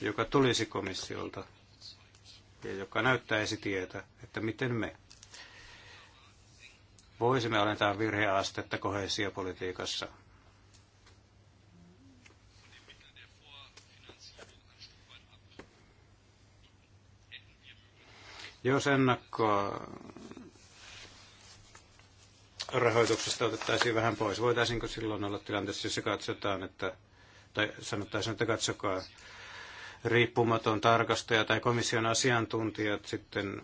joka tulisi komissiolta ja joka näyttäisi tietä, että miten me voisimme alentaa virheastetta kohesiopolitiikassa – Jos ennakkoa rahoituksesta otettaisiin vähän pois, voitaisiinko silloin olla tilanteessa, se katsotaan, että, tai sanottaisiin, että katsokaa riippumaton tarkastaja tai komission asiantuntijat sitten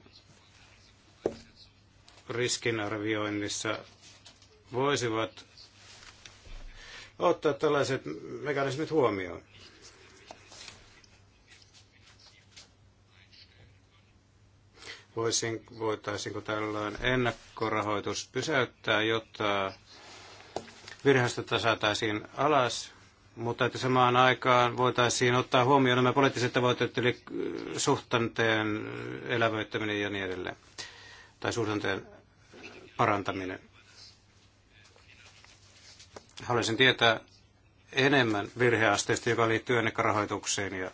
riskinarvioinnissa voisivat ottaa tällaiset mekanismit huomioon. Voisin, voitaisiinko tällöin ennakkorahoitus pysäyttää, jotta virheistä saataisiin alas, mutta että samaan aikaan voitaisiin ottaa huomioon nämä poliittiset tavoitteet, eli äh, suhtanteen elävöittäminen ja niin edelleen, tai suhtanteen parantaminen. Haluaisin tietää enemmän virheasteista, joka liittyy ennakkorahoitukseen ja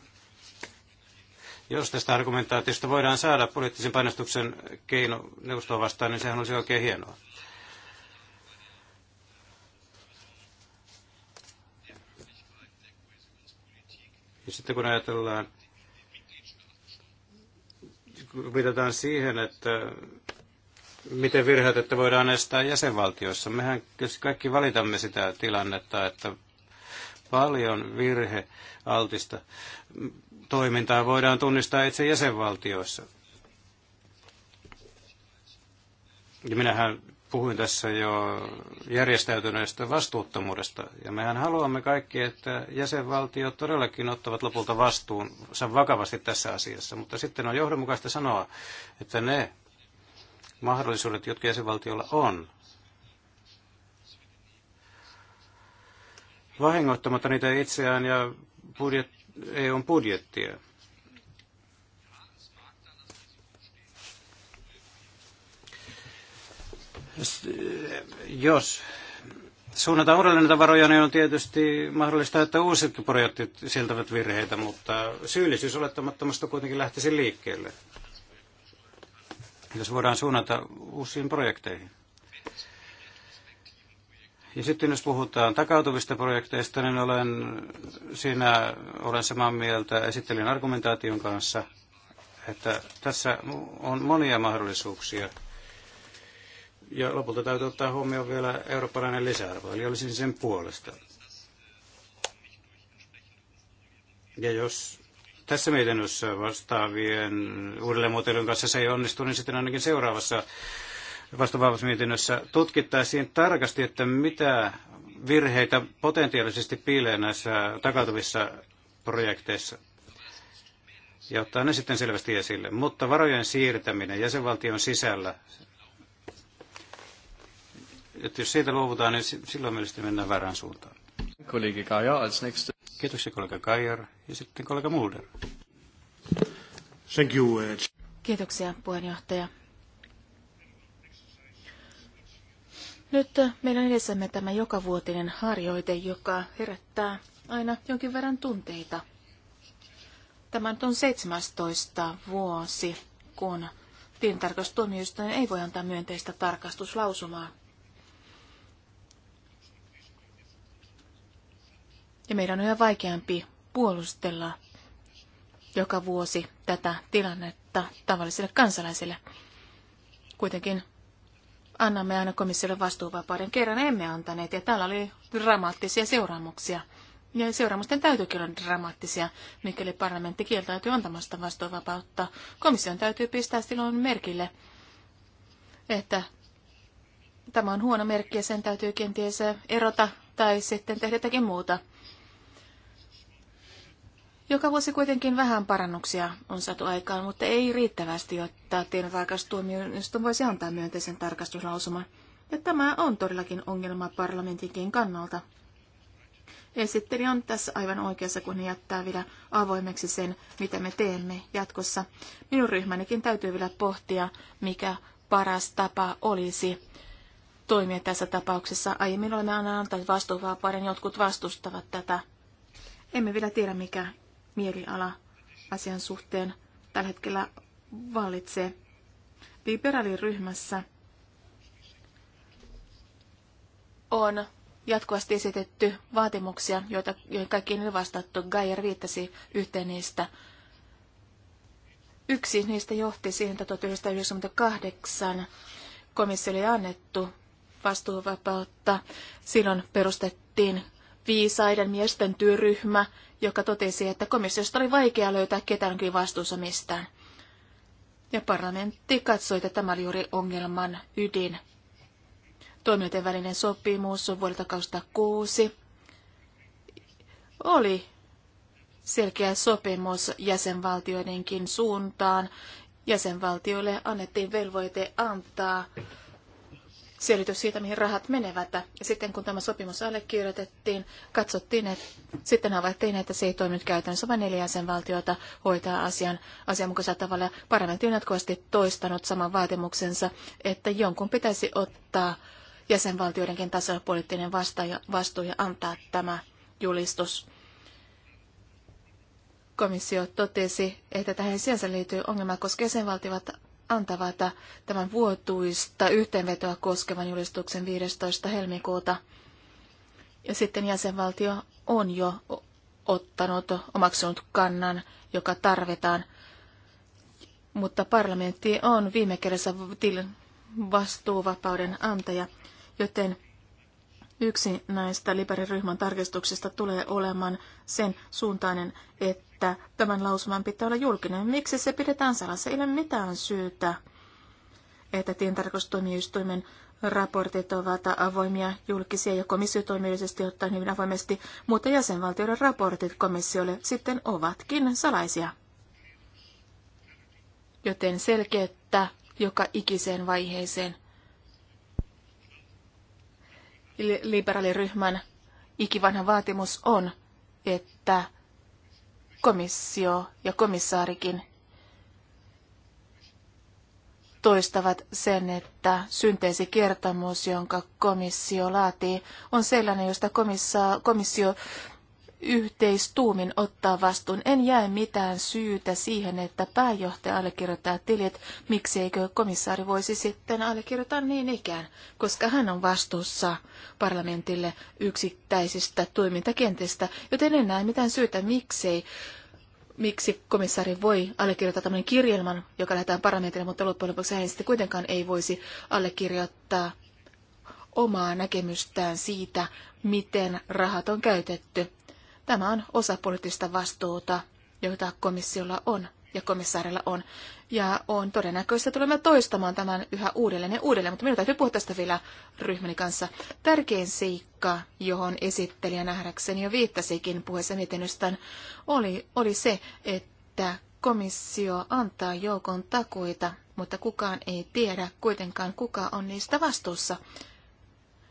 jos tästä argumentaatiosta voidaan saada poliittisen painostuksen keino neuvostoa vastaan, niin sehän olisi oikein hienoa. Ja sitten kun ajatellaan, kun viitataan siihen, että miten virheet, voidaan estää jäsenvaltioissa. Mehän kaikki valitamme sitä tilannetta, että paljon virhe altista toimintaa voidaan tunnistaa itse jäsenvaltioissa. Ja minähän puhuin tässä jo järjestäytyneestä vastuuttomuudesta. Ja mehän haluamme kaikki, että jäsenvaltiot todellakin ottavat lopulta vastuunsa vakavasti tässä asiassa. Mutta sitten on johdonmukaista sanoa, että ne mahdollisuudet, jotka jäsenvaltiolla on, vahingoittamatta niitä itseään ja budjetti, EUn budjettia. Jos suunnataan uudelleen näitä varoja, niin on tietysti mahdollista, että uusetkin projektit sieltävät virheitä, mutta syyllisyys olettamattomasta kuitenkin lähtisi liikkeelle. Jos voidaan suunnata uusiin projekteihin. Ja sitten jos puhutaan takautuvista projekteista, niin olen, siinä olen samaa mieltä esittelin argumentaation kanssa, että tässä on monia mahdollisuuksia. Ja lopulta täytyy ottaa huomioon vielä eurooppalainen lisäarvo, eli olisin sen puolesta. Ja jos tässä mietinnössä vastaavien uudelleenmuotoilun kanssa se ei onnistu, niin sitten ainakin seuraavassa vastuvapausmietinnössä tutkittaisiin tarkasti, että mitä virheitä potentiaalisesti piilee näissä takautuvissa projekteissa ja ottaa ne sitten selvästi esille. Mutta varojen siirtäminen jäsenvaltion sisällä, että jos siitä luovutaan, niin silloin mielestäni mennään väärään suuntaan. Kollegi Kajar, als next. Kiitoksia kollega Kajar ja sitten kollega Mulder. Thank you. Eh, Kiitoksia puheenjohtaja. Nyt meillä on edessämme tämä jokavuotinen harjoite, joka herättää aina jonkin verran tunteita. Tämä nyt on 17 vuosi, kun tilintarkastustuomioistuin ei voi antaa myönteistä tarkastuslausumaa. Ja meidän on yhä vaikeampi puolustella joka vuosi tätä tilannetta tavallisille kansalaisille. Kuitenkin annamme aina komissiolle vastuuvapauden. Kerran emme antaneet ja täällä oli dramaattisia seuraamuksia. Ja seuraamusten täytyykin olla dramaattisia, mikäli parlamentti kieltäytyy antamasta vastuuvapautta. Komission täytyy pistää silloin merkille, että tämä on huono merkki ja sen täytyy kenties erota tai sitten tehdä jotakin muuta. Joka vuosi kuitenkin vähän parannuksia on saatu aikaan, mutta ei riittävästi, jotta tiedontarkastustuomioistuin voisi antaa myönteisen tarkastuslausuman. Ja tämä on todellakin ongelma parlamentinkin kannalta. Esitteli on tässä aivan oikeassa, kun jättää vielä avoimeksi sen, mitä me teemme jatkossa. Minun ryhmänikin täytyy vielä pohtia, mikä paras tapa olisi toimia tässä tapauksessa. Aiemmin olemme aina antaneet vastuuvapauden, jotkut vastustavat tätä. Emme vielä tiedä, mikä mieliala asian suhteen tällä hetkellä vallitsee. Liberaaliryhmässä on jatkuvasti esitetty vaatimuksia, joita, joihin kaikkiin ei vastattu. Geyer viittasi yhteen niistä. Yksi niistä johti siihen, että 1998 komissiolle annettu vastuuvapautta. Silloin perustettiin viisaiden miesten työryhmä, joka totesi, että komissiosta oli vaikea löytää ketään kyllä vastuussa mistään. Ja parlamentti katsoi, että tämä oli juuri ongelman ydin. Toimijoiden välinen sopimus vuodelta 2006 oli selkeä sopimus jäsenvaltioidenkin suuntaan. Jäsenvaltioille annettiin velvoite antaa selitys siitä, mihin rahat menevät. Ja sitten kun tämä sopimus allekirjoitettiin, katsottiin, että sitten havaittiin, että se ei toiminut käytännössä, vain neljä jäsenvaltiota hoitaa asian asianmukaisella tavalla. Parlamentti on jatkuvasti toistanut saman vaatimuksensa, että jonkun pitäisi ottaa jäsenvaltioidenkin tasolla poliittinen vastuu ja antaa tämä julistus. Komissio totesi, että tähän sinänsä liittyy ongelma, koska jäsenvaltiot antavata tämän vuotuista yhteenvetoa koskevan julistuksen 15. helmikuuta. Ja sitten jäsenvaltio on jo ottanut, omaksunut kannan, joka tarvitaan. Mutta parlamentti on viime kerrassa vastuuvapauden antaja, joten Yksi näistä liberiryhmän tarkistuksista tulee olemaan sen suuntainen, että tämän lausuman pitää olla julkinen. Miksi se pidetään salassa? Ei ole mitään syytä, että tientarkastustuomioistuimen raportit ovat avoimia, julkisia ja komissio ottaen hyvin avoimesti, mutta jäsenvaltioiden raportit komissiolle sitten ovatkin salaisia. Joten selkeyttä joka ikiseen vaiheeseen – liberaaliryhmän ikivanha vaatimus on, että komissio ja komissaarikin toistavat sen, että synteesikertomus, jonka komissio laatii, on sellainen, josta komissio yhteistuumin ottaa vastuun. En jää mitään syytä siihen, että pääjohtaja allekirjoittaa tilit, mikseikö komissaari voisi sitten allekirjoittaa niin ikään, koska hän on vastuussa parlamentille yksittäisistä toimintakentistä, joten en näe mitään syytä, miksei miksi komissaari voi allekirjoittaa tämmöinen kirjelman, joka lähdetään parlamentille, mutta loppujen lopuksi hän sitten kuitenkaan ei voisi allekirjoittaa omaa näkemystään siitä, miten rahat on käytetty. Tämä on osa poliittista vastuuta, jota komissiolla on ja komissaarilla on. Ja on todennäköistä, tulemme toistamaan tämän yhä uudelleen ja uudelleen, mutta minun täytyy puhua tästä vielä ryhmäni kanssa. Tärkein seikka, johon esittelijä nähdäkseni jo viittasikin puheessa mietinnöstään, oli, oli se, että komissio antaa joukon takuita, mutta kukaan ei tiedä kuitenkaan, kuka on niistä vastuussa.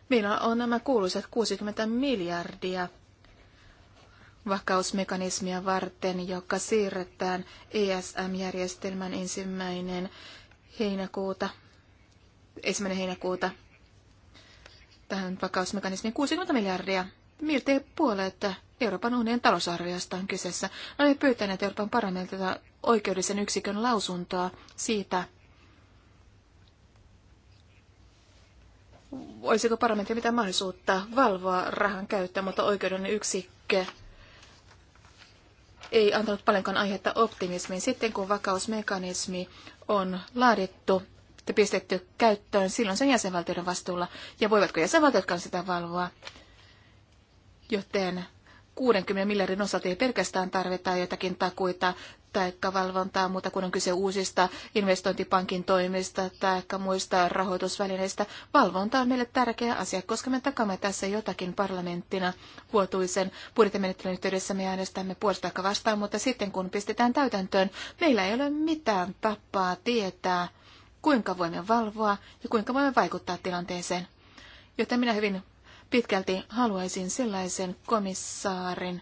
Meillä on nämä kuuluisat 60 miljardia vakausmekanismia varten, joka siirretään ESM-järjestelmän ensimmäinen heinäkuuta, ensimmäinen heinäkuuta tähän vakausmekanismiin 60 miljardia. Miltei puolet Euroopan unionin talousarviosta on kyseessä. Olen pyytänyt Euroopan parlamentilta oikeudellisen yksikön lausuntoa siitä, Voisiko parlamentti mitään mahdollisuutta valvoa rahan käyttöä, mutta oikeuden yksikkö ei antanut paljonkaan aihetta optimismiin. Sitten kun vakausmekanismi on laadittu ja pistetty käyttöön, silloin sen jäsenvaltioiden vastuulla. Ja voivatko jäsenvaltiotkaan sitä valvoa? Joten 60 miljardin osalta ei pelkästään tarvita jotakin takuita tai valvontaa, mutta kun on kyse uusista investointipankin toimista tai muista rahoitusvälineistä, valvonta on meille tärkeä asia, koska me takamme tässä jotakin parlamenttina vuotuisen budjettimenettelyn yhteydessä me äänestämme puolesta vastaan, mutta sitten kun pistetään täytäntöön, meillä ei ole mitään tapaa tietää, kuinka voimme valvoa ja kuinka voimme vaikuttaa tilanteeseen. Joten minä hyvin Pitkälti haluaisin sellaisen komissaarin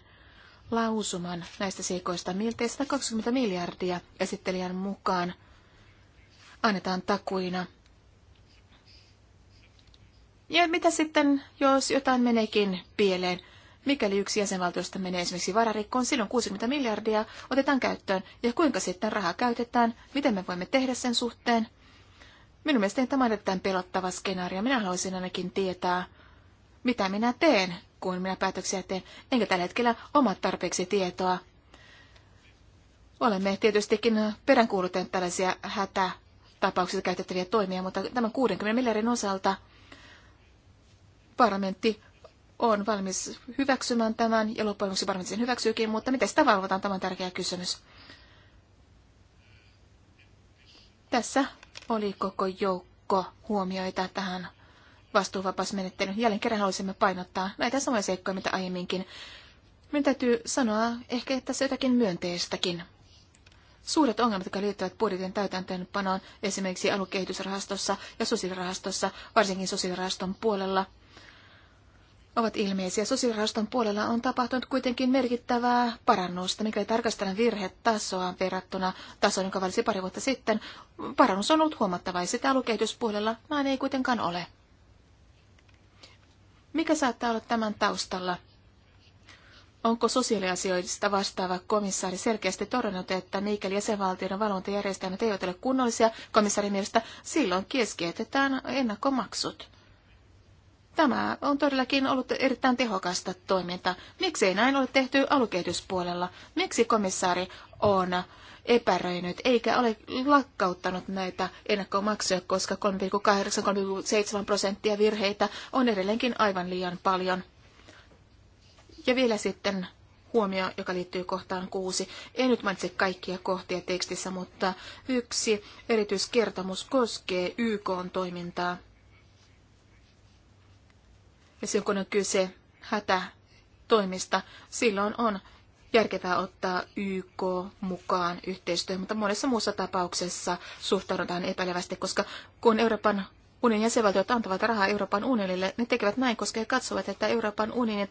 lausuman näistä seikoista, miltei 120 miljardia esittelijän mukaan annetaan takuina. Ja mitä sitten, jos jotain meneekin pieleen? Mikäli yksi jäsenvaltiosta menee esimerkiksi vararikkoon, silloin 60 miljardia otetaan käyttöön. Ja kuinka sitten rahaa käytetään? Miten me voimme tehdä sen suhteen? Minun mielestäni tämä on erittäin pelottava skenaario. Minä haluaisin ainakin tietää, mitä minä teen, kun minä päätöksiä teen, enkä tällä hetkellä omat tarpeeksi tietoa. Olemme tietystikin peräänkuuluttaneet tällaisia hätätapauksia käytettäviä toimia, mutta tämän 60 miljardin osalta parlamentti on valmis hyväksymään tämän ja loppujen lopuksi varmasti sen hyväksyykin, mutta miten sitä valvotaan, tämä on tärkeä kysymys. Tässä oli koko joukko huomioita tähän vastuuvapausmenettelyn. Jälleen kerran haluaisimme painottaa näitä samoja seikkoja, mitä aiemminkin. Minun täytyy sanoa ehkä tässä jotakin myönteistäkin. Suuret ongelmat, jotka liittyvät budjetin täytäntöönpanoon esimerkiksi aluekehitysrahastossa ja sosiaalirahastossa, varsinkin sosiaalirahaston puolella, ovat ilmeisiä. Sosiaalirahaston puolella on tapahtunut kuitenkin merkittävää parannusta, mikä ei tarkastella virhetasoa verrattuna tasoon, joka valisi pari vuotta sitten. Parannus on ollut huomattava ja sitä alukehityspuolella näin ei kuitenkaan ole. Mikä saattaa olla tämän taustalla? Onko sosiaaliasioista vastaava komissaari selkeästi todennut, että mikäli jäsenvaltioiden valvontajärjestelmät eivät ole kunnollisia komissaarin mielestä, silloin keskeytetään ennakkomaksut? Tämä on todellakin ollut erittäin tehokasta toimintaa. Miksi ei näin ole tehty alukehityspuolella? Miksi komissaari on epäröinyt eikä ole lakkauttanut näitä ennakkomaksuja, koska 3,8-3,7 prosenttia virheitä on edelleenkin aivan liian paljon. Ja vielä sitten huomio, joka liittyy kohtaan kuusi. En nyt mainitse kaikkia kohtia tekstissä, mutta yksi erityiskertomus koskee YK-toimintaa. Ja silloin kun on kyse hätätoimista, silloin on järkevää ottaa YK mukaan yhteistyöhön, mutta monessa muussa tapauksessa suhtaudutaan epäilevästi, koska kun Euroopan unionin jäsenvaltiot antavat rahaa Euroopan unionille, ne tekevät näin, koska he katsovat, että Euroopan unionin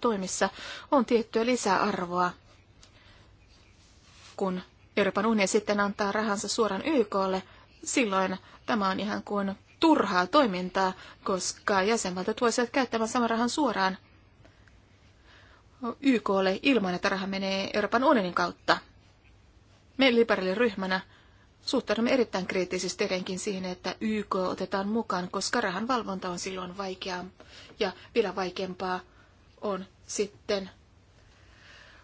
toimissa on tiettyä lisäarvoa, kun Euroopan unioni sitten antaa rahansa suoraan YKlle, silloin tämä on ihan kuin turhaa toimintaa, koska jäsenvaltiot voisivat käyttämään saman rahan suoraan YKlle ilman, että raha menee Euroopan unionin kautta. Me liberaaliryhmänä suhtaudumme erittäin kriittisesti edenkin siihen, että YK otetaan mukaan, koska rahan valvonta on silloin vaikeaa ja vielä vaikeampaa on sitten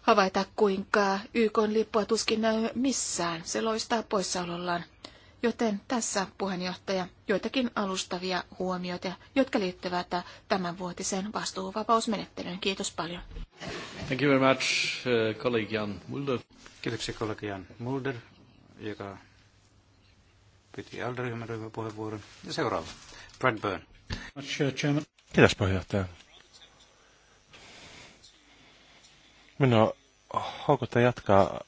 havaita, kuinka YK lippua tuskin näy missään. Se loistaa poissaolollaan. Joten tässä puheenjohtaja joitakin alustavia huomioita, jotka liittyvät tämänvuotiseen vastuuvapausmenettelyyn. Kiitos paljon. Thank you very much, uh, colleague Jan Mulder. Kiitoksia kollega Jan Mulder, joka piti Alderyhmän ryhmäpuheenvuoron. Ja seuraava, Brad Byrne. Kiitos puheenjohtaja. Minua haukuttaa jatkaa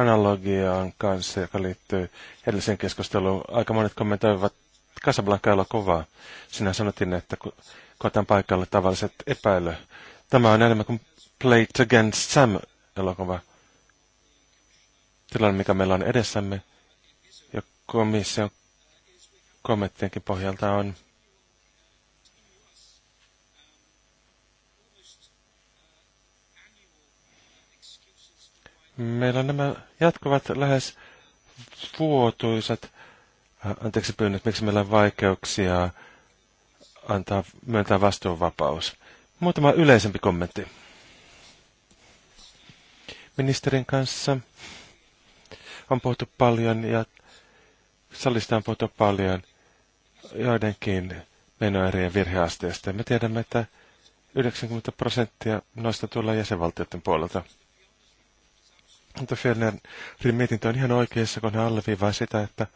analogiaan kanssa, joka liittyy edelliseen keskusteluun. Aika monet kommentoivat Casablanca-elokuvaa. Sinä sanottiin, että koetaan paikalle tavalliset epäilö. Tämä on enemmän kuin plate Against Sam-elokuva. Tilanne, mikä meillä on edessämme, ja komission kommenttienkin pohjalta on Meillä on nämä jatkuvat lähes vuotuisat, äh, anteeksi pyynnöt, miksi meillä on vaikeuksia antaa, myöntää vastuunvapaus. Muutama yleisempi kommentti. Ministerin kanssa on puhuttu paljon ja salista on puhuttu paljon joidenkin menoerien virheasteista. Me tiedämme, että 90 prosenttia noista tulee jäsenvaltioiden puolelta. Mutta Fjellnerin mietintö on ihan oikeassa, kun hän alleviivaa sitä, että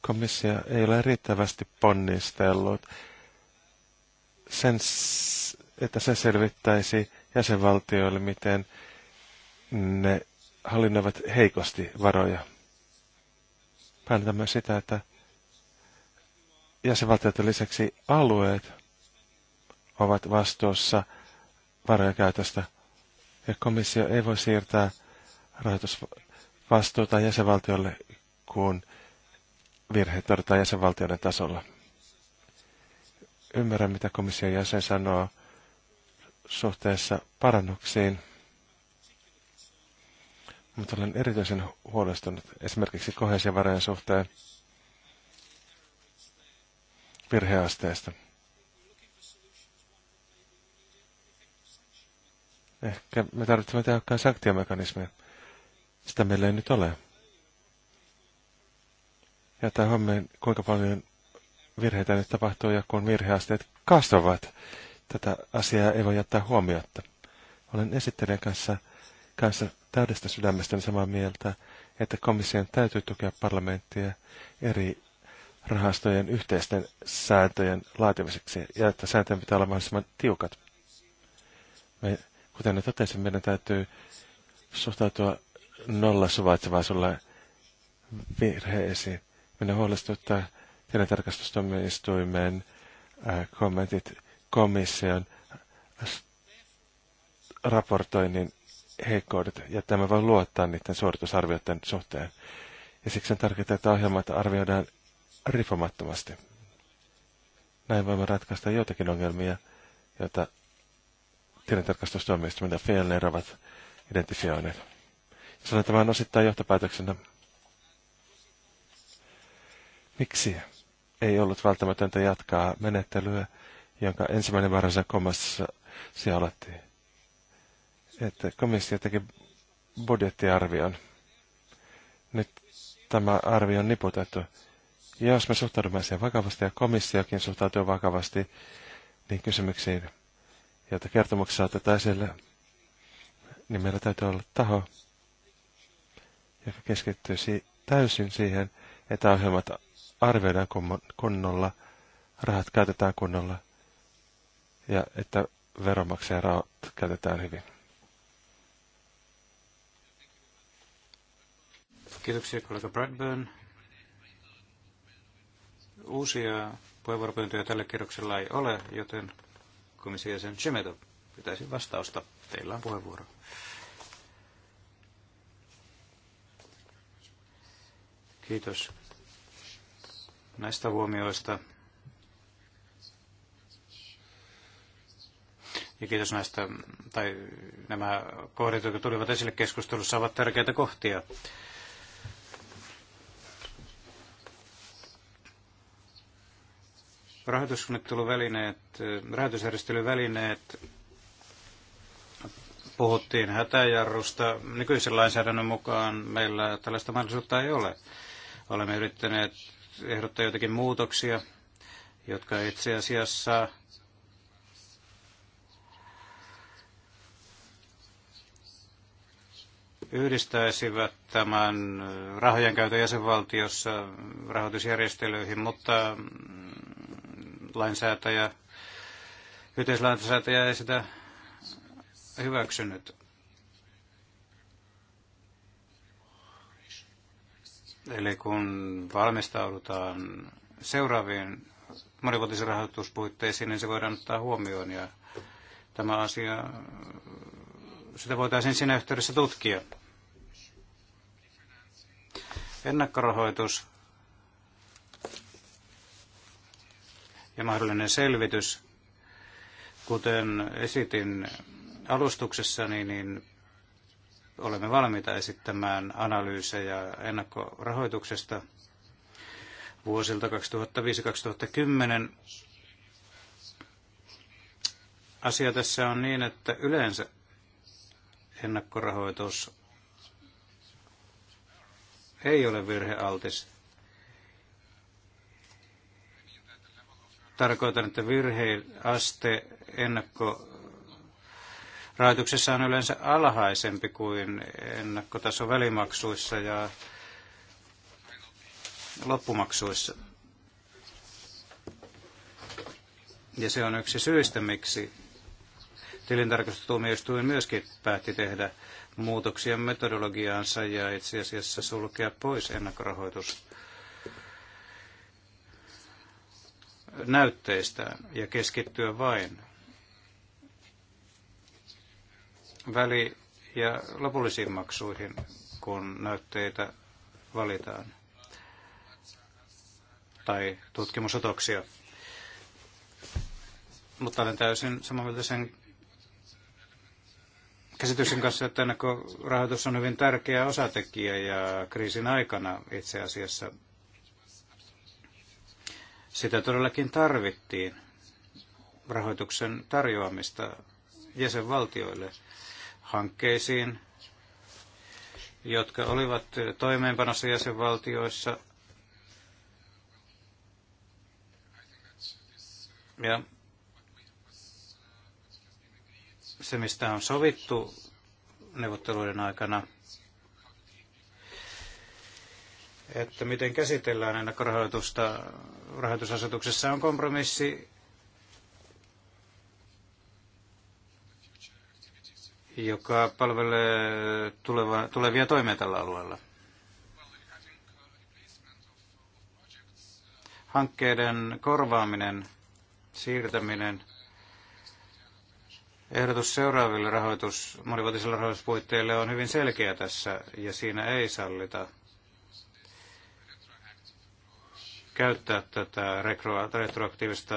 komissio ei ole riittävästi ponnistellut sen, että se selvittäisi jäsenvaltioille, miten ne hallinnoivat heikosti varoja. Painotan myös sitä, että jäsenvaltioiden lisäksi alueet ovat vastuussa varojen käytöstä – ja komissio ei voi siirtää rahoitusvastuuta jäsenvaltiolle, kun virheet todetaan jäsenvaltioiden tasolla. Ymmärrän, mitä komission jäsen sanoo suhteessa parannuksiin, mutta olen erityisen huolestunut esimerkiksi kohesiovarojen suhteen virheasteesta. Ehkä me tarvitsemme tehokkaan sanktiomekanismia. Sitä meillä ei nyt ole. Ja tämä hommeen, kuinka paljon virheitä nyt tapahtuu ja kun virheasteet kasvavat, tätä asiaa ei voi jättää huomiota. Olen esittelijän kanssa, kanssa täydestä sydämestäni samaa mieltä, että komission täytyy tukea parlamenttia eri rahastojen yhteisten sääntöjen laatimiseksi ja että sääntöjen pitää olla mahdollisimman tiukat. Me Kuten ne totesin, meidän täytyy suhtautua nolla suvaitsevaisuudella virheisiin. Minä huolestuttaa tilintarkastustuomioistuimen äh, kommentit komission raportoinnin heikkoudet, ja tämä voi luottaa niiden suoritusarvioiden suhteen. Ja siksi on tärkeää, että ohjelmat arvioidaan riippumattomasti. Näin voimme ratkaista joitakin ongelmia, joita tilintarkastustuomioistuimen ja Fjellner ovat identifioineet. Sanoin tämän osittain johtopäätöksenä. Miksi ei ollut välttämätöntä jatkaa menettelyä, jonka ensimmäinen varhaisen komassa se aloitti? Että komissio teki budjettiarvion. Nyt tämä arvio on niputettu. Ja jos me suhtaudumme siihen vakavasti ja komissiokin suhtautuu vakavasti, niin kysymyksiin että kertomuksessa otetaan esille, niin meillä täytyy olla taho, joka keskittyy täysin siihen, että ohjelmat arvioidaan kunnolla, rahat käytetään kunnolla ja että veronmaksajan rahat käytetään hyvin. Kiitoksia kollega Bradburn. Uusia puheenvuoropyyntöjä tällä kierroksella ei ole, joten komission jäsen Chemetov pitäisi vastausta. Teillä on puheenvuoro. Kiitos näistä huomioista. Ja kiitos näistä, tai nämä kohdat, jotka tulivat esille keskustelussa, ovat tärkeitä kohtia. rahoitussuunnitteluvälineet, eh, rahoitusjärjestelyvälineet, puhuttiin hätäjarrusta. Nykyisen lainsäädännön mukaan meillä tällaista mahdollisuutta ei ole. Olemme yrittäneet ehdottaa jotakin muutoksia, jotka itse asiassa yhdistäisivät tämän rahojen käytön jäsenvaltiossa rahoitusjärjestelyihin, mutta lainsäätäjä, yhteislainsäätäjä ei sitä hyväksynyt. Eli kun valmistaudutaan seuraaviin monivuotisiin rahoituspuitteisiin, niin se voidaan ottaa huomioon ja tämä asia, sitä voitaisiin siinä yhteydessä tutkia. Ennakkorahoitus ja mahdollinen selvitys. Kuten esitin alustuksessani, niin, niin olemme valmiita esittämään analyysejä ennakkorahoituksesta vuosilta 2005-2010. Asia tässä on niin, että yleensä ennakkorahoitus ei ole virhealtis Tarkoitan, että virheaste ennakko rahoituksessa on yleensä alhaisempi kuin ennakkotaso välimaksuissa ja loppumaksuissa. Ja se on yksi syistä, miksi tilintarkastustuomioistuin myöskin päätti tehdä muutoksia metodologiaansa ja itse asiassa sulkea pois ennakkorahoitusta. näytteistään ja keskittyä vain väli- ja lopullisiin maksuihin, kun näytteitä valitaan tai tutkimusotoksia. Mutta olen täysin samaa mieltä sen käsityksen kanssa, että rahoitus on hyvin tärkeä osatekijä ja kriisin aikana itse asiassa sitä todellakin tarvittiin, rahoituksen tarjoamista jäsenvaltioille hankkeisiin, jotka olivat toimeenpanossa jäsenvaltioissa. Ja se, mistä on sovittu neuvotteluiden aikana – että miten käsitellään ennakkorahoitusta rahoitusasetuksessa on kompromissi, joka palvelee tuleva, tulevia toimia tällä alueella. Hankkeiden korvaaminen, siirtäminen, ehdotus seuraaville rahoitus, monivuotisille rahoituspuitteille on hyvin selkeä tässä ja siinä ei sallita käyttää tätä retroaktiivista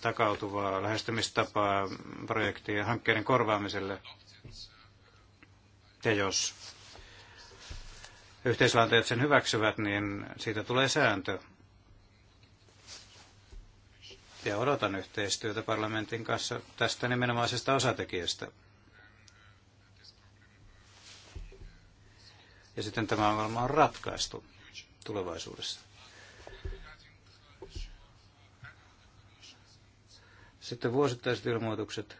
takautuvaa lähestymistapaa projektien ja hankkeiden korvaamiselle. Ja jos yhteisvaltiot sen hyväksyvät, niin siitä tulee sääntö. Ja odotan yhteistyötä parlamentin kanssa tästä nimenomaisesta osatekijästä. Ja sitten tämä ongelma on ratkaistu tulevaisuudessa. Sitten vuosittaiset ilmoitukset.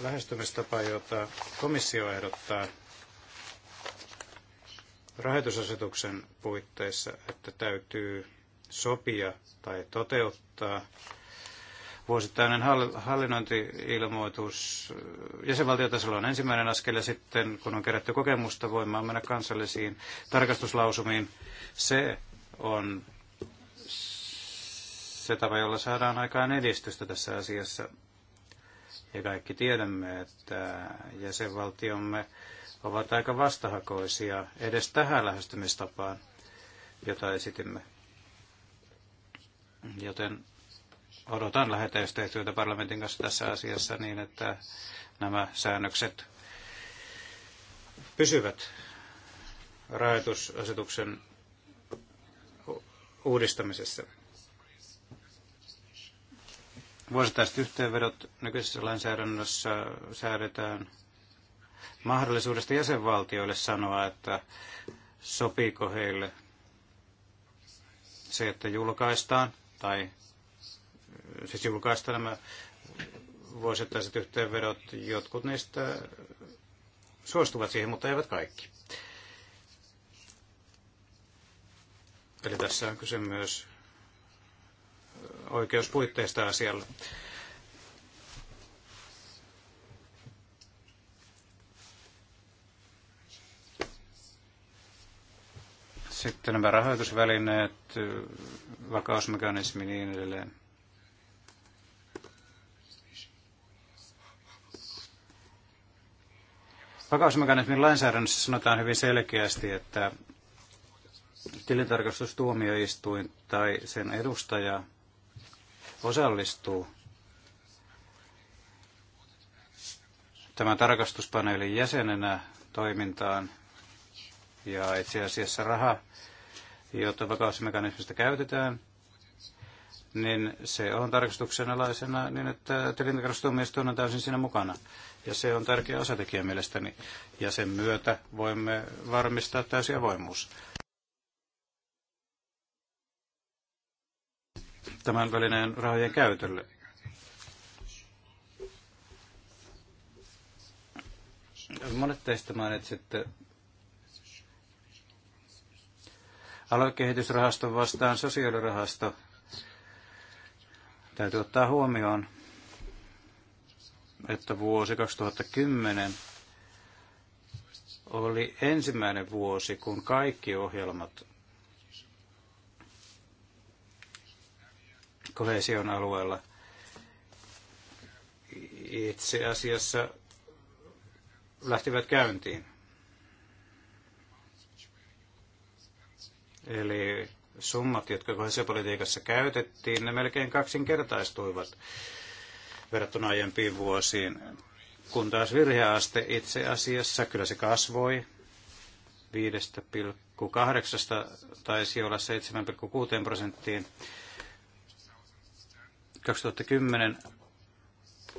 Lähestymistapa, jota komissio ehdottaa rahoitusasetuksen puitteissa, että täytyy sopia tai toteuttaa vuosittainen hallinnointiilmoitus äh, jäsenvaltiotasolla on ensimmäinen askel ja sitten kun on kerätty kokemusta, voimaan mennä kansallisiin tarkastuslausumiin. Se on se tapa, jolla saadaan aikaan edistystä tässä asiassa. Ja kaikki tiedämme, että jäsenvaltiomme ovat aika vastahakoisia edes tähän lähestymistapaan, jota esitimme. Joten odotan lähetä yhteistyötä parlamentin kanssa tässä asiassa niin, että nämä säännökset pysyvät rajoitusasetuksen uudistamisessa. Vuosittaiset yhteenvedot nykyisessä lainsäädännössä säädetään mahdollisuudesta jäsenvaltioille sanoa, että sopiiko heille se, että julkaistaan tai siis julkaista nämä vuosittaiset yhteenvedot. Jotkut niistä suostuvat siihen, mutta eivät kaikki. Eli tässä on kyse myös oikeuspuitteista asialle. Sitten nämä rahoitusvälineet, vakausmekanismi ja niin edelleen. Vakausmekanismin lainsäädännössä sanotaan hyvin selkeästi, että tilintarkastustuomioistuin tai sen edustaja osallistuu tämän tarkastuspaneelin jäsenenä toimintaan ja itse asiassa raha, jota vakausmekanismista käytetään, niin se on tarkastuksen alaisena niin, että tilintarkastustuomioistuin on täysin siinä mukana. Ja se on tärkeä osatekijä mielestäni. Ja sen myötä voimme varmistaa täysin avoimuus. Tämän välineen rahojen käytölle. Monet teistä mainitsitte aluekehitysrahaston vastaan sosiaalirahasto – Täytyy ottaa huomioon, että vuosi 2010 oli ensimmäinen vuosi, kun kaikki ohjelmat kohesion alueella itse asiassa lähtivät käyntiin. Eli summat, jotka kohesiopolitiikassa käytettiin, ne melkein kaksinkertaistuivat verrattuna aiempiin vuosiin. Kun taas virheaste itse asiassa, kyllä se kasvoi 5,8 taisi olla 7,6 prosenttiin 2010,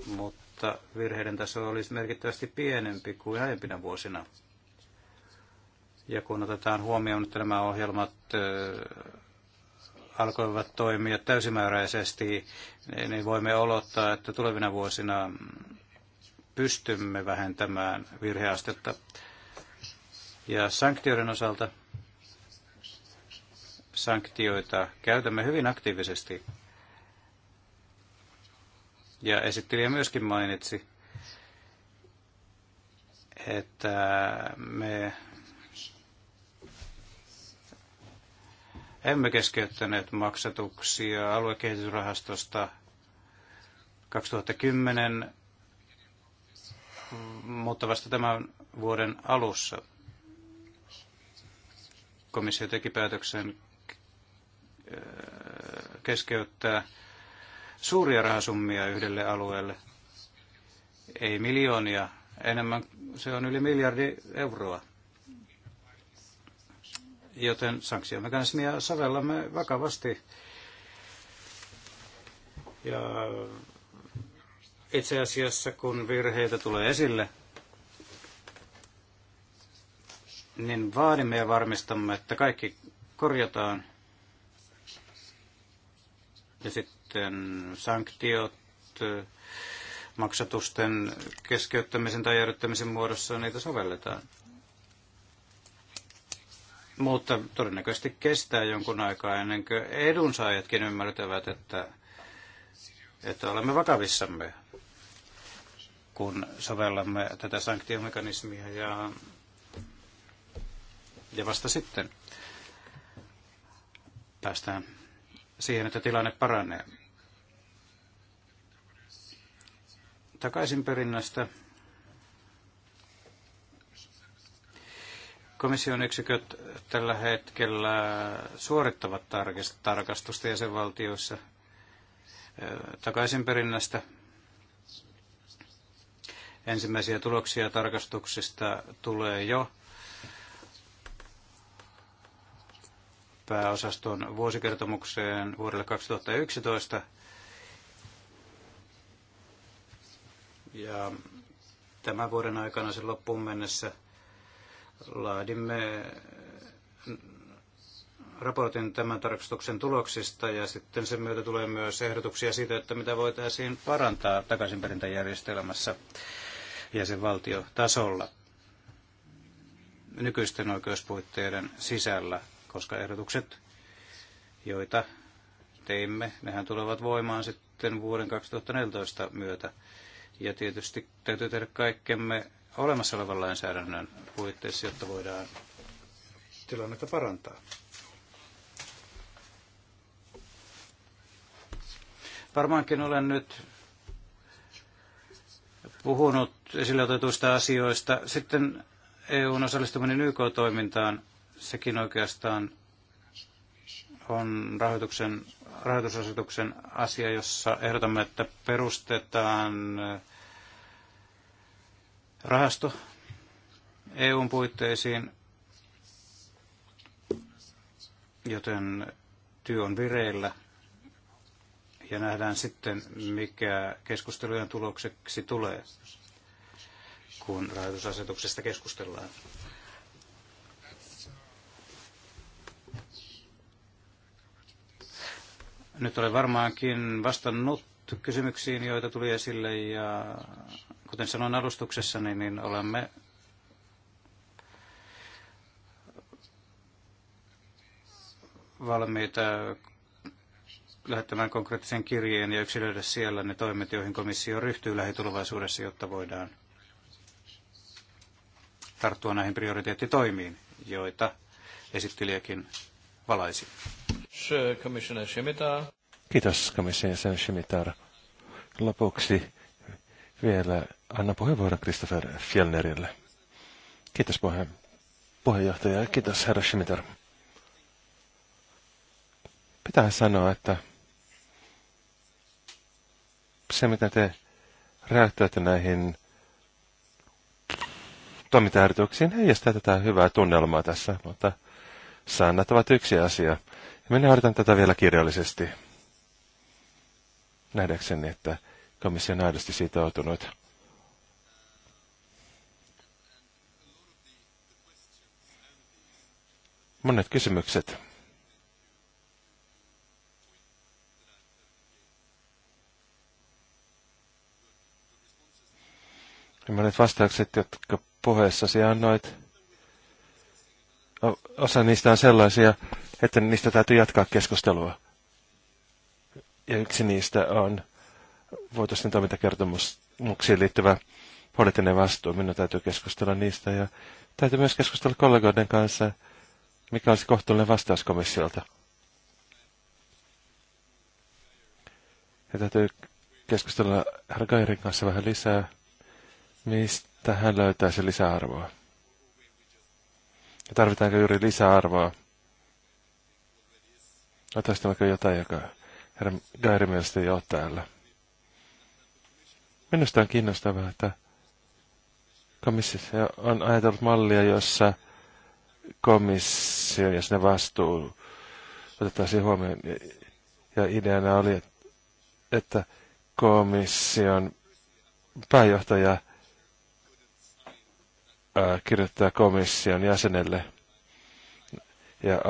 mutta virheiden taso olisi merkittävästi pienempi kuin aiempina vuosina. Ja kun otetaan huomioon, että nämä ohjelmat äh, alkoivat toimia täysimääräisesti, niin, niin voimme olottaa, että tulevina vuosina pystymme vähentämään virheastetta. Ja sanktioiden osalta sanktioita käytämme hyvin aktiivisesti. Ja esittelijä myöskin mainitsi, että me Emme keskeyttäneet maksatuksia aluekehitysrahastosta 2010, mutta vasta tämän vuoden alussa komissio teki päätöksen äh, keskeyttää suuria rahasummia yhdelle alueelle. Ei miljoonia, enemmän se on yli miljardi euroa joten sanktiomekanismia sovellamme vakavasti. Ja itse asiassa, kun virheitä tulee esille, niin vaadimme ja varmistamme, että kaikki korjataan. Ja sitten sanktiot maksatusten keskeyttämisen tai jäädyttämisen muodossa niitä sovelletaan. Mutta todennäköisesti kestää jonkun aikaa ennen kuin edunsaajatkin ymmärtävät, että, että olemme vakavissamme, kun sovellamme tätä sanktiomekanismia ja, ja vasta sitten päästään siihen, että tilanne paranee. Takaisin perinnästä Komission yksiköt tällä hetkellä suorittavat tarkastusta jäsenvaltioissa takaisinperinnästä. Ensimmäisiä tuloksia tarkastuksista tulee jo pääosaston vuosikertomukseen vuodelle 2011. Ja tämän vuoden aikana sen loppuun mennessä – Laadimme raportin tämän tarkastuksen tuloksista ja sitten sen myötä tulee myös ehdotuksia siitä, että mitä voitaisiin parantaa takaisinperintäjärjestelmässä jäsenvaltiotasolla nykyisten oikeuspuitteiden sisällä, koska ehdotukset, joita teimme, nehän tulevat voimaan sitten vuoden 2014 myötä. Ja tietysti täytyy tehdä kaikkemme olemassa olevan lainsäädännön puitteissa, jotta voidaan tilannetta parantaa. Varmaankin olen nyt puhunut esille otetuista asioista. Sitten EUn osallistuminen YK-toimintaan, sekin oikeastaan on rahoituksen, rahoitusasetuksen asia, jossa ehdotamme, että perustetaan rahasto EUn puitteisiin, joten työ on vireillä ja nähdään sitten, mikä keskustelujen tulokseksi tulee, kun rahoitusasetuksesta keskustellaan. Nyt olen varmaankin vastannut kysymyksiin, joita tuli esille ja Kuten sanoin alustuksessa, niin olemme valmiita lähettämään konkreettisen kirjeen ja yksilöidä siellä ne toimet, joihin komissio ryhtyy lähitulevaisuudessa, jotta voidaan tarttua näihin prioriteettitoimiin, joita esittelijäkin valaisi. Kiitos komission Shemitar. Lopuksi vielä annan puheenvuoron Christopher Fjellnerille. Kiitos puhe puheenjohtaja ja kiitos herra Schmitter. Pitää sanoa, että se mitä te reaktioitte näihin toimintaharjoituksiin heijastaa tätä hyvää tunnelmaa tässä, mutta säännöt ovat yksi asia. Minä harjoitan tätä vielä kirjallisesti nähdäkseni, että komissio on aidosti sitoutunut monet kysymykset. Ja monet vastaukset, jotka puheessasi annoit, osa niistä on sellaisia, että niistä täytyy jatkaa keskustelua. Ja yksi niistä on vuotoisten toimintakertomuksiin liittyvä poliittinen vastuu. Minun täytyy keskustella niistä ja täytyy myös keskustella kollegoiden kanssa – mikä olisi kohtuullinen vastaus komissiolta? Ja täytyy keskustella herra Gairin kanssa vähän lisää, mistä hän löytää se lisäarvoa. Ja tarvitaanko juuri lisäarvoa? Otaisimmeko jotain, joka herra Gairi mielestä ei ole täällä? Minusta on kiinnostavaa, että komissio on ajatellut mallia, jossa komissio ja sen vastuu siihen huomioon. Ja ideana oli, että komission pääjohtaja kirjoittaa komission jäsenelle ja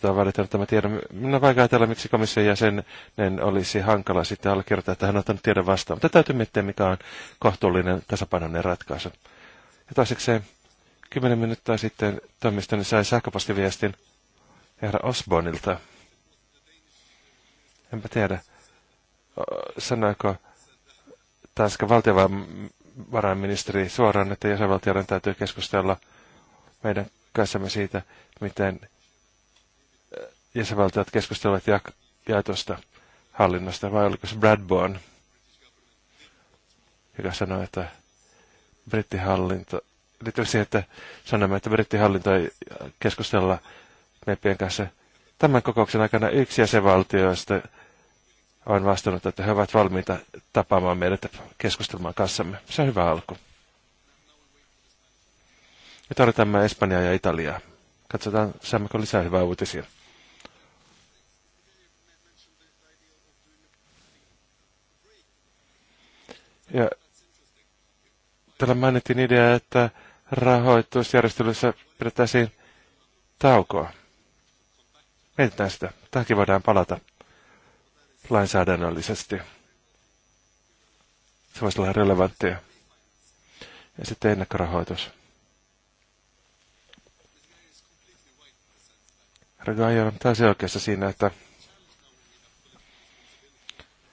tämä on että mä tiedän, Minä on vaikea ajatella, miksi komission jäsenen olisi hankala sitten allekirjoittaa, että hän on ottanut tiedon vastaan. Mutta täytyy miettiä, mikä on kohtuullinen tasapainoinen ratkaisu. Ja toisekseen Kymmenen minuuttia sitten toimistoni sai sähköpostiviestin herra Osbornilta. Enpä tiedä, sanoiko Tanskan valtiovarainministeri suoraan, että jäsenvaltioiden täytyy keskustella meidän kanssamme siitä, miten jäsenvaltiot keskustelevat ja jaetusta hallinnosta, vai oliko se Bradbourne, joka sanoi, että brittihallinto liittyy siihen, että sanomme, että brittihallinto ei keskustella meppien kanssa. Tämän kokouksen aikana yksi josta on vastannut, että he ovat valmiita tapaamaan meidät keskustelmaan kanssamme. Se on hyvä alku. Nyt tarvitaan Espanjaa ja Italiaa. Katsotaan, saammeko lisää hyvää uutisia. Ja täällä mainittiin idea, että rahoitusjärjestelyssä pidettäisiin taukoa. Mietitään sitä. Tähänkin voidaan palata lainsäädännöllisesti. Se voisi olla relevanttia. Ja sitten ennakkorahoitus. Regaio on täysin oikeassa siinä, että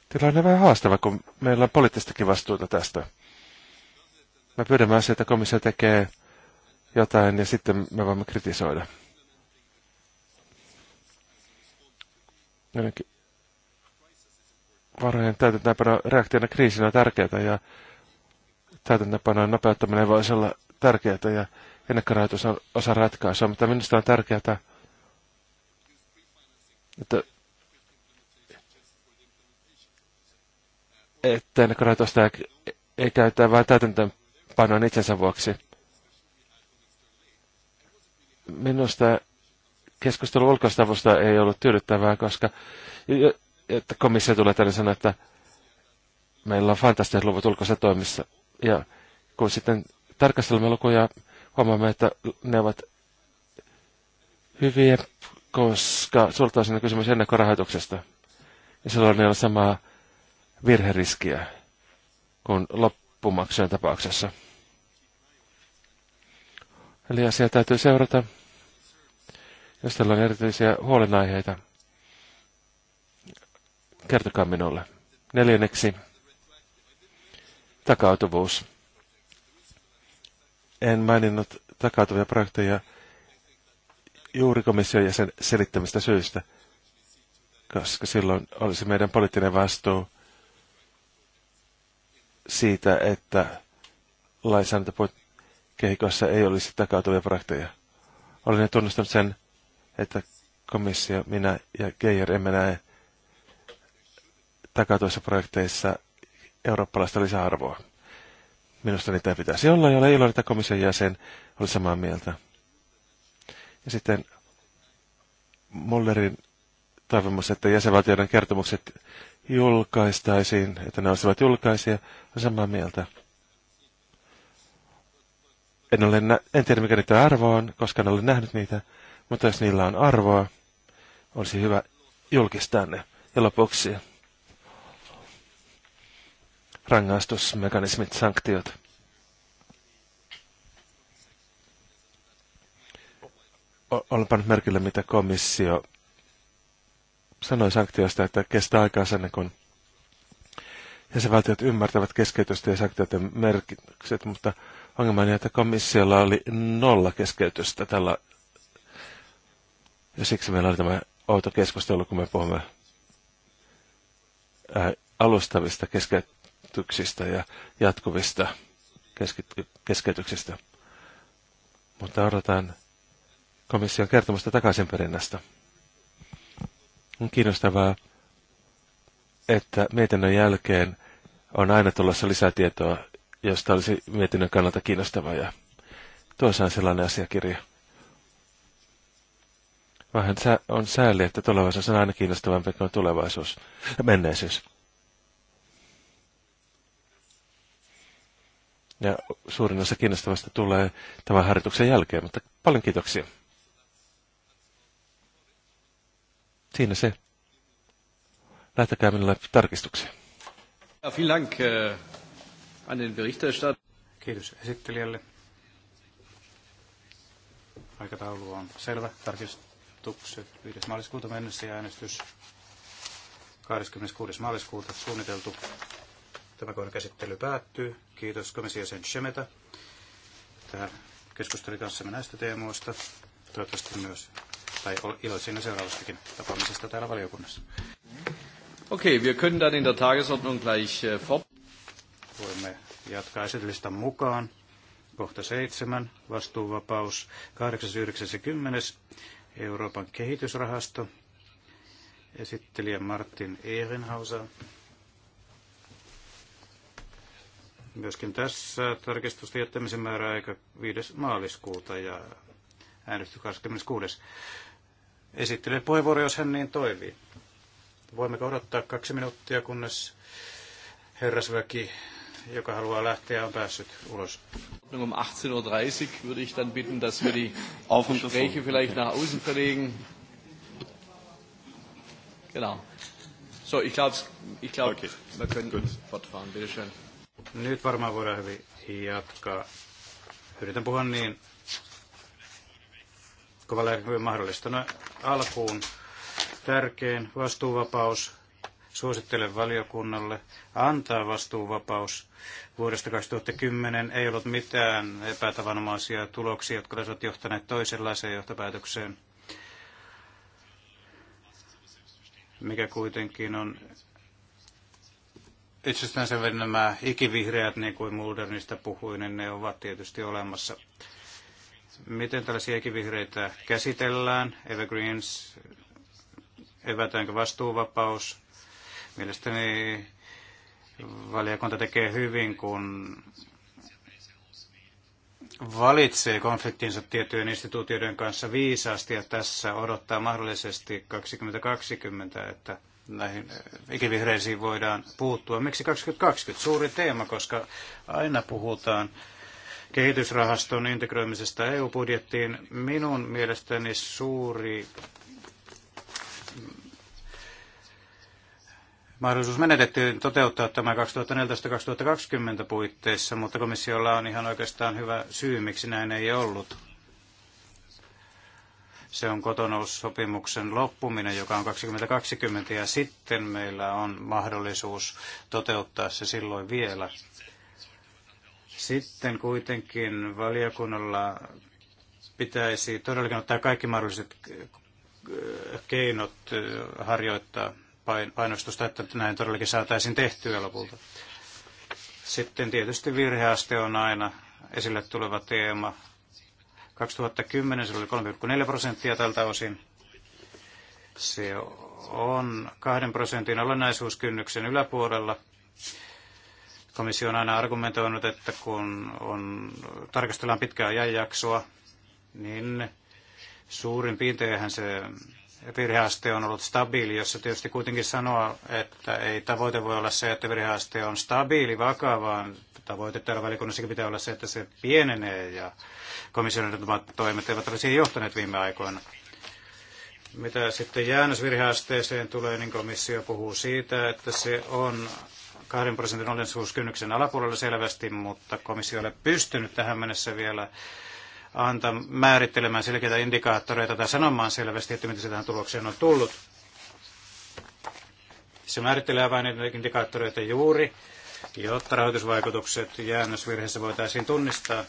tilanne on vähän haastava, kun meillä on poliittistakin vastuuta tästä. Me pyydämme asioita, että komissio tekee jotain ja sitten me voimme kritisoida. Jotenkin varojen täytäntöönpano reaktiona kriisin on tärkeää ja täytäntöönpanojen nopeuttaminen voisi olla tärkeää ja ennakkorahoitus on osa ratkaisua, mutta minusta on tärkeää, että että ennakkorahoitusta ei, ei käytä vain täytäntöön panon itsensä vuoksi. Minusta keskustelu ulkoistavusta ei ollut tyydyttävää, koska että komissio tulee tänne sanoa, että meillä on fantastiset luvut ulkoisessa toimissa. Ja kun sitten tarkastelemme lukuja, huomaamme, että ne ovat hyviä, koska sulta on kysymys ennakkorahoituksesta. Ja silloin ei ole samaa virheriskiä kuin loppu loppumaksujen tapauksessa. Eli asiaa täytyy seurata, jos teillä on erityisiä huolenaiheita. Kertokaa minulle. Neljänneksi, takautuvuus. En maininnut takautuvia projekteja juuri komission jäsen selittämistä syystä, koska silloin olisi meidän poliittinen vastuu siitä, että lainsäädäntökehikossa ei olisi takautuvia projekteja. Olen tunnustanut sen, että komissio, minä ja Geijer emme näe takautuvissa projekteissa eurooppalaista lisäarvoa. Minusta niitä pitäisi olla, jolle ilo, että komission jäsen oli samaa mieltä. Ja sitten Mollerin toivomus, että jäsenvaltioiden kertomukset julkaistaisiin, että ne olisivat julkaisia, on samaa mieltä. En, ole nä- en tiedä, mikä niitä arvo on, koska en ole nähnyt niitä, mutta jos niillä on arvoa, olisi hyvä julkistaa ne. Ja lopuksi rangaistusmekanismit, sanktiot. olen pannut merkille, mitä komissio sanoi sanktioista, että kestää aikaa sen, kun jäsenvaltiot ymmärtävät keskeytystä ja sanktioiden merkitykset, mutta ongelma on, niin, että komissiolla oli nolla keskeytystä tällä. Ja siksi meillä oli tämä outo keskustelu, kun me puhumme ää, äh, alustavista keskeytyksistä ja jatkuvista keskeytyksistä. Mutta odotan komission kertomusta takaisinperinnästä. On kiinnostavaa, että mietinnön jälkeen on aina tulossa lisätietoa, josta olisi mietinnön kannalta kiinnostavaa. Ja tuossa on sellainen asiakirja. Vähän on sääli, että tulevaisuus on aina kiinnostavampi kuin tulevaisuus ja menneisyys. Ja suurin osa kiinnostavasta tulee tämän harjoituksen jälkeen, mutta paljon kiitoksia. Siinä se. Lähtäkää minulle tarkistuksia. Ja, vielen Dank äh, an den Berichterstatter. Kiitos esittelijälle. Aikataulu on selvä. Tarkistukset 5. maaliskuuta mennessä ja äänestys 26. maaliskuuta suunniteltu. Tämä kohdan käsittely päättyy. Kiitos komissiosen Shemeta. Tähän keskustelin kanssamme näistä teemoista. Toivottavasti myös tai iloisina seuraavastakin tapaamisesta täällä valiokunnassa. Okei, okay, wir können dann in der Tagesordnung gleich äh, fort. Voimme jatkaa esityslistan mukaan. Kohta seitsemän, vastuuvapaus 8, Euroopan kehitysrahasto. Esittelijä Martin Ehrenhauser. Myöskin tässä tarkistusta jättämisen määräaika 5. maaliskuuta ja äänestys 26 esittelen puheenvuoro, jos hän niin toivii. Voimmeko odottaa kaksi minuuttia, kunnes herrasväki, joka haluaa lähteä, on päässyt ulos? Um 18.30 würde ich dann bitten, dass wir die Gespräche vielleicht nach außen verlegen. Genau. So, ich glaube, ich glaub, okay. wir können Gut. fortfahren. Bitte schön. Nyt varmaan voidaan hyvin jatkaa. Yritän puhua niin kovalla kuin mahdollista. No, alkuun tärkein vastuuvapaus. Suosittelen valiokunnalle antaa vastuuvapaus. Vuodesta 2010 ei ollut mitään epätavanomaisia tuloksia, jotka olisivat johtaneet toisenlaiseen johtopäätökseen, mikä kuitenkin on itsestään että nämä ikivihreät, niin kuin Mulder niistä puhui, niin ne ovat tietysti olemassa. Miten tällaisia ikivihreitä käsitellään? Evergreens, evätäänkö vastuuvapaus? Mielestäni valiokunta tekee hyvin, kun valitsee konfliktinsa tiettyjen instituutioiden kanssa viisaasti ja tässä odottaa mahdollisesti 2020, että näihin ikivihreisiin voidaan puuttua. Miksi 2020? Suuri teema, koska aina puhutaan kehitysrahaston integroimisesta EU-budjettiin. Minun mielestäni suuri mahdollisuus menetettiin toteuttaa tämä 2014-2020 puitteissa, mutta komissiolla on ihan oikeastaan hyvä syy, miksi näin ei ollut. Se on kotonoussopimuksen loppuminen, joka on 2020, ja sitten meillä on mahdollisuus toteuttaa se silloin vielä. Sitten kuitenkin valiokunnalla pitäisi todellakin ottaa kaikki mahdolliset äh, keinot äh, harjoittaa painostusta, että näin todellakin saataisiin tehtyä lopulta. Sitten tietysti virheaste on aina esille tuleva teema. 2010 se oli 3,4 prosenttia tältä osin. Se on 2 prosentin olennaisuuskynnyksen yläpuolella. Komissio on aina argumentoinut, että kun on, tarkastellaan pitkää ajanjaksoa, niin suurin piirteinhän se virheaste on ollut stabiili, jossa tietysti kuitenkin sanoa, että ei tavoite voi olla se, että virheaste on stabiili, vakaa, vaan tavoite täällä välikunnassakin pitää olla se, että se pienenee ja komission toimet eivät ole siihen johtaneet viime aikoina. Mitä sitten jäännösvirheasteeseen tulee, niin komissio puhuu siitä, että se on Kahden prosentin olennaisuuskynnyksen alapuolella selvästi, mutta komissio ei ole pystynyt tähän mennessä vielä anta, määrittelemään selkeitä indikaattoreita tai sanomaan selvästi, että miten se tähän tulokseen on tullut. Se määrittelee vain indikaattoreita juuri, jotta rahoitusvaikutukset jäännösvirheessä voitaisiin tunnistaa.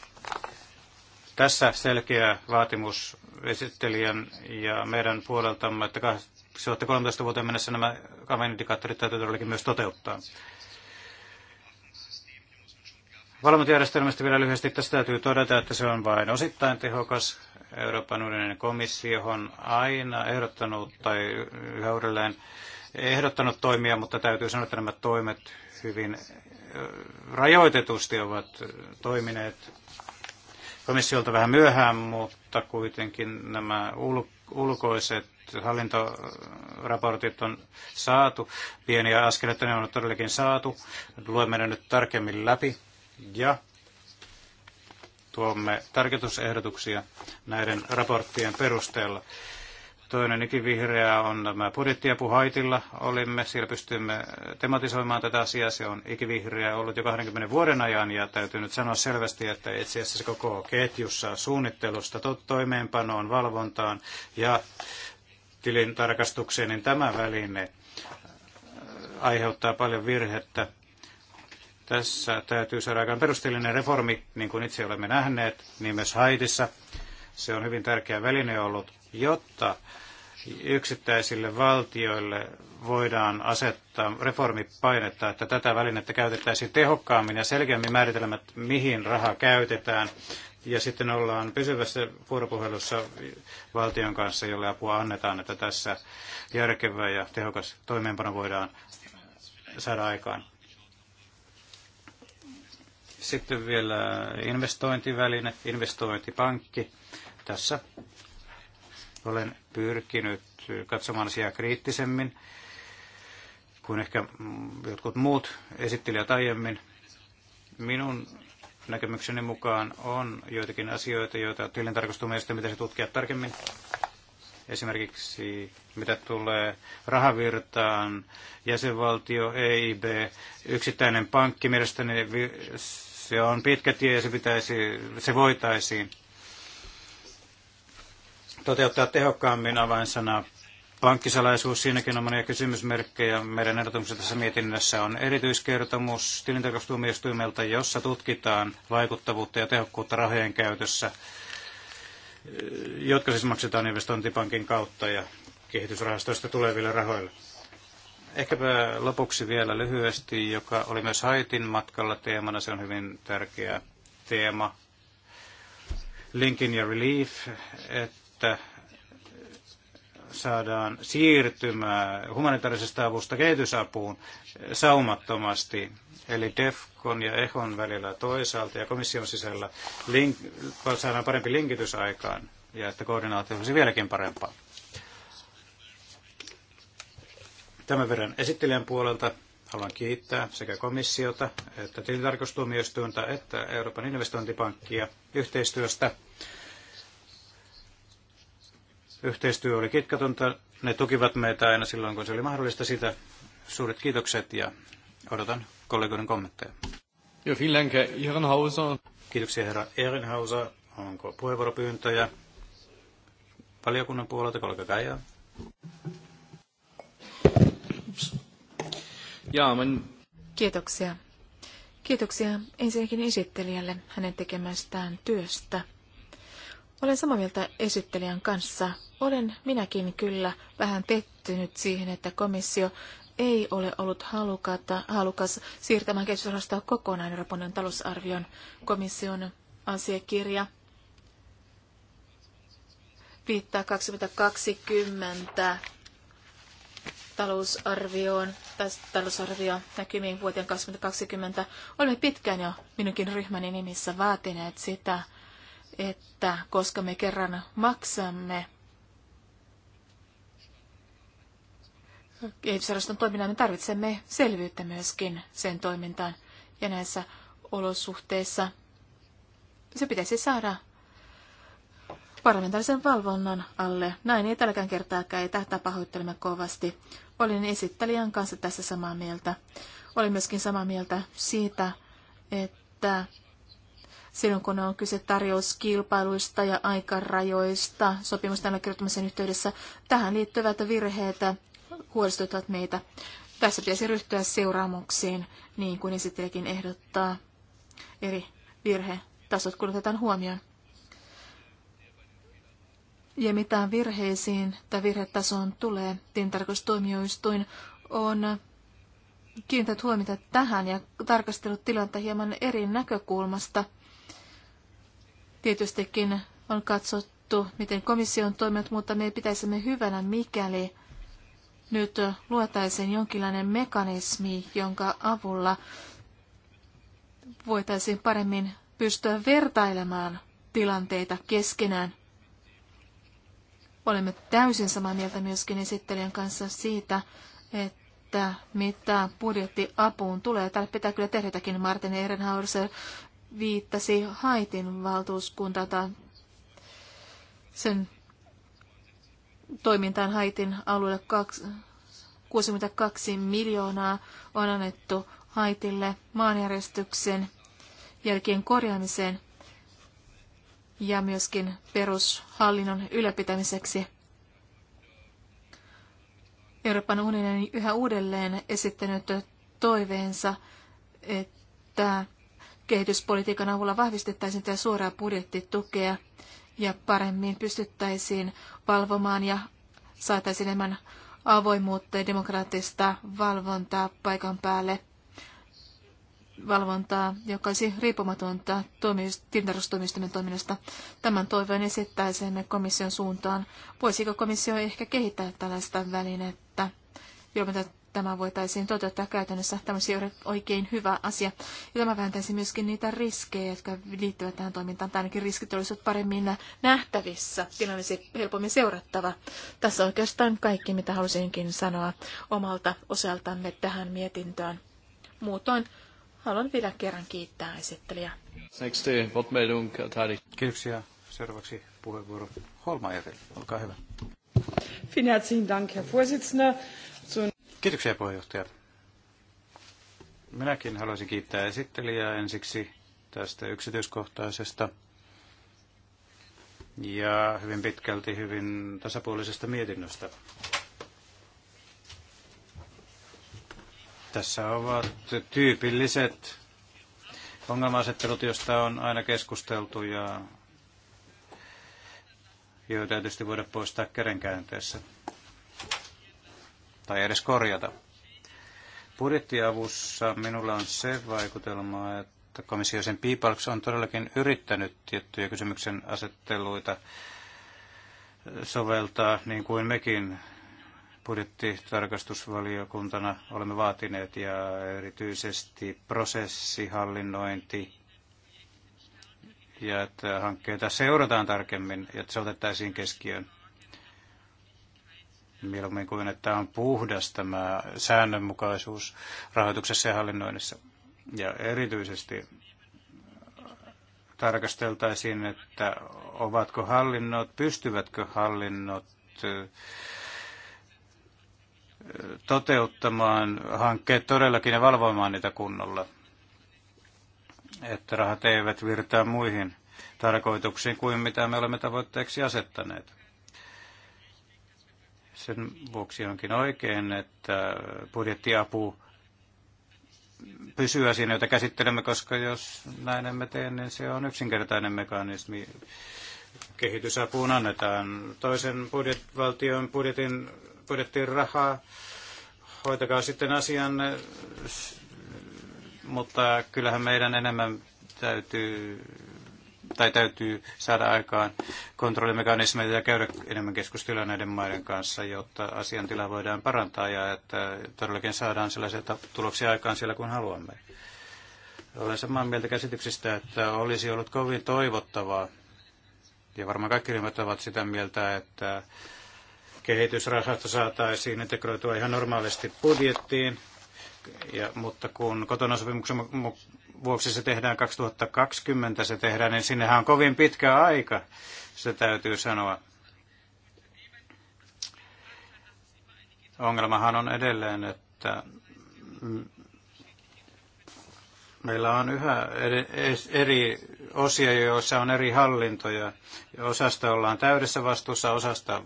Tässä selkeä vaatimus esittelijän ja meidän puoleltamme, että 2013 vuoteen mennessä nämä kavaindikaattorit täytyy todellakin myös toteuttaa. Valvontajärjestelmästä vielä lyhyesti. Tästä täytyy todeta, että se on vain osittain tehokas. Euroopan unionin komissio on aina ehdottanut tai yhä uudelleen ehdottanut toimia, mutta täytyy sanoa, että nämä toimet hyvin rajoitetusti ovat toimineet komissiolta vähän myöhään, mutta kuitenkin nämä ulkoiset hallintoraportit on saatu. Pieniä askeleita ne on todellakin saatu. Luemme ne nyt tarkemmin läpi ja tuomme tarkoitusehdotuksia näiden raporttien perusteella. Toinen ikivihreä on tämä budjettiapu Haitilla. Olimme, siellä pystymme tematisoimaan tätä asiaa. Se on ikivihreä ollut jo 20 vuoden ajan ja täytyy nyt sanoa selvästi, että itse asiassa se koko ketjussa suunnittelusta toimeenpanoon, valvontaan ja tilintarkastukseen, niin tämä väline äh, aiheuttaa paljon virhettä tässä täytyy saada aikaan perusteellinen reformi, niin kuin itse olemme nähneet, niin myös Haitissa. Se on hyvin tärkeä väline ollut, jotta yksittäisille valtioille voidaan asettaa reformipainetta, että tätä välinettä käytettäisiin tehokkaammin ja selkeämmin määritelmät, mihin raha käytetään. Ja sitten ollaan pysyvässä vuoropuhelussa valtion kanssa, jolle apua annetaan, että tässä järkevä ja tehokas toimeenpano voidaan saada aikaan. Sitten vielä investointiväline, investointipankki. Tässä olen pyrkinyt katsomaan asiaa kriittisemmin kuin ehkä jotkut muut esittelijät aiemmin. Minun näkemykseni mukaan on joitakin asioita, joita tilintarkastumielestä pitäisi tutkia tarkemmin. Esimerkiksi mitä tulee rahavirtaan, jäsenvaltio, EIB, yksittäinen pankki. Mielestäni se on pitkä tie ja se, pitäisi, se voitaisiin toteuttaa tehokkaammin avainsana. Pankkisalaisuus, siinäkin on monia kysymysmerkkejä. Meidän ehdotukset tässä mietinnössä on erityiskertomus tilintarkastustuomioistuimelta, jossa tutkitaan vaikuttavuutta ja tehokkuutta rahojen käytössä, jotka siis maksetaan investointipankin kautta ja kehitysrahastoista tuleville rahoille. Ehkäpä lopuksi vielä lyhyesti, joka oli myös Haitin matkalla teemana, se on hyvin tärkeä teema. Linkin ja Relief, että saadaan siirtymää humanitaarisesta avusta kehitysapuun saumattomasti, eli DEFCON ja EHON välillä toisaalta ja komission sisällä link, saadaan parempi linkitys aikaan ja että koordinaatio olisi vieläkin parempaa. Tämän verran esittelijän puolelta haluan kiittää sekä komissiota että tilintarkastustuomioistuinta että Euroopan investointipankkia yhteistyöstä. Yhteistyö oli kitkatonta. Ne tukivat meitä aina silloin, kun se oli mahdollista. Sitä suuret kiitokset ja odotan kollegoiden kommentteja. Ja vielen Ehrenhauser. Kiitoksia herra Ehrenhauser. Onko puheenvuoropyyntöjä valiokunnan puolelta? Kollega Kaija. Kiitoksia. Kiitoksia ensinnäkin esittelijälle hänen tekemästään työstä. Olen samaa mieltä esittelijän kanssa. Olen minäkin kyllä vähän pettynyt siihen, että komissio ei ole ollut halukata, halukas siirtämään kehitysrahastoa kokonaan Euroopan talousarvion komission asiakirja viittaa 2020 talousarvioon, tai talousarvio näkymiin vuoteen 2020, olemme pitkään jo minunkin ryhmäni nimissä vaatineet sitä, että koska me kerran maksamme kehitysrahaston toiminnan, me tarvitsemme selvyyttä myöskin sen toimintaan. Ja näissä olosuhteissa se pitäisi saada parlamentaarisen valvonnan alle. Näin ei tälläkään kertaa käy, tätä pahoittelemme kovasti. Olin esittelijän kanssa tässä samaa mieltä. Olin myöskin samaa mieltä siitä, että silloin kun on kyse tarjouskilpailuista ja aikarajoista sopimusten allekirjoittamisen yhteydessä, tähän liittyvät virheet huolestuttavat meitä. Tässä pitäisi ryhtyä seuraamuksiin, niin kuin esittelijäkin ehdottaa. Eri virhetasot kun otetaan huomioon ja mitä virheisiin tai virhetasoon tulee, tilintarkastustoimioistuin on kiinnittänyt huomiota tähän ja tarkastellut tilannetta hieman eri näkökulmasta. Tietystikin on katsottu, miten komissio on toiminut, mutta me pitäisimme hyvänä, mikäli nyt luotaisiin jonkinlainen mekanismi, jonka avulla voitaisiin paremmin pystyä vertailemaan tilanteita keskenään Olemme täysin samaa mieltä myöskin esittelijän kanssa siitä, että mitä budjettiapuun tulee. Täällä pitää kyllä tehdä jotakin. Martin Ehrenhauser viittasi Haitin valtuuskuntaan sen toimintaan Haitin alueelle 62 miljoonaa on annettu Haitille maanjärjestyksen jälkien korjaamiseen ja myöskin perushallinnon ylläpitämiseksi. Euroopan unioni on yhä uudelleen esittänyt toiveensa, että kehityspolitiikan avulla vahvistettaisiin tätä suoraa budjettitukea ja paremmin pystyttäisiin valvomaan ja saataisiin enemmän avoimuutta ja demokraattista valvontaa paikan päälle valvontaa, joka olisi riippumatonta tilintarkastustoimistojen toiminnasta. Tämän toiveen esittäisimme komission suuntaan. Voisiko komissio ehkä kehittää tällaista välinettä, jolla tämä voitaisiin toteuttaa käytännössä. Tämä olisi oikein hyvä asia. Ja tämä vähentäisi myöskin niitä riskejä, jotka liittyvät tähän toimintaan. Tai ainakin riskit olisivat paremmin nähtävissä. Tilanne olisi helpommin seurattava. Tässä oikeastaan kaikki, mitä halusinkin sanoa omalta osaltamme tähän mietintöön. Muutoin Haluan vielä kerran kiittää esittelijä. Kiitoksia. Seuraavaksi puheenvuoro Holmajerille. Olkaa hyvä. Dank, Herr Kiitoksia puheenjohtaja. Minäkin haluaisin kiittää esittelijää ensiksi tästä yksityiskohtaisesta ja hyvin pitkälti hyvin tasapuolisesta mietinnöstä. Tässä ovat tyypilliset ongelmaasettelut, asettelut joista on aina keskusteltu ja joita tietysti voida poistaa kädenkäänteessä tai edes korjata. Budjettiavussa minulla on se vaikutelma, että komissio sen piipalks on todellakin yrittänyt tiettyjä kysymyksen asetteluita soveltaa niin kuin mekin budjettitarkastusvaliokuntana olemme vaatineet ja erityisesti prosessihallinnointi ja että hankkeita seurataan tarkemmin ja että se otettaisiin keskiöön. Mieluummin kuin, että on puhdas tämä säännönmukaisuus rahoituksessa ja hallinnoinnissa. Ja erityisesti tarkasteltaisiin, että ovatko hallinnot, pystyvätkö hallinnot toteuttamaan hankkeet todellakin ja valvoimaan niitä kunnolla, että rahat eivät virtaa muihin tarkoituksiin kuin mitä me olemme tavoitteeksi asettaneet. Sen vuoksi onkin oikein, että budjettiapu pysyä siinä, jota käsittelemme, koska jos näin emme tee, niin se on yksinkertainen mekanismi. Kehitysapuun annetaan toisen budjet, valtion budjetin pyydettiin rahaa, hoitakaa sitten asian, mutta kyllähän meidän enemmän täytyy tai täytyy saada aikaan kontrollimekanismeja ja käydä enemmän keskustelua näiden maiden kanssa, jotta asiantila voidaan parantaa ja että todellakin saadaan sellaisia tuloksia aikaan siellä kuin haluamme. Olen samaa mieltä käsityksestä, että olisi ollut kovin toivottavaa, ja varmaan kaikki ryhmät ovat sitä mieltä, että kehitysrahasto saataisiin integroitua ihan normaalisti budjettiin, ja, mutta kun kotona sopimuksen vuoksi se tehdään 2020, se tehdään, niin sinnehän on kovin pitkä aika, se täytyy sanoa. Ongelmahan on edelleen, että Meillä on yhä eri osia, joissa on eri hallintoja. Osasta ollaan täydessä vastuussa, osasta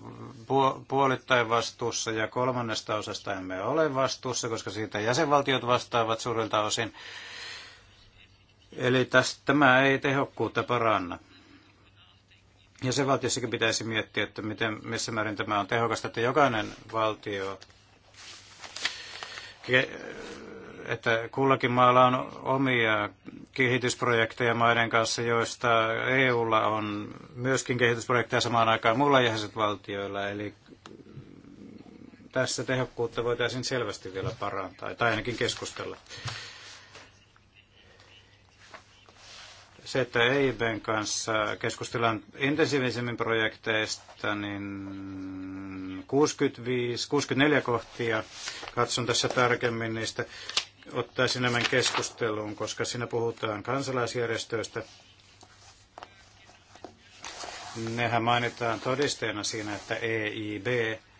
puolittain vastuussa ja kolmannesta osasta emme ole vastuussa, koska siitä jäsenvaltiot vastaavat suurelta osin. Eli tästä, tämä ei tehokkuutta paranna. Ja se valtiossakin pitäisi miettiä, että miten, missä määrin tämä on tehokasta, että jokainen valtio että kullakin maalla on omia kehitysprojekteja maiden kanssa, joista EUlla on myöskin kehitysprojekteja samaan aikaan muilla jäsenvaltioilla, eli tässä tehokkuutta voitaisiin selvästi vielä parantaa, tai ainakin keskustella. Se, että EIBn kanssa keskustellaan intensiivisemmin projekteista, niin 65, 64 kohtia katson tässä tarkemmin niistä ottaisin nämän keskusteluun, koska siinä puhutaan kansalaisjärjestöistä. Nehän mainitaan todisteena siinä, että EIB,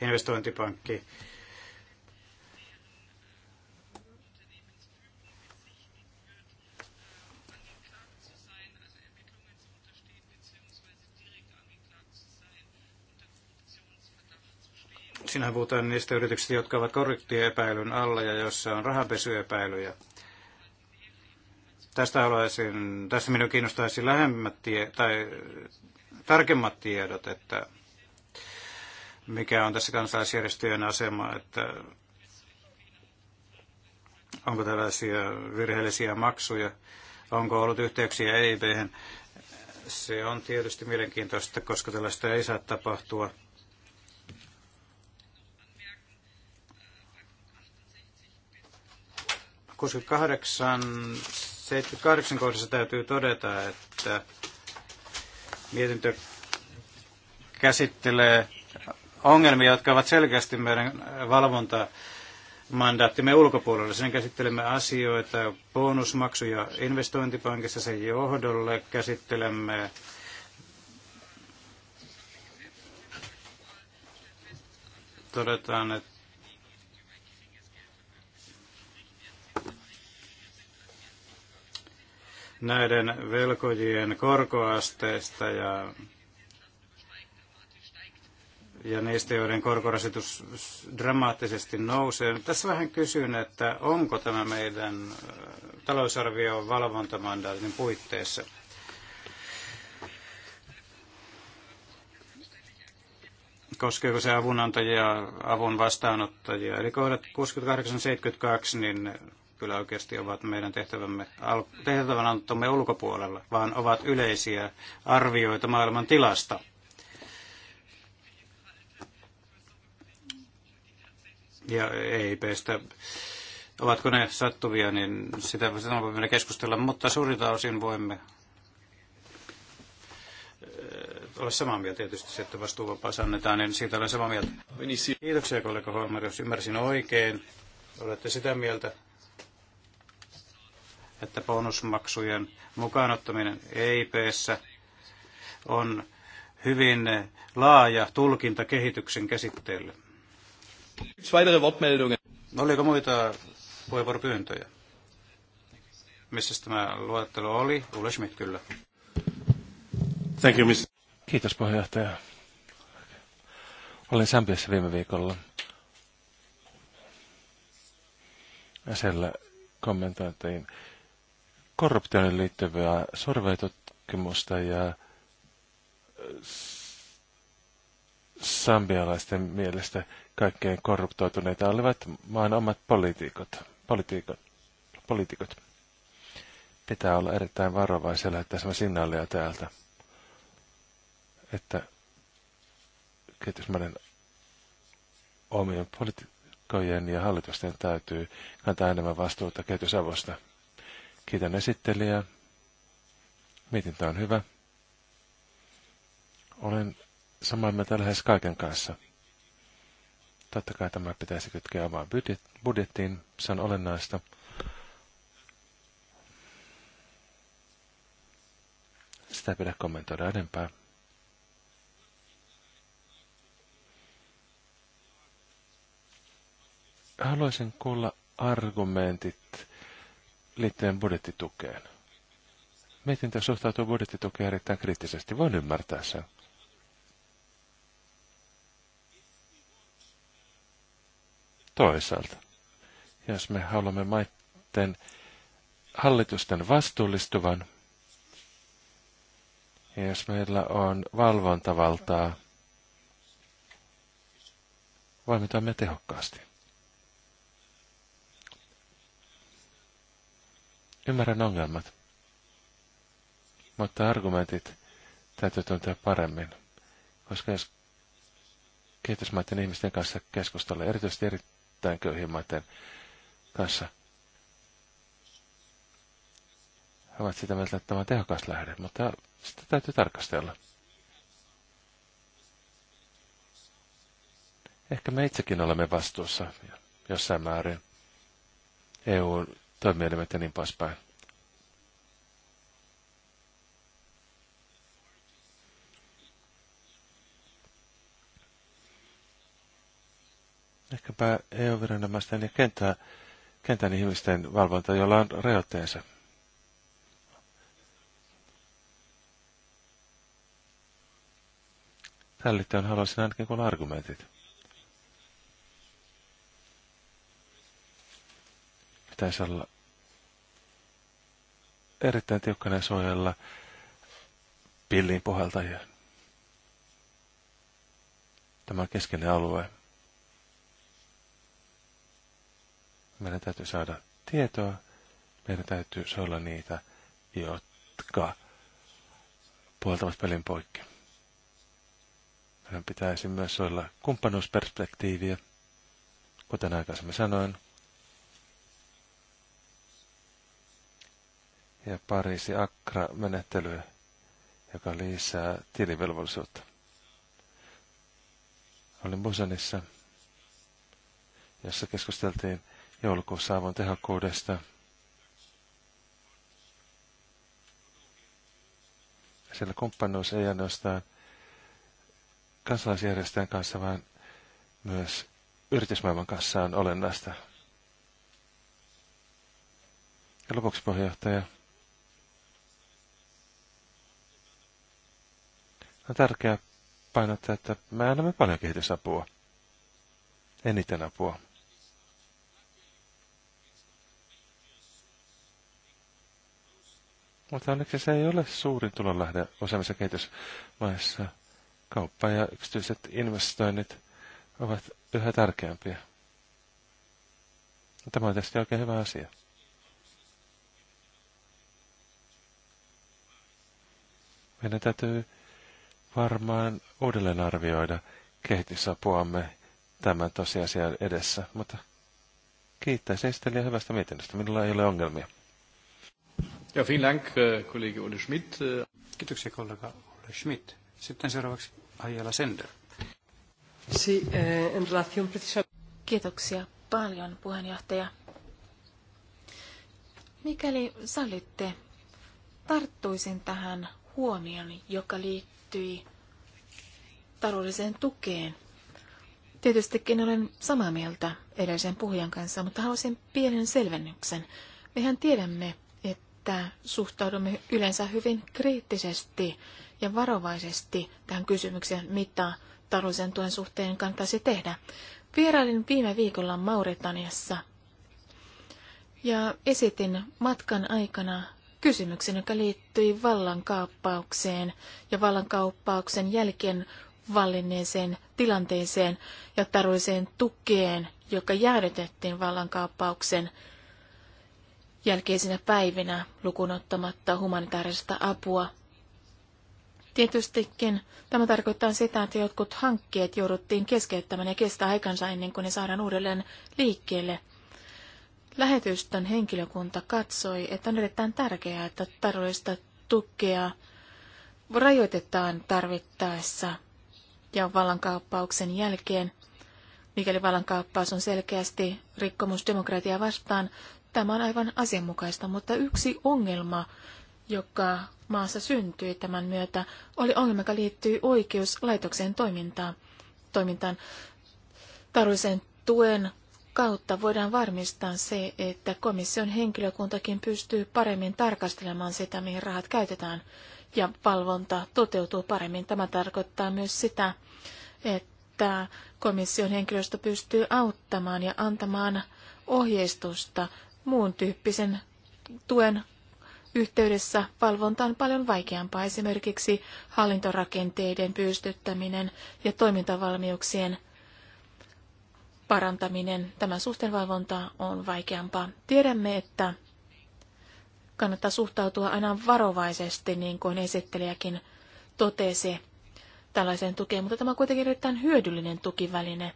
investointipankki, siinä puhutaan niistä yrityksistä, jotka ovat korruptioepäilyn alla ja joissa on rahanpesyepäilyjä. Tästä haluaisin, tässä minun kiinnostaisi lähemmät tie, tai tarkemmat tiedot, että mikä on tässä kansalaisjärjestöjen asema, että onko tällaisia virheellisiä maksuja, onko ollut yhteyksiä eib Se on tietysti mielenkiintoista, koska tällaista ei saa tapahtua 68, 78 kohdassa täytyy todeta, että mietintö käsittelee ongelmia, jotka ovat selkeästi meidän valvonta mandaattimme ulkopuolella. Sen käsittelemme asioita, bonusmaksuja investointipankissa sen johdolle, käsittelemme todetaan, että näiden velkojien korkoasteista ja, ja niistä, joiden korkorasitus dramaattisesti nousee. tässä vähän kysyn, että onko tämä meidän talousarvio valvontamandaatin puitteissa. koskeeko se avunantajia, avun vastaanottajia. Eli kohdat 68-72, niin kyllä oikeasti ovat meidän tehtävämme, tehtävänantomme ulkopuolella, vaan ovat yleisiä arvioita maailman tilasta. Ja e peistä, ovatko ne sattuvia, niin sitä, sitä voimme keskustella, mutta suurinta osin voimme eh, olla samaa mieltä tietysti, että vastuuvapaus annetaan, niin siitä olen samaa mieltä. Kiitoksia kollega Holmer, jos ymmärsin oikein. Olette sitä mieltä, että bonusmaksujen mukaanottaminen EIPssä on hyvin laaja tulkinta kehityksen käsitteelle. Oliko muita puheenvuoropyyntöjä? Missä tämä luettelo oli? Ulle Schmidt, kyllä. Thank you, miss. Kiitos puheenjohtaja. Olin Sämpiössä viime viikolla. Ja siellä kommentoitiin korruptioon liittyvää surveitutkimusta ja sambialaisten mielestä kaikkein korruptoituneita olivat maan omat poliitikot. poliitikot, poliitikot. Pitää olla erittäin varovaisia lähettää signaalia täältä, että kehitysmaiden omien poliitikkojen ja hallitusten täytyy kantaa enemmän vastuuta kehitysavusta. Kiitän esittelijää. Mietintä on hyvä. Olen samaa mieltä lähes kaiken kanssa. Totta kai tämä pitäisi kytkeä omaan budjettiin, se on olennaista. Sitä ei pidä kommentoida enempää. Haluaisin kuulla argumentit liittyen budjettitukeen. Mietintö suhtautuu budjettitukeen erittäin kriittisesti. Voin ymmärtää sen. Toisaalta, jos me haluamme maiden hallitusten vastuullistuvan, ja jos meillä on valvontavaltaa, voimme toimia tehokkaasti. Ymmärrän ongelmat, mutta argumentit täytyy tuntea paremmin, koska jos kehitysmaiden ihmisten kanssa keskustella, erityisesti erittäin köyhien maiden kanssa, he ovat sitä mieltä, että tämä on tehokas lähde, mutta sitä täytyy tarkastella. Ehkä me itsekin olemme vastuussa jossain määrin EUn toimielimet ja niin poispäin. Ehkäpä EU-viranomaisten ja kentän, kentän ihmisten valvonta, jolla on rajoitteensa. on haluaisin ainakin kuulla argumentit. pitäisi olla erittäin tiukkana suojella pilliin puhaltajia. Tämä keskeinen alue. Meidän täytyy saada tietoa. Meidän täytyy olla niitä, jotka puoltavat pelin poikki. Meidän pitäisi myös olla kumppanuusperspektiiviä, kuten aikaisemmin sanoin. ja pariisi akra menettelyä joka lisää tilivelvollisuutta. Olin Busanissa, jossa keskusteltiin joulukuussa avun tehokkuudesta. Siellä kumppanuus ei ainoastaan kansalaisjärjestöjen kanssa, vaan myös yritysmaailman kanssa on olennaista. Ja lopuksi puheenjohtaja. On tärkeää painottaa, että me annamme paljon kehitysapua. Eniten apua. Mutta onneksi se ei ole suurin tulonlähde osaamisen kehitysmaissa. Kauppa ja yksityiset investoinnit ovat yhä tärkeämpiä. Tämä on tietysti oikein hyvä asia. Meidän täytyy varmaan uudelleen arvioida kehitysapuamme tämän tosiasian edessä, mutta kiittäisin esittelijä hyvästä mietinnöstä. Minulla ei ole ongelmia. Ja vielen Dank, äh, kollega Ole Schmidt. Kiitoksia, kollega Ole Schmidt. Sitten seuraavaksi Aijala Sender. Si, eh, en Kiitoksia paljon, puheenjohtaja. Mikäli sallitte, tarttuisin tähän huomioon, joka liittyy liittyi taloudelliseen tukeen. Tietystikin olen samaa mieltä edellisen puhujan kanssa, mutta haluaisin pienen selvennyksen. Mehän tiedämme, että suhtaudumme yleensä hyvin kriittisesti ja varovaisesti tähän kysymykseen, mitä taloudellisen tuen suhteen kannattaisi tehdä. Vierailin viime viikolla Mauritaniassa ja esitin matkan aikana kysymyksen, joka liittyi vallankaappaukseen ja vallankaappauksen jälkeen vallinneeseen tilanteeseen ja taruiseen tukeen, joka jäädytettiin vallankaappauksen jälkeisinä päivinä lukunottamatta humanitaarista apua. Tietystikin tämä tarkoittaa sitä, että jotkut hankkeet jouduttiin keskeyttämään ja kestää aikansa ennen kuin ne saadaan uudelleen liikkeelle – Lähetystön henkilökunta katsoi, että on erittäin tärkeää, että taloudellista tukea rajoitetaan tarvittaessa ja vallankaappauksen jälkeen. Mikäli vallankaappaus on selkeästi rikkomus demokratiaa vastaan, tämä on aivan asianmukaista, mutta yksi ongelma, joka maassa syntyi tämän myötä, oli ongelma, joka liittyy oikeuslaitoksen toimintaan. toimintaan. Taruisen tuen kautta voidaan varmistaa se, että komission henkilökuntakin pystyy paremmin tarkastelemaan sitä, mihin rahat käytetään, ja valvonta toteutuu paremmin. Tämä tarkoittaa myös sitä, että komission henkilöstö pystyy auttamaan ja antamaan ohjeistusta muun tyyppisen tuen yhteydessä valvonta on paljon vaikeampaa, esimerkiksi hallintorakenteiden pystyttäminen ja toimintavalmiuksien parantaminen, tämän suhteenvalvonta on vaikeampaa. Tiedämme, että kannattaa suhtautua aina varovaisesti, niin kuin esittelijäkin totesi tällaiseen tukeen, mutta tämä on kuitenkin erittäin hyödyllinen tukiväline.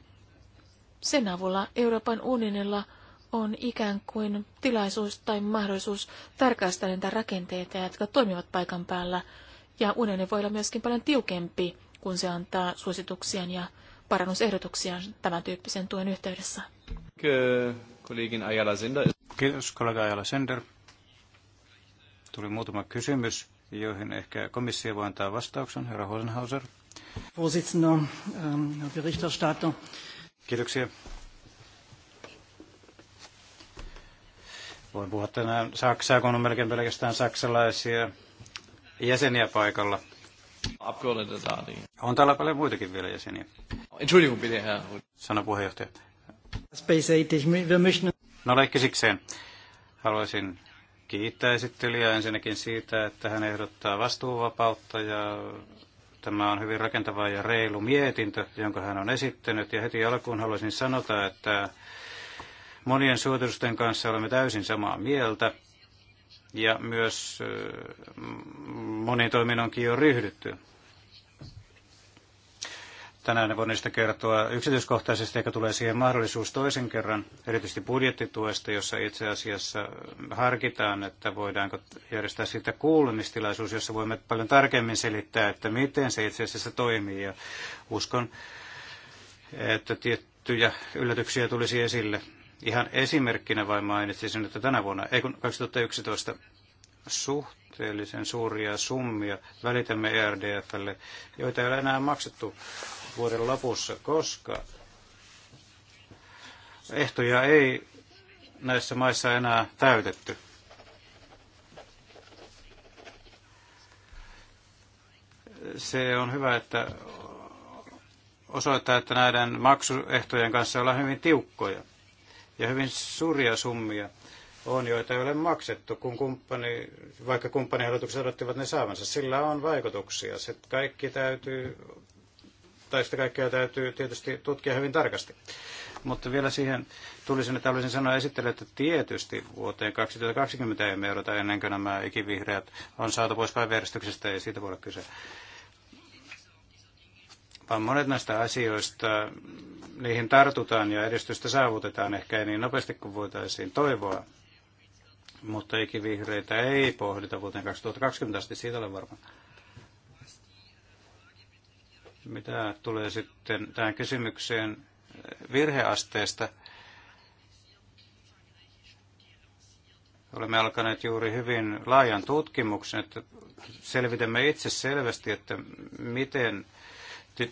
Sen avulla Euroopan unionilla on ikään kuin tilaisuus tai mahdollisuus tarkastaa niitä rakenteita, jotka toimivat paikan päällä, ja unioni voi olla myöskin paljon tiukempi, kun se antaa suosituksia ja parannusehdotuksia tämän tyyppisen tuen yhteydessä. Kollegin Ajala Kiitos kollega Ajala Sender. Tuli muutama kysymys, joihin ehkä komissio voi antaa vastauksen. Herra Hosenhauser. Vorsitzender, ehm, Kiitoksia. Voin puhua tänään Saksaa, kun on melkein pelkästään saksalaisia jäseniä paikalla. On täällä paljon muitakin vielä jäseniä. Entschuldigung bitte, Herr. Sano puheenjohtaja. No leikkisikseen. Haluaisin kiittää esittelijää ensinnäkin siitä, että hän ehdottaa vastuuvapautta ja tämä on hyvin rakentava ja reilu mietintö, jonka hän on esittänyt. Ja heti alkuun haluaisin sanota, että monien suositusten kanssa olemme täysin samaa mieltä ja myös moniin on onkin jo ryhdytty. Tänään voin niistä kertoa yksityiskohtaisesti, eikä tulee siihen mahdollisuus toisen kerran, erityisesti budjettituesta, jossa itse asiassa harkitaan, että voidaanko järjestää siitä kuulemistilaisuus, jossa voimme paljon tarkemmin selittää, että miten se itse asiassa toimii. Ja uskon, että tiettyjä yllätyksiä tulisi esille Ihan esimerkkinä vain mainitsisin, että tänä vuonna, ei kun 2011, suhteellisen suuria summia välitämme ERDFlle, joita ei ole enää maksettu vuoden lopussa, koska ehtoja ei näissä maissa enää täytetty. Se on hyvä, että osoittaa, että näiden maksuehtojen kanssa ollaan hyvin tiukkoja. Ja hyvin suuria summia on, joita ei ole maksettu, kun kumppani, vaikka kumppanihallitukset odottivat ne saavansa. Sillä on vaikutuksia. Se kaikki täytyy, tai sitä kaikkea täytyy tietysti tutkia hyvin tarkasti. Mutta vielä siihen tulisin, että haluaisin sanoa esittely, että tietysti vuoteen 2020 emme odota ennen kuin nämä ikivihreät on saatu pois päiväjärjestyksestä, ei siitä voi olla kyse vaan monet näistä asioista, niihin tartutaan ja edistystä saavutetaan ehkä ei niin nopeasti kuin voitaisiin toivoa, mutta ikivihreitä ei pohdita vuoteen 2020 asti, siitä olen varma. Mitä tulee sitten tähän kysymykseen virheasteesta, olemme alkaneet juuri hyvin laajan tutkimuksen, että selvitämme itse selvästi, että miten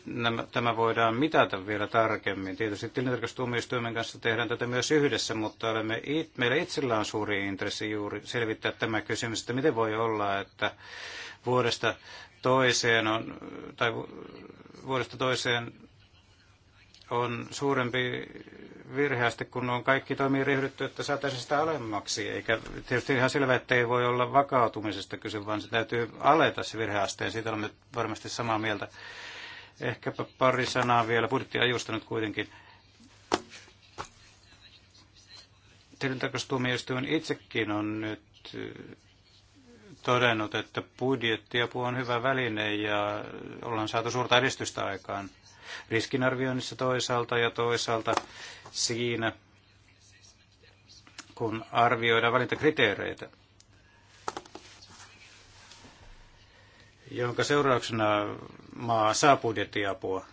nämä, tämä voidaan mitata vielä tarkemmin. Tietysti tilintarkastustuomioistuimen kanssa tehdään tätä myös yhdessä, mutta olemme it, meillä itsellä on suuri intressi juuri selvittää tämä kysymys, että miten voi olla, että vuodesta toiseen on, tai vuodesta toiseen on suurempi virheästi, kun on kaikki toimii ryhdytty, että saataisiin sitä alemmaksi. Eikä tietysti ihan selvä, että ei voi olla vakautumisesta kyse, vaan se täytyy aleta se virheasteen. Siitä olemme varmasti samaa mieltä. Ehkäpä pari sanaa vielä budjettiajusta nyt kuitenkin. Tilintarkastustuomioistuin itsekin on nyt eh, todennut, että budjettiapu on hyvä väline ja ollaan saatu suurta edistystä aikaan riskinarvioinnissa toisaalta ja toisaalta siinä, kun arvioidaan valintakriteereitä, jonka seurauksena maa saa budjettiapua.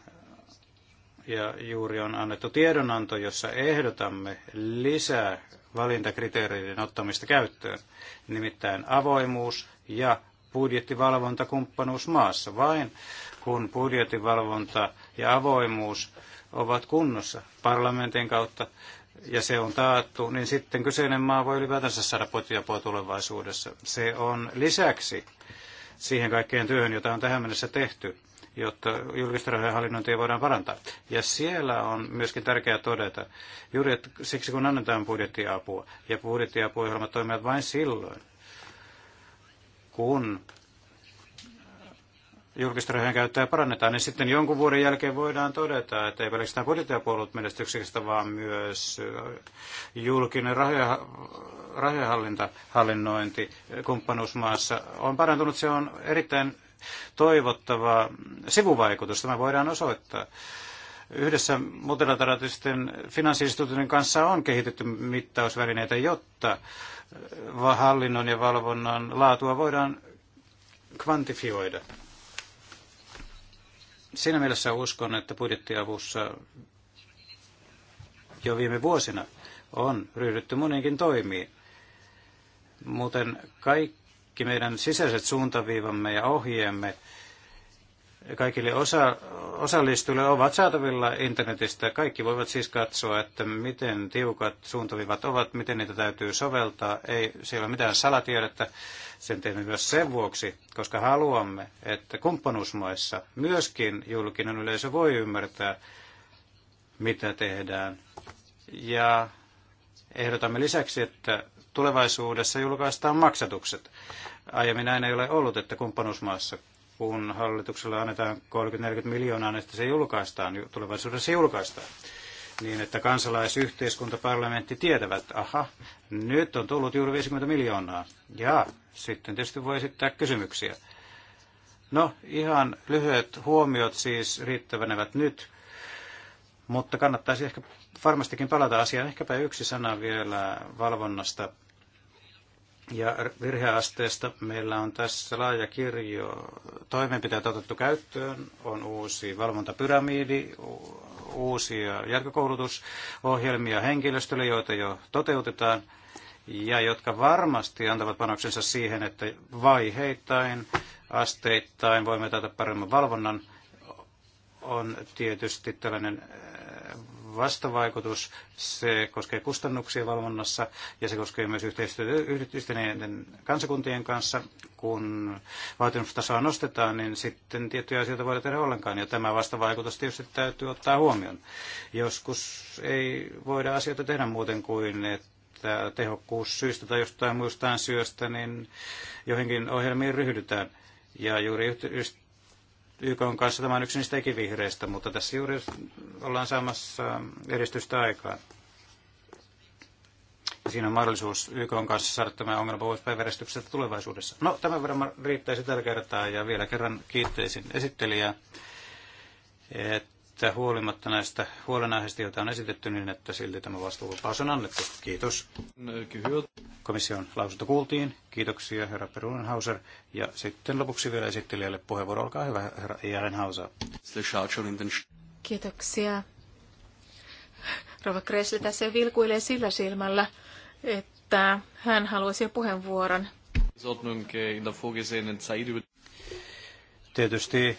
Ja juuri on annettu tiedonanto, jossa ehdotamme lisää valintakriteereiden ottamista käyttöön, nimittäin avoimuus ja budjettivalvontakumppanuus maassa. Vain kun budjettivalvonta ja avoimuus ovat kunnossa parlamentin kautta ja se on taattu, niin sitten kyseinen maa voi ylipäätänsä saada potiapua tulevaisuudessa. Se on lisäksi siihen kaikkeen työhön, jota on tähän mennessä tehty jotta julkisten rahojen hallinnointia voidaan parantaa. Ja siellä on myöskin tärkeää todeta, juuri että siksi kun annetaan budjettiapua, ja budjettiapuohjelmat toimivat vain silloin, kun julkisten rahojen käyttöä parannetaan, niin sitten jonkun vuoden jälkeen voidaan todeta, että ei pelkästään budjettiapu ollut menestyksestä, vaan myös julkinen rahoja, rahojenhallinta, hallinnointi kumppanuusmaassa on parantunut. Se on erittäin toivottava sivuvaikutus. Tämä voidaan osoittaa. Yhdessä multilateraalisten finanssiinstituutioiden kanssa on kehitetty mittausvälineitä, jotta hallinnon ja valvonnan laatua voidaan kvantifioida. Siinä mielessä uskon, että budjettiavussa jo viime vuosina on ryhdytty moniinkin toimiin. Muuten kaikki kaikki meidän sisäiset suuntaviivamme ja ohjeemme kaikille osa, osallistujille ovat saatavilla internetistä. Kaikki voivat siis katsoa, että miten tiukat suuntaviivat ovat, miten niitä täytyy soveltaa. Ei siellä ole mitään salatiedettä. Sen teemme myös sen vuoksi, koska haluamme, että kumppanuusmaissa myöskin julkinen yleisö voi ymmärtää, mitä tehdään. Ja ehdotamme lisäksi, että tulevaisuudessa julkaistaan maksatukset. Aiemmin näin ei ole ollut, että kumppanuusmaassa, kun hallitukselle annetaan 30-40 miljoonaa, niin että se julkaistaan, tulevaisuudessa julkaistaan niin että kansalaisyhteiskunta, parlamentti tietävät, aha, nyt on tullut juuri 50 miljoonaa. Ja sitten tietysti voi esittää kysymyksiä. No, ihan lyhyet huomiot siis riittävänevät nyt, mutta kannattaisi ehkä varmastikin palata asiaan. Ehkäpä yksi sana vielä valvonnasta ja virheasteesta meillä on tässä laaja kirjo toimenpiteet otettu käyttöön. On uusi valvontapyramiidi, uusia jatkokoulutusohjelmia henkilöstölle, joita jo toteutetaan ja jotka varmasti antavat panoksensa siihen, että vaiheittain, asteittain voimme taata paremman valvonnan. On tietysti tällainen vastavaikutus. Se koskee kustannuksia valvonnassa ja se koskee myös yhteistyötä yhdistyneiden kansakuntien kanssa. Kun vaatimustasoa nostetaan, niin sitten tiettyjä asioita voidaan tehdä ollenkaan ja tämä vastavaikutus tietysti täytyy ottaa huomioon. Joskus ei voida asioita tehdä muuten kuin, että tehokkuus syystä tai jostain muistaan syöstä, niin johonkin ohjelmiin ryhdytään. Ja juuri YK on kanssa tämä on yksi niistä ikivihreistä, mutta tässä juuri ollaan saamassa edistystä aikaan. Siinä on mahdollisuus YK on kanssa saada tämä ongelma pois päiväjärjestykseltä tulevaisuudessa. No, tämän verran riittäisi tällä kertaa ja vielä kerran kiitteisin esittelijää, että huolimatta näistä huolenaiheista, joita on esitetty, niin että silti tämä vastuuvapaus on annettu. Kiitos. Komission lausunto kuultiin. Kiitoksia herra Perunenhauser. Ja sitten lopuksi vielä esittelijälle puheenvuoro. Olkaa hyvä herra Jarenhauser. Kiitoksia. Rova Kresli tässä vilkuilee sillä silmällä, että hän haluaisi jo puheenvuoron. Tietysti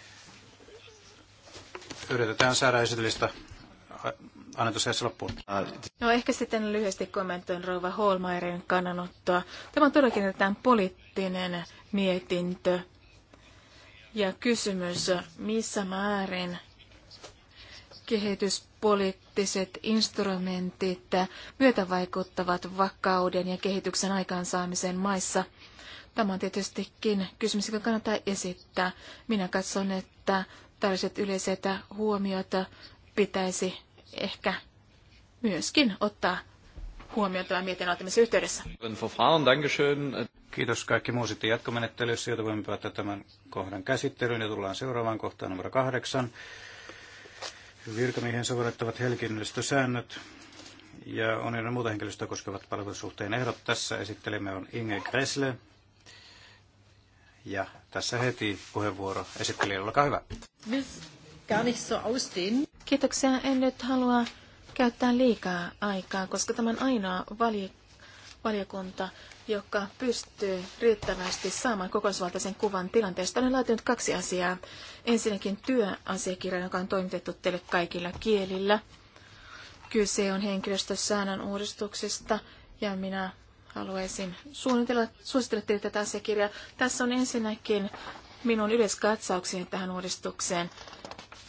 Yritetään saada esitellistä annetussa loppuun. No ehkä sitten lyhyesti kommentoin Rouva Holmairin kannanottoa. Tämä on todellakin tämä poliittinen mietintö ja kysymys, missä määrin kehityspoliittiset instrumentit myötävaikuttavat vakauden ja kehityksen aikaansaamiseen maissa. Tämä on tietystikin kysymys, joka kannattaa esittää. Minä katson, että tällaiset yleiset huomiota pitäisi ehkä myöskin ottaa huomioon tämän mietinnön ottamisen yhteydessä. Kiitos kaikki muu sitten jatkomenettelyssä, jota voimme päättää tämän kohdan käsittelyyn ja tullaan seuraavaan kohtaan numero kahdeksan. Virkamiehen sovellettavat helkinnöstösäännöt ja on ennen muuta henkilöstöä koskevat palvelussuhteen ehdot. Tässä esittelemme on Inge Gressle, ja tässä heti puheenvuoro esittelijä, olkaa hyvä. Kiitoksia. En nyt halua käyttää liikaa aikaa, koska tämä on ainoa vali- valiokunta, joka pystyy riittävästi saamaan kokonaisvaltaisen kuvan tilanteesta. Olen laatinut kaksi asiaa. Ensinnäkin työasiakirja, joka on toimitettu teille kaikilla kielillä. Kyse on henkilöstösäännön uudistuksesta ja minä haluaisin suunnitella, suositella teille tätä asiakirjaa. Tässä on ensinnäkin minun yleiskatsaukseni tähän uudistukseen.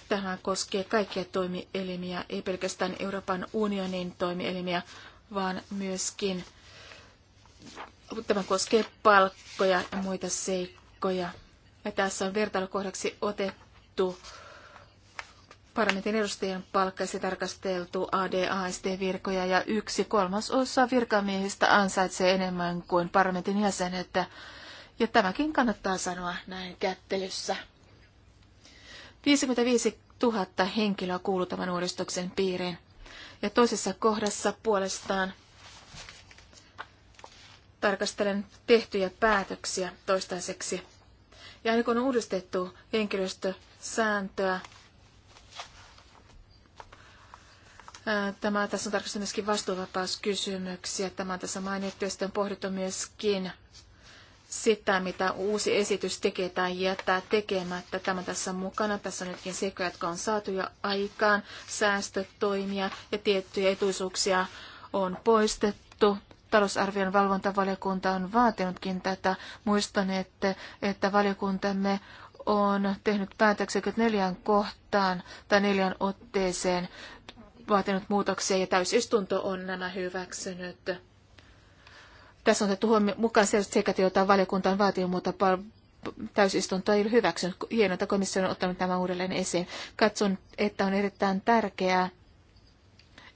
Tämä koskee kaikkia toimielimiä, ei pelkästään Euroopan unionin toimielimiä, vaan myöskin tämä koskee palkkoja ja muita seikkoja. Ja tässä on vertailukohdaksi otettu Parlamentin edustajien palkkaisi tarkasteltu ADAST-virkoja ja yksi kolmasosa virkamiehistä ansaitsee enemmän kuin parlamentin jäsenet. Ja tämäkin kannattaa sanoa näin kättelyssä. 55 000 henkilöä kuuluu tämän uudistuksen piiriin. Ja toisessa kohdassa puolestaan tarkastelen tehtyjä päätöksiä toistaiseksi. Ja aina kun on uudistettu henkilöstösääntöä, Äh, tämä, tässä on tarkastettu myöskin vastuuvapauskysymyksiä. Tämä on tässä mainittu ja sitten on pohdittu myöskin sitä, mitä uusi esitys tekee tai jättää tekemättä. Tämä tässä mukana. Tässä on nytkin sekä, jotka on saatu jo aikaan, säästötoimia ja tiettyjä etuisuuksia on poistettu. Talousarvion valvontavaliokunta on vaatinutkin tätä. Muistan, että, että valiokuntamme on tehnyt päätökset neljän kohtaan tai neljän otteeseen vaatinut muutoksia ja täysistunto on nämä hyväksynyt. Tässä on otettu huomioon mukaan sellaiset sekä joita valiokunta on vaatinut, mutta täysistunto ei hyväksynyt. Hienoa, että komissio on ottanut tämän uudelleen esiin. Katson, että on erittäin tärkeää,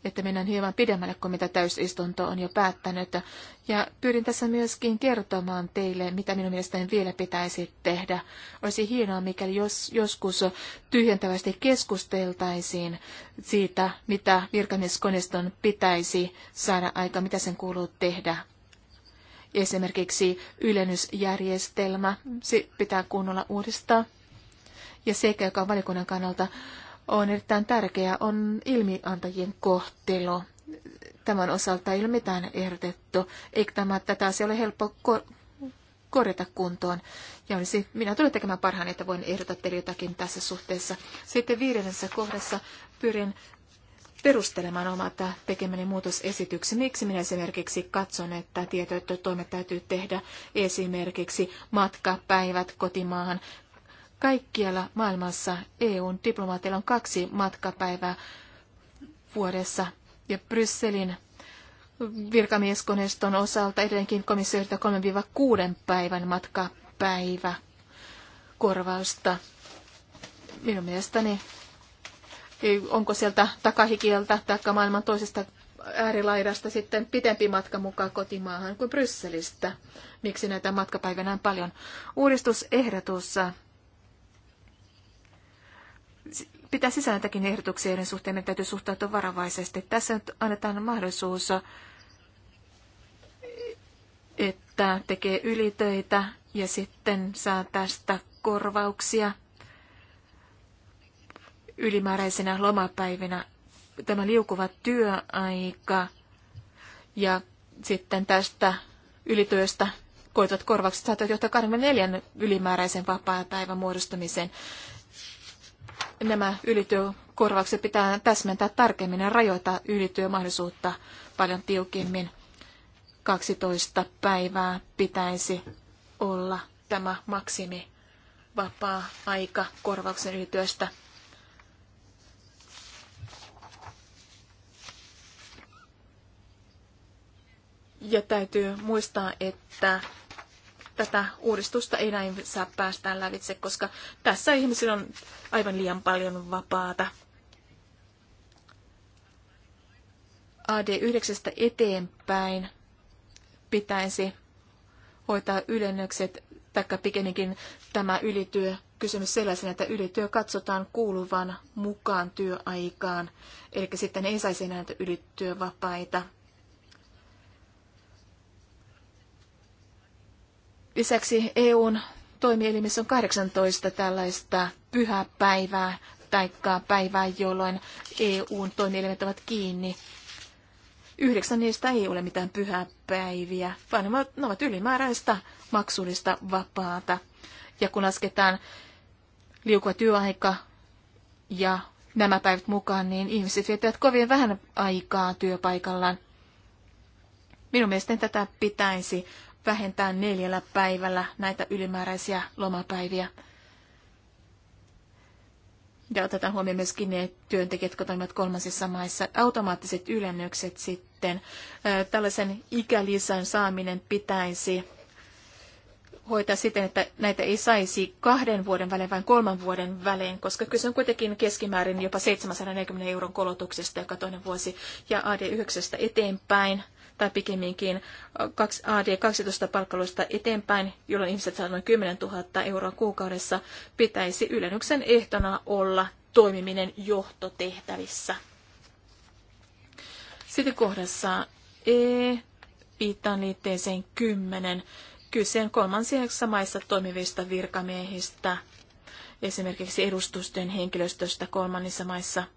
että mennään hieman pidemmälle kuin mitä täysistunto on jo päättänyt. Ja pyrin tässä myöskin kertomaan teille, mitä minun mielestäni vielä pitäisi tehdä. Olisi hienoa, mikäli jos, joskus tyhjentävästi keskusteltaisiin siitä, mitä virkamieskoneiston pitäisi saada aika, mitä sen kuuluu tehdä esimerkiksi ylennysjärjestelmä, se pitää kunnolla uudistaa. Ja sekä, joka on valikunnan kannalta on erittäin tärkeä, on ilmiantajien kohtelo Tämän osalta ei ole mitään ehdotettu, eikä tämä, tätä asia ole helppo ko- korjata kuntoon. Ja olisi, minä tulen tekemään parhaan, että voin ehdottaa teille jotakin tässä suhteessa. Sitten viidennessä kohdassa pyrin perustelemaan omat tekemäni muutosesityksi. Miksi minä esimerkiksi katson, että tietoyhtiötoimet täytyy tehdä esimerkiksi matkapäivät kotimaahan Kaikkialla maailmassa EUn diplomaateilla on kaksi matkapäivää vuodessa ja Brysselin virkamieskoneiston osalta edelleenkin komissio 3-6 päivän matkapäivä korvausta. Minun mielestäni onko sieltä takahikieltä tai maailman toisesta äärilaidasta sitten pitempi matka mukaan kotimaahan kuin Brysselistä. Miksi näitä matkapäivänä on paljon? Uudistusehdotus pitää sisällä jotakin ehdotuksia, joiden suhteen meidän täytyy suhtautua varovaisesti. Tässä nyt annetaan mahdollisuus, että tekee ylitöitä ja sitten saa tästä korvauksia ylimääräisenä lomapäivinä. Tämä liukuva työaika ja sitten tästä ylityöstä koituvat korvaukset saattavat johtaa 24 ylimääräisen vapaa-päivän muodostumiseen nämä ylityökorvaukset pitää täsmentää tarkemmin ja rajoittaa ylityömahdollisuutta paljon tiukemmin. 12 päivää pitäisi olla tämä maksimi vapaa-aika korvauksen ylityöstä. Ja täytyy muistaa, että tätä uudistusta ei näin saa päästään lävitse, koska tässä ihmisillä on aivan liian paljon vapaata. AD9 eteenpäin pitäisi hoitaa ylennykset, taikka pikemminkin tämä ylityö kysymys sellaisena, että ylityö katsotaan kuuluvan mukaan työaikaan. Eli sitten ei saisi näitä ylityövapaita Lisäksi EUn toimielimissä on 18 tällaista pyhäpäivää tai päivää, jolloin EUn toimielimet ovat kiinni. Yhdeksän niistä ei ole mitään pyhäpäiviä, vaan ne ovat ylimääräistä maksullista vapaata. Ja kun lasketaan liukua työaika ja nämä päivät mukaan, niin ihmiset viettävät kovin vähän aikaa työpaikallaan. Minun mielestäni tätä pitäisi vähentää neljällä päivällä näitä ylimääräisiä lomapäiviä. Ja otetaan huomioon myöskin ne työntekijät, jotka toimivat kolmansissa maissa. Automaattiset ylennykset sitten. Tällaisen ikälisän saaminen pitäisi hoitaa siten, että näitä ei saisi kahden vuoden välein, vaan kolman vuoden välein, koska kyse on kuitenkin keskimäärin jopa 740 euron kolotuksesta joka toinen vuosi ja AD9 eteenpäin tai pikemminkin AD12 palkkaluista eteenpäin, jolloin ihmiset saavat noin 10 000 euroa kuukaudessa, pitäisi ylennyksen ehtona olla toimiminen johtotehtävissä. Sitten kohdassa E viittaan liitteeseen 10. Kyse on maissa toimivista virkamiehistä, esimerkiksi edustustyön henkilöstöstä kolmannissa maissa –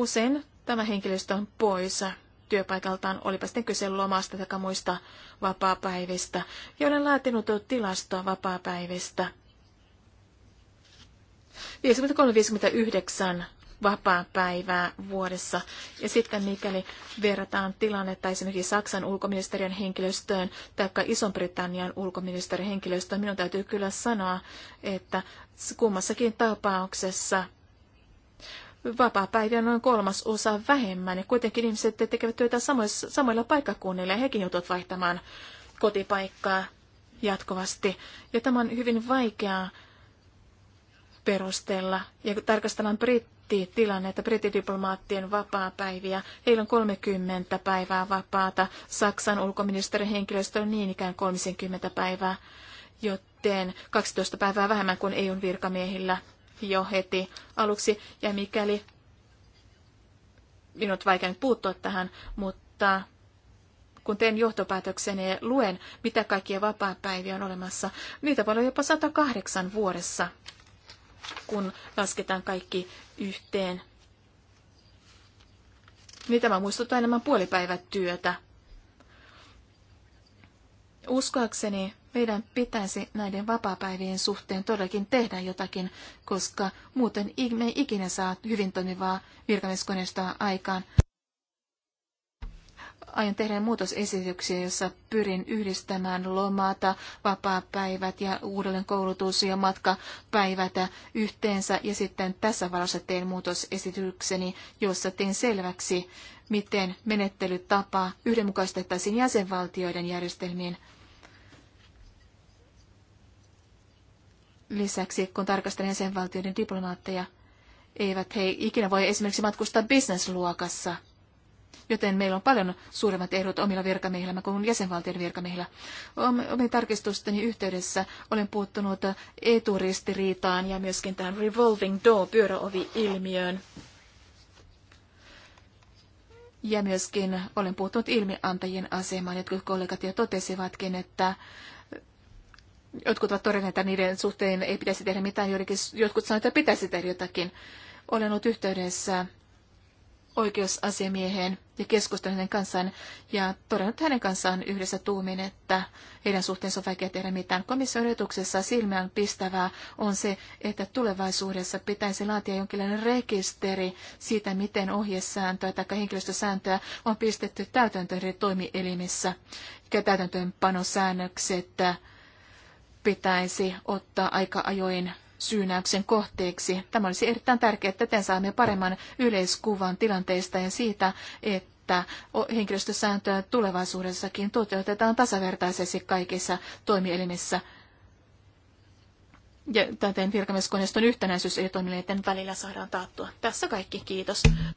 Usein tämä henkilöstö on pois työpaikaltaan, olipa sitten kyse lomasta tai muista vapaapäivistä, ja olen laatinut tilastoa vapaapäivistä. 53-59 vapaapäivää vuodessa. Ja sitten mikäli verrataan tilannetta esimerkiksi Saksan ulkoministeriön henkilöstöön tai iso britannian ulkoministeriön henkilöstöön, minun täytyy kyllä sanoa, että kummassakin tapauksessa – vapaa-päiviä noin kolmas osa vähemmän. Ja kuitenkin ihmiset tekevät työtä samoissa, samoilla paikkakunnilla ja hekin joutuvat vaihtamaan kotipaikkaa jatkuvasti. Ja tämä on hyvin vaikeaa perustella. Ja kun tarkastellaan brittitilannetta, brittidiplomaattien vapaa-päiviä, heillä on 30 päivää vapaata, Saksan ulkoministerin henkilöstö on niin ikään 30 päivää, joten 12 päivää vähemmän kuin EUn virkamiehillä – jo heti aluksi, ja mikäli minut vaikea nyt puuttua tähän, mutta kun teen johtopäätöksen, ja luen, mitä kaikkia vapaapäiviä on olemassa, niitä voi olla jopa 108 vuodessa, kun lasketaan kaikki yhteen. Niitä mä muistutan enemmän puolipäivätyötä. Uskoakseni meidän pitäisi näiden vapaapäivien suhteen todellakin tehdä jotakin, koska muuten me ei ikinä saa hyvin toimivaa virkamieskoneistoa aikaan. Aion tehdä muutosesityksiä, jossa pyrin yhdistämään lomata, vapaapäivät ja uudelleen koulutus ja matkapäivät yhteensä. Ja sitten tässä valossa teen muutosesitykseni, jossa teen selväksi, miten menettelytapa yhdenmukaistettaisiin jäsenvaltioiden järjestelmiin Lisäksi kun tarkastelen jäsenvaltioiden diplomaatteja, eivät he ikinä voi esimerkiksi matkustaa bisnesluokassa, joten meillä on paljon suuremmat erot omilla virkamiehillä kuin jäsenvaltion virkamiehillä. Omien tarkistusteni yhteydessä olen puuttunut eturistiriitaan ja myöskin tähän revolving door pyöräovi-ilmiöön. Ja myöskin olen puuttunut ilmiantajien asemaan. Jotkut kollegat jo totesivatkin, että Jotkut ovat todenneet, että niiden suhteen ei pitäisi tehdä mitään, joidenkin, jotkut sanoivat, että pitäisi tehdä jotakin. Olen ollut yhteydessä oikeusasiamieheen ja keskustelun hänen kanssaan ja todennut hänen kanssaan yhdessä tuumin, että heidän suhteensa on vaikea tehdä mitään. Komission yrityksessä silmään pistävää on se, että tulevaisuudessa pitäisi laatia jonkinlainen rekisteri siitä, miten ohjesääntöä tai henkilöstösääntöä on pistetty täytäntöön eri toimielimissä ja täytäntöönpanosäännökset pitäisi ottaa aika ajoin syynäyksen kohteeksi. Tämä olisi erittäin tärkeää, että täten saamme paremman yleiskuvan tilanteesta ja siitä, että henkilöstösääntöä tulevaisuudessakin toteutetaan tasavertaisesti kaikissa toimielimissä. Ja täten virkamieskoneiston yhtenäisyys eri toimielinten välillä saadaan taattua. Tässä kaikki, kiitos. Äh,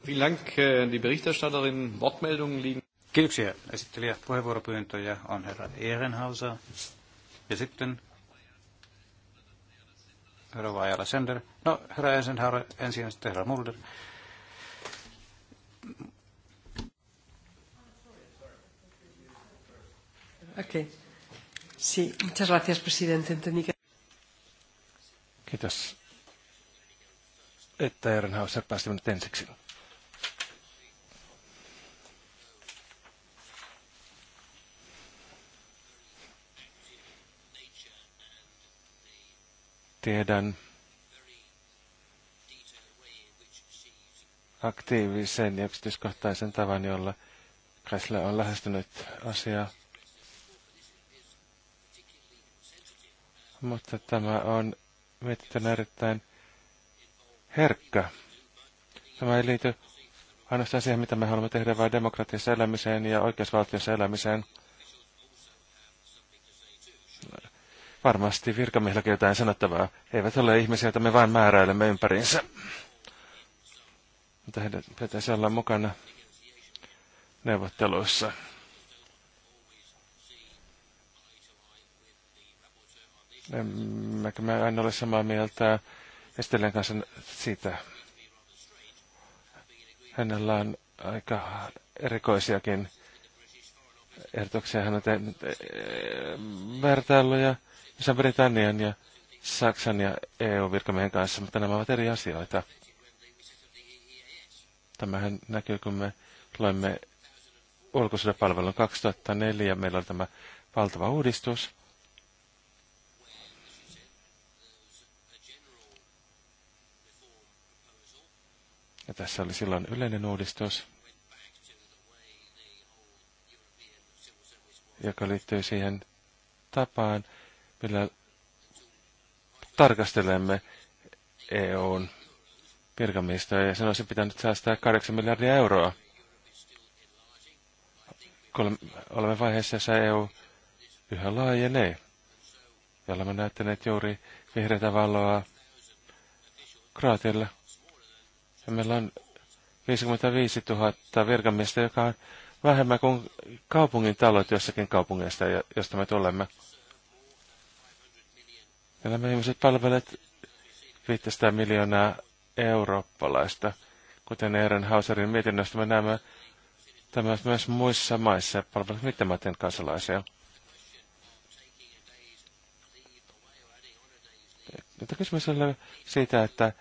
Kiitoksia esittelijä. Puheenvuoropyyntöjä on herra Ehrenhauser ja sitten Rova Ajala Sender. No, herra Eisenhower ensin sitten herra Mulder. Okay. Sí, muchas gracias, presidente. Entendí que... Kiitos, että Ehrenhauser pääsi nyt ensiksi. Tiedän aktiivisen ja yksityiskohtaisen tavan, jolla Kressler on lähestynyt asiaa. Mutta tämä on mietitään erittäin herkkä. Tämä ei liity ainoastaan siihen, mitä me haluamme tehdä, vaan demokratiassa elämiseen ja oikeusvaltiossa elämiseen – Varmasti virkamiehilläkin jotain sanottavaa. He eivät ole ihmisiä, joita me vain määräilemme ympärinsä, Mutta heidän pitäisi olla mukana neuvotteluissa. Emmekä me en ole samaa mieltä Estelen kanssa siitä. Hänellä on aika erikoisiakin ehdotuksia. Hän on tehnyt eh, eh, vertailuja Iso-Britannian ja Saksan ja EU-virkamiehen kanssa, mutta nämä ovat eri asioita. Tämähän näkyy, kun me loimme ulkosuudepalvelun 2004 ja meillä oli tämä valtava uudistus. Ja tässä oli silloin yleinen uudistus, joka liittyy siihen tapaan, millä tarkastelemme EUn virkamiestä ja sen olisi pitänyt säästää 8 miljardia euroa. Olemme vaiheessa, jossa EU yhä laajenee. Ja olemme näyttäneet juuri vihreitä valoa Kroatille. Ja meillä on 55 000 virkamiestä, joka on vähemmän kuin kaupungin talot jossakin kaupungeista, josta me tulemme. Ja nämä ihmiset palvelevat 500 miljoonaa eurooppalaista. Kuten Eeren Hauserin mietinnöstä me näemme tämä myös muissa maissa palvelevat teen kansalaisia. Mutta kysymys on siitä, että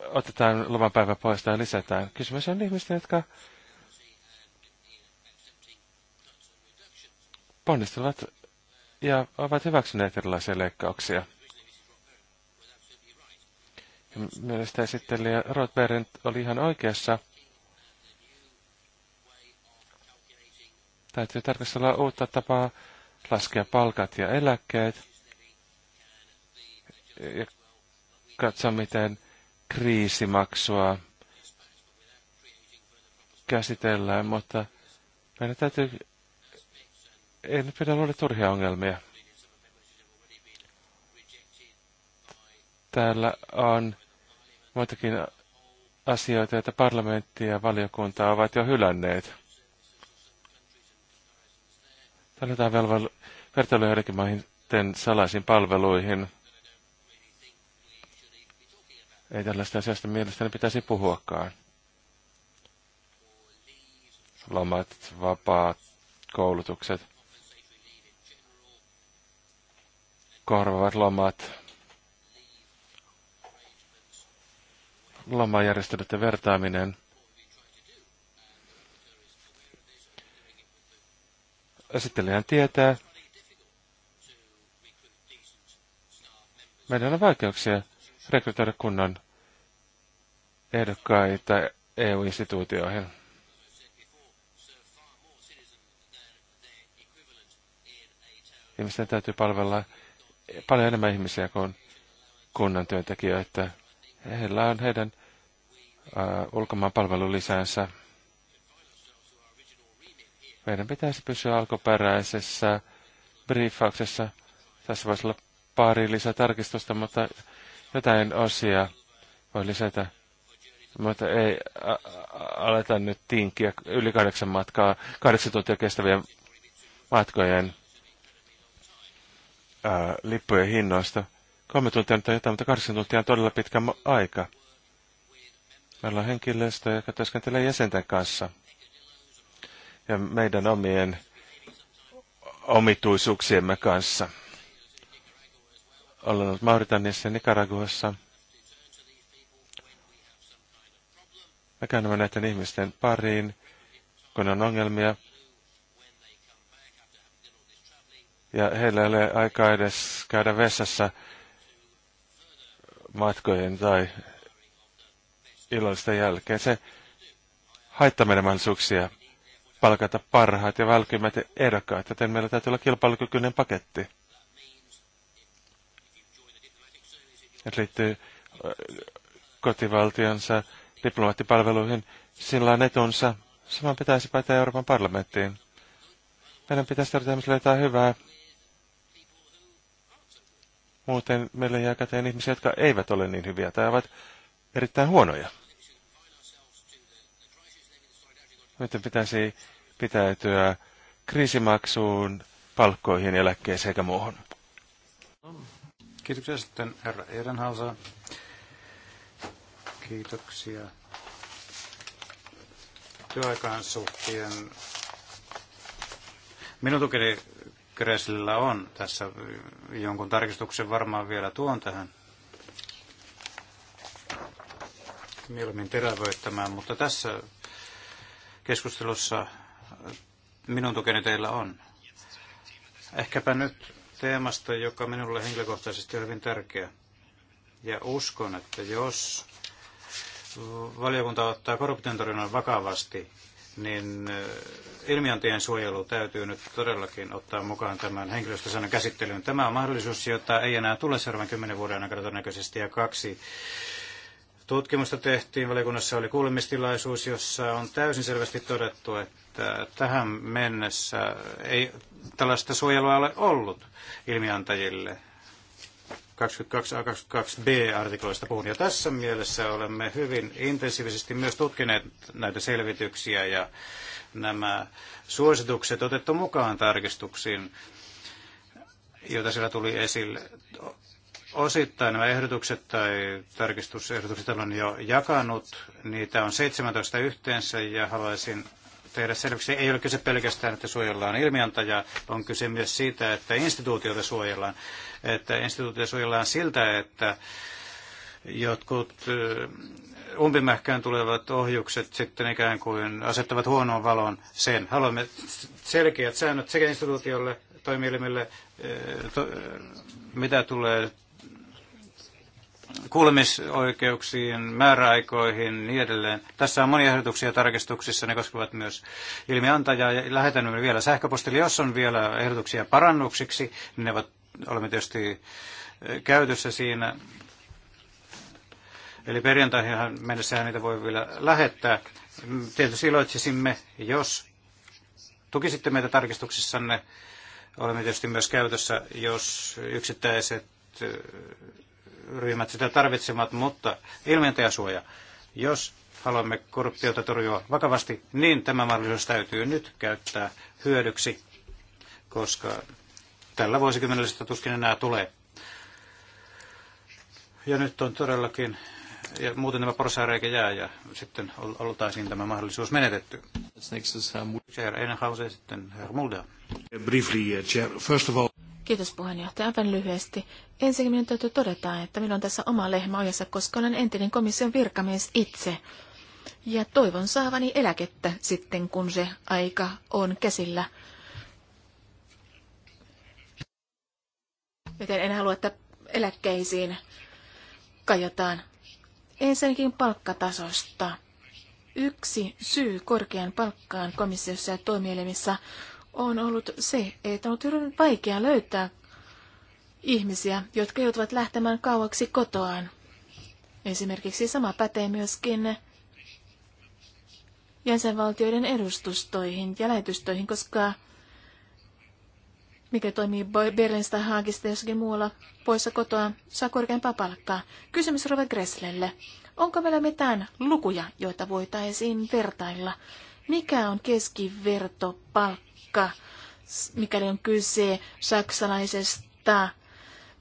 otetaan lomapäivä pois tai lisätään. Kysymys on ihmistä, jotka ponnistelevat ja ovat hyväksyneet erilaisia leikkauksia. Ja mielestäni esittelijä Rothbergin oli ihan oikeassa. Täytyy tarkastella uutta tapaa laskea palkat ja eläkkeet ja katsoa, miten kriisimaksua käsitellään, mutta meidän täytyy en pidä luoda turhia ongelmia. Täällä on muitakin asioita, joita parlamentti ja valiokunta ovat jo hylänneet. Tarvitaan vertailu joidenkin maihin salaisiin palveluihin. Ei tällaista asiasta mielestäni pitäisi puhuakaan. Lomat, vapaat, koulutukset. korvaavat lomat, lomajärjestelyt ja vertaaminen. Esittelijän tietää. Meidän on vaikeuksia rekrytoida kunnan ehdokkaita EU-instituutioihin. Ihmisten täytyy palvella paljon enemmän ihmisiä kuin kunnan työntekijöitä. Heillä on heidän uh, ulkomaan palvelulisänsä. Meidän pitäisi pysyä alkuperäisessä briefauksessa. Tässä voisi olla pari tarkistusta, mutta jotain osia voi lisätä. Mutta ei a, aleta nyt tinkiä yli kahdeksan matkaa, kahdeksan tuntia kestävien matkojen ää, lippujen hinnoista. Kolme tuntia nyt on jotain, mutta kahdeksan tuntia on todella pitkä aika. Meillä on henkilöstö, joka työskentelee jäsenten kanssa. Ja meidän omien omituisuuksiemme kanssa. Olen ollut Mauritaniassa ja Nicaraguassa. Me käymme näiden ihmisten pariin, kun on ongelmia. ja heillä ei ole aikaa edes käydä vessassa matkojen tai illallisten jälkeen. Se haittaa meidän mahdollisuuksia palkata parhaat ja välkymät ehdokkaat, joten meillä täytyy olla kilpailukykyinen paketti. Se liittyy äh, kotivaltionsa diplomaattipalveluihin. Sillä on etunsa. Saman pitäisi päätä Euroopan parlamenttiin. Meidän pitäisi tehdä löytää hyvää Muuten meille jää käteen ihmisiä, jotka eivät ole niin hyviä tai ovat erittäin huonoja. Meidän pitäisi pitäytyä kriisimaksuun, palkkoihin, eläkkeeseen sekä muuhun. Kiitoksia sitten herra Ehrenhausa. Kiitoksia työaikaan suhteen. Minun tukeni Kreslillä on. Tässä jonkun tarkistuksen varmaan vielä tuon tähän mieluummin terävöittämään, mutta tässä keskustelussa minun tukeni teillä on. Ehkäpä nyt teemasta, joka minulle henkilökohtaisesti on hyvin tärkeä. Ja uskon, että jos valiokunta ottaa korruption vakavasti, niin äh, ilmiantien suojelu täytyy nyt todellakin ottaa mukaan tämän henkilöstösäännön käsittelyyn. Tämä on mahdollisuus, jota ei enää tule seuraavan kymmenen vuoden aikana todennäköisesti. Ja kaksi tutkimusta tehtiin. Valiokunnassa oli kuulemistilaisuus, jossa on täysin selvästi todettu, että tähän mennessä ei tällaista suojelua ole ollut ilmiantajille. 22a-22b-artikloista puhun. Ja tässä mielessä olemme hyvin intensiivisesti myös tutkineet näitä selvityksiä ja nämä suositukset otettu mukaan tarkistuksiin, joita siellä tuli esille. Osittain nämä ehdotukset tai tarkistusehdotukset on jo jakanut. Niitä on 17 yhteensä ja haluaisin tehdä selväksi, ei ole kyse pelkästään, että suojellaan ilmiantajaa, on kyse myös siitä, että instituutioita suojellaan. Että instituutioita suojellaan siltä, että jotkut umpimähkään tulevat ohjukset sitten ikään kuin asettavat huonoon valoon sen. Haluamme selkeät säännöt sekä instituutiolle, toimielimille, to, mitä tulee kuulemisoikeuksiin, määräaikoihin ja niin edelleen. Tässä on monia ehdotuksia tarkistuksissa, ne koskevat myös ilmiantajaa. Ja lähetämme vielä sähköpostille, jos on vielä ehdotuksia parannuksiksi, niin ne ovat, olemme tietysti eh, käytössä siinä. Eli perjantaihin mennessähän niitä voi vielä lähettää. Tietysti iloitsisimme, jos tukisitte meitä tarkistuksissanne. Olemme tietysti myös käytössä, jos yksittäiset eh, ryhmät sitä tarvitsevat, mutta ilmentäjäsuoja. Jos haluamme korruptiota torjua vakavasti, niin tämä mahdollisuus täytyy nyt käyttää hyödyksi, koska tällä vuosikymmenellä sitä tuskin enää tulee. Ja nyt on todellakin, ja muuten tämä porsaareikä jää ja sitten oltaisiin tämä mahdollisuus menetetty. Herr ja sitten herra Mulder. Briefly, uh, Chair. First of all... Kiitos puheenjohtaja. Aivan lyhyesti. Ensinnäkin minun täytyy todeta, että minulla on tässä oma lehmä ojassa, koska olen entinen komission virkamies itse. Ja toivon saavani eläkettä sitten, kun se aika on käsillä. Joten en halua, että eläkkeisiin kajotaan. Ensinnäkin palkkatasosta. Yksi syy korkean palkkaan komissiossa ja toimielimissä on ollut se, että on ollut vaikea löytää ihmisiä, jotka joutuvat lähtemään kauaksi kotoaan. Esimerkiksi sama pätee myöskin jäsenvaltioiden edustustoihin ja lähetystöihin, koska mikä toimii Berliinistä, Haagista ja jossakin muualla poissa kotoa, saa korkeampaa palkkaa. Kysymys Rova Gresslelle. Onko meillä mitään lukuja, joita voitaisiin vertailla? Mikä on keskivertopalkka? taakka, mikäli on kyse saksalaisesta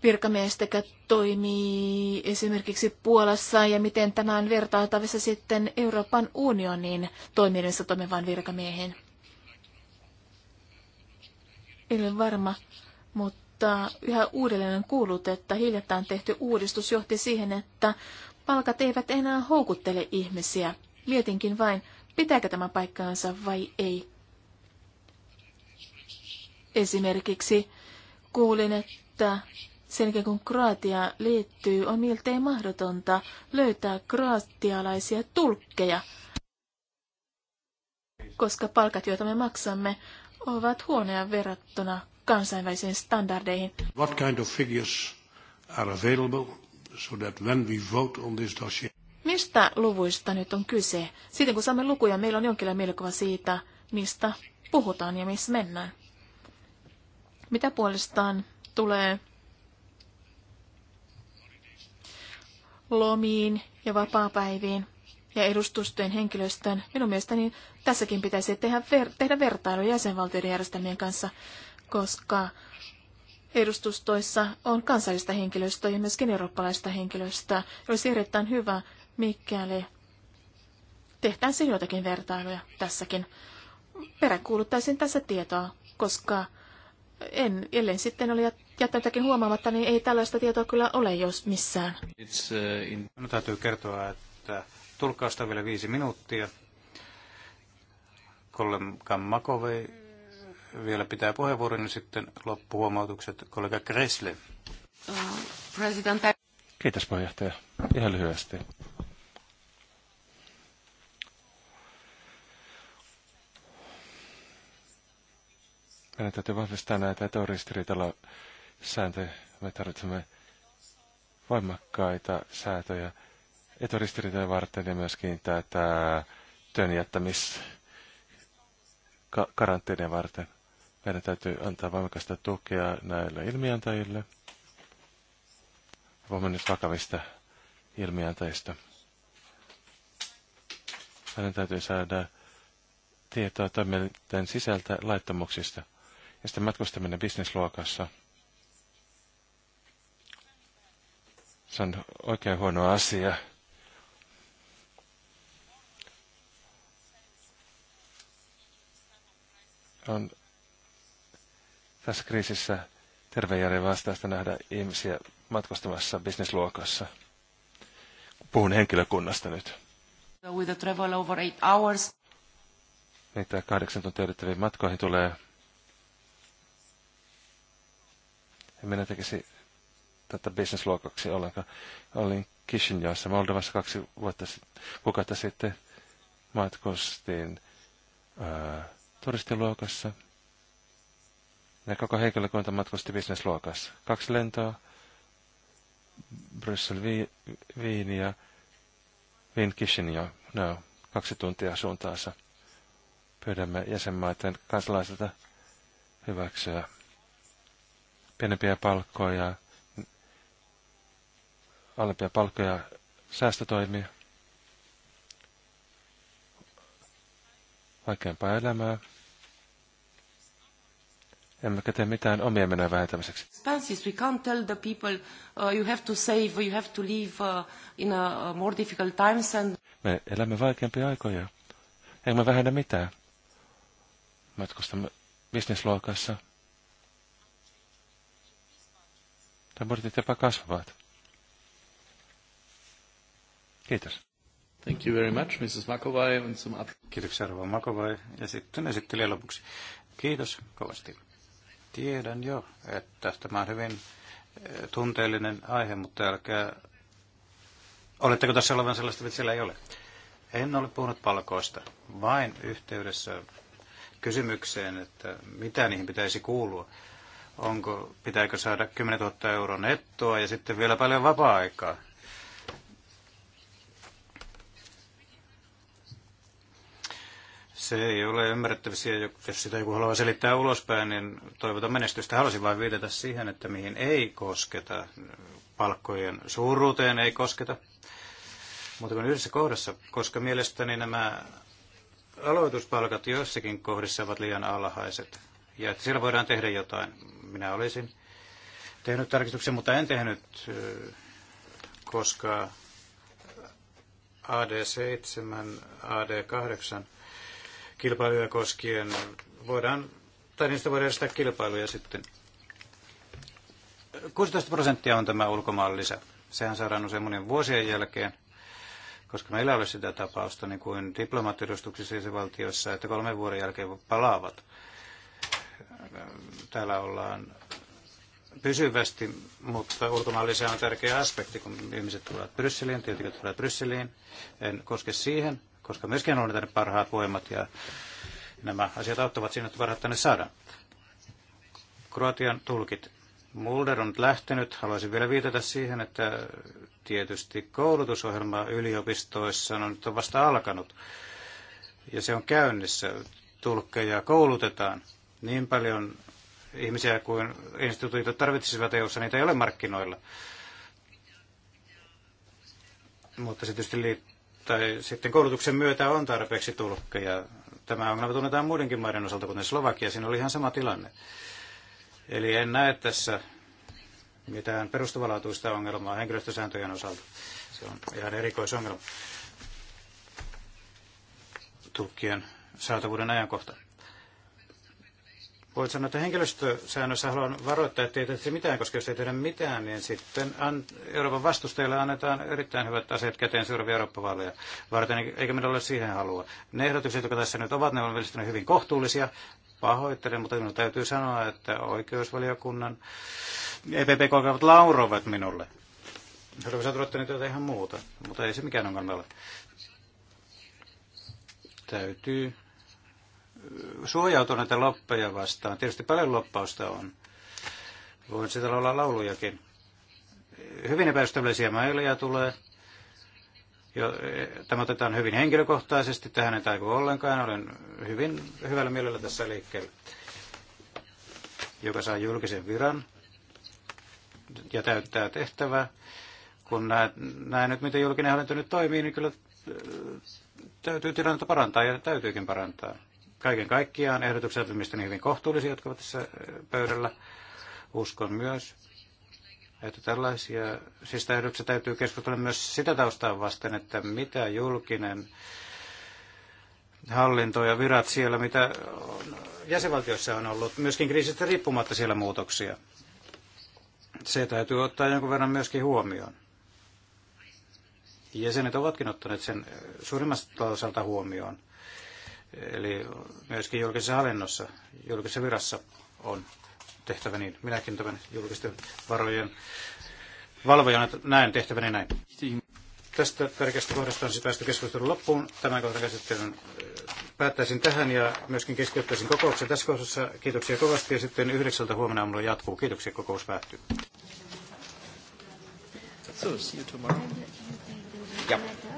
virkamiehestä, joka toimii esimerkiksi Puolassa, ja miten tämä on vertailtavissa sitten Euroopan unionin toimijoissa toimivan virkamiehen. En ole varma, mutta yhä uudelleen on kuullut, että hiljattain tehty uudistus johti siihen, että palkat eivät enää houkuttele ihmisiä. Mietinkin vain, pitääkö tämä paikkaansa vai ei. Esimerkiksi kuulin, että sen jälkeen kun Kroatia liittyy, on miltei mahdotonta löytää kroatialaisia tulkkeja, koska palkat, joita me maksamme, ovat huonoja verrattuna kansainvälisiin standardeihin. What kind of figures are available so that when we vote on this dossier... Mistä luvuista nyt on kyse? Sitten kun saamme lukuja, meillä on jonkinlainen mielikuva siitä, mistä puhutaan ja missä mennään. Mitä puolestaan tulee lomiin ja vapaapäiviin ja edustustojen henkilöstön, minun mielestäni tässäkin pitäisi tehdä, ver- tehdä vertailu jäsenvaltioiden järjestelmien kanssa, koska edustustoissa on kansallista henkilöstöä ja myöskin eurooppalaista henkilöstöä. Olisi erittäin hyvä, mikäli tehtäisiin joitakin vertailuja tässäkin. Peräkuuluttaisin tässä tietoa, koska en, ellei sitten oli jättänyt huomaamatta, niin ei tällaista tietoa kyllä ole jos missään. It's, uh, in... täytyy kertoa, että tulkkausta vielä viisi minuuttia. Kollega Makovei vielä pitää puheenvuoron ja sitten loppuhuomautukset kollega Kresle. Uh, president... Kiitos puheenjohtaja. Ihan lyhyesti. Meidän täytyy vahvistaa näitä sääntöjä. Me tarvitsemme voimakkaita säätöjä eturistiriitoja varten ja myöskin tätä työn jättämiskaranteenia varten. Meidän täytyy antaa voimakasta tukea näille ilmiantajille. Voimme nyt vakavista ilmiantajista. Meidän täytyy saada tietoa toimijoiden sisältä laittomuksista ja sitten matkustaminen bisnesluokassa. Se on oikein huono asia. On tässä kriisissä terveenjärjen vastaista nähdä ihmisiä matkustamassa bisnesluokassa. Puhun henkilökunnasta nyt. With a travel over eight hours. Niitä kahdeksan tuntia matkoihin tulee En minä tekisi tätä bisnesluokaksi ollenkaan. Olin Kishinjoissa Moldovassa kaksi vuotta sitten, kuukautta sitten matkustin ää, turistiluokassa. Ja koko henkilökunta matkusti bisnesluokassa. Kaksi lentoa, Bryssel, Vi Viini ja Wien Kishinjo. No, kaksi tuntia suuntaansa. Pyydämme jäsenmaiden kansalaisilta hyväksyä pienempiä palkkoja, alempia palkkoja, säästötoimia, vaikeampaa elämää. Emmekä tee mitään omia menoja vähentämiseksi. Expenses, we can't tell the people uh, you have to save, you have to live uh, in a more difficult times and... Me elämme vaikeampia aikoja. Emme vähennä mitään. Matkustamme bisnesluokassa. tai budjetit jopa kasvavat. Kiitos. Thank you very much, Mrs. Makovai. And some other. Kiitoksia, Rova Makovai. Ja sitten esittelijä lopuksi. Kiitos kovasti. Tiedän jo, että tämä on hyvin eh, tunteellinen aihe, mutta älkää... Oletteko tässä olevan sellaista, että siellä ei ole? En ole puhunut palkoista, vain yhteydessä kysymykseen, että mitä niihin pitäisi kuulua onko, pitääkö saada 10 000 euroa nettoa ja sitten vielä paljon vapaa-aikaa. Se ei ole ymmärrettävissä, jos sitä joku haluaa selittää ulospäin, niin toivotan menestystä. Haluaisin vain viitata siihen, että mihin ei kosketa. Palkkojen suuruuteen ei kosketa. Mutta kun yhdessä kohdassa, koska mielestäni nämä aloituspalkat joissakin kohdissa ovat liian alhaiset ja että siellä voidaan tehdä jotain. Minä olisin tehnyt tarkistuksen, mutta en tehnyt, koska AD7, AD8 kilpailuja koskien voidaan, tai niistä voidaan estää kilpailuja sitten. 16 prosenttia on tämä ulkomaan lisä. Sehän saadaan usein monien vuosien jälkeen, koska meillä olisi sitä tapausta, niin kuin diplomaattiedustuksissa jäsenvaltioissa, että kolmen vuoden jälkeen palaavat täällä ollaan pysyvästi, mutta ulkomaanlisä on tärkeä aspekti, kun ihmiset tulevat Brysseliin, työntekijät tulevat Brysseliin. En koske siihen, koska myöskin on tänne parhaat voimat ja nämä asiat auttavat siinä, että parhaat tänne saadaan. Kroatian tulkit. Mulder on lähtenyt. Haluaisin vielä viitata siihen, että tietysti koulutusohjelma yliopistoissa no on nyt vasta alkanut. Ja se on käynnissä. Tulkkeja koulutetaan niin paljon ihmisiä kuin instituutiot tarvitsisivat eu niitä ei ole markkinoilla. Mutta se tietysti tai sitten koulutuksen myötä on tarpeeksi tulkkeja. Tämä ongelma tunnetaan muidenkin maiden osalta, kuten Slovakia. Siinä oli ihan sama tilanne. Eli en näe tässä mitään perustavalaatuista ongelmaa henkilöstösääntöjen osalta. Se on ihan erikoisongelma. Tulkkien saatavuuden ajankohtaan. Voin sanoa, että henkilöstösäännössä haluan varoittaa, että ei tehdä mitään, koska jos ei tehdä mitään, niin sitten Euroopan vastustajille annetaan erittäin hyvät aseet käteen seuraavia Eurooppa-vaaleja varten, eikä meillä ole siihen halua. Ne ehdotukset, jotka tässä nyt ovat, ne ovat mielestäni hyvin kohtuullisia. Pahoittelen, mutta minun täytyy sanoa, että oikeusvaliokunnan EPP-kolkavat laurovat minulle. He olivat odottaneet jotain ihan muuta, mutta ei se mikään ongelma ole. Täytyy suojautua näitä loppeja vastaan. Tietysti paljon loppausta on. Voin sitä olla laulujakin. Hyvin epäystävällisiä maileja tulee. Jo, eh, tämä otetaan hyvin henkilökohtaisesti. Tähän ei taivu ollenkaan. Olen hyvin hyvällä mielellä tässä liikkeellä, joka saa julkisen viran ja täyttää tehtävää. Kun näet näen nyt, miten julkinen hallinto nyt toimii, niin kyllä eh, täytyy tilannetta parantaa ja täytyykin parantaa. Kaiken kaikkiaan ehdotukset ovat mielestäni hyvin kohtuullisia, jotka ovat tässä pöydällä. Uskon myös, että tällaisia siis ehdotuksia täytyy keskustella myös sitä taustaa vasten, että mitä julkinen hallinto ja virat siellä, mitä jäsenvaltioissa on ollut, myöskin kriisistä riippumatta siellä muutoksia. Se täytyy ottaa jonkun verran myöskin huomioon. Jäsenet ovatkin ottaneet sen suurimmasta osalta huomioon. Eli myöskin julkisessa hallinnossa, julkisessa virassa on tehtävä niin. Minäkin tämän julkisten varojen valvojana näen tehtäväni näin. Tästä tärkeästä kohdasta on siis päästy keskustelun loppuun. Tämän kohdan käsittelyn eh, päättäisin tähän ja myöskin keskeyttäisin kokouksen tässä kohdassa. Kiitoksia kovasti ja sitten yhdeksältä huomenna aamulla jatkuu. Kiitoksia, kokous päättyy. So, see you tomorrow. Yep.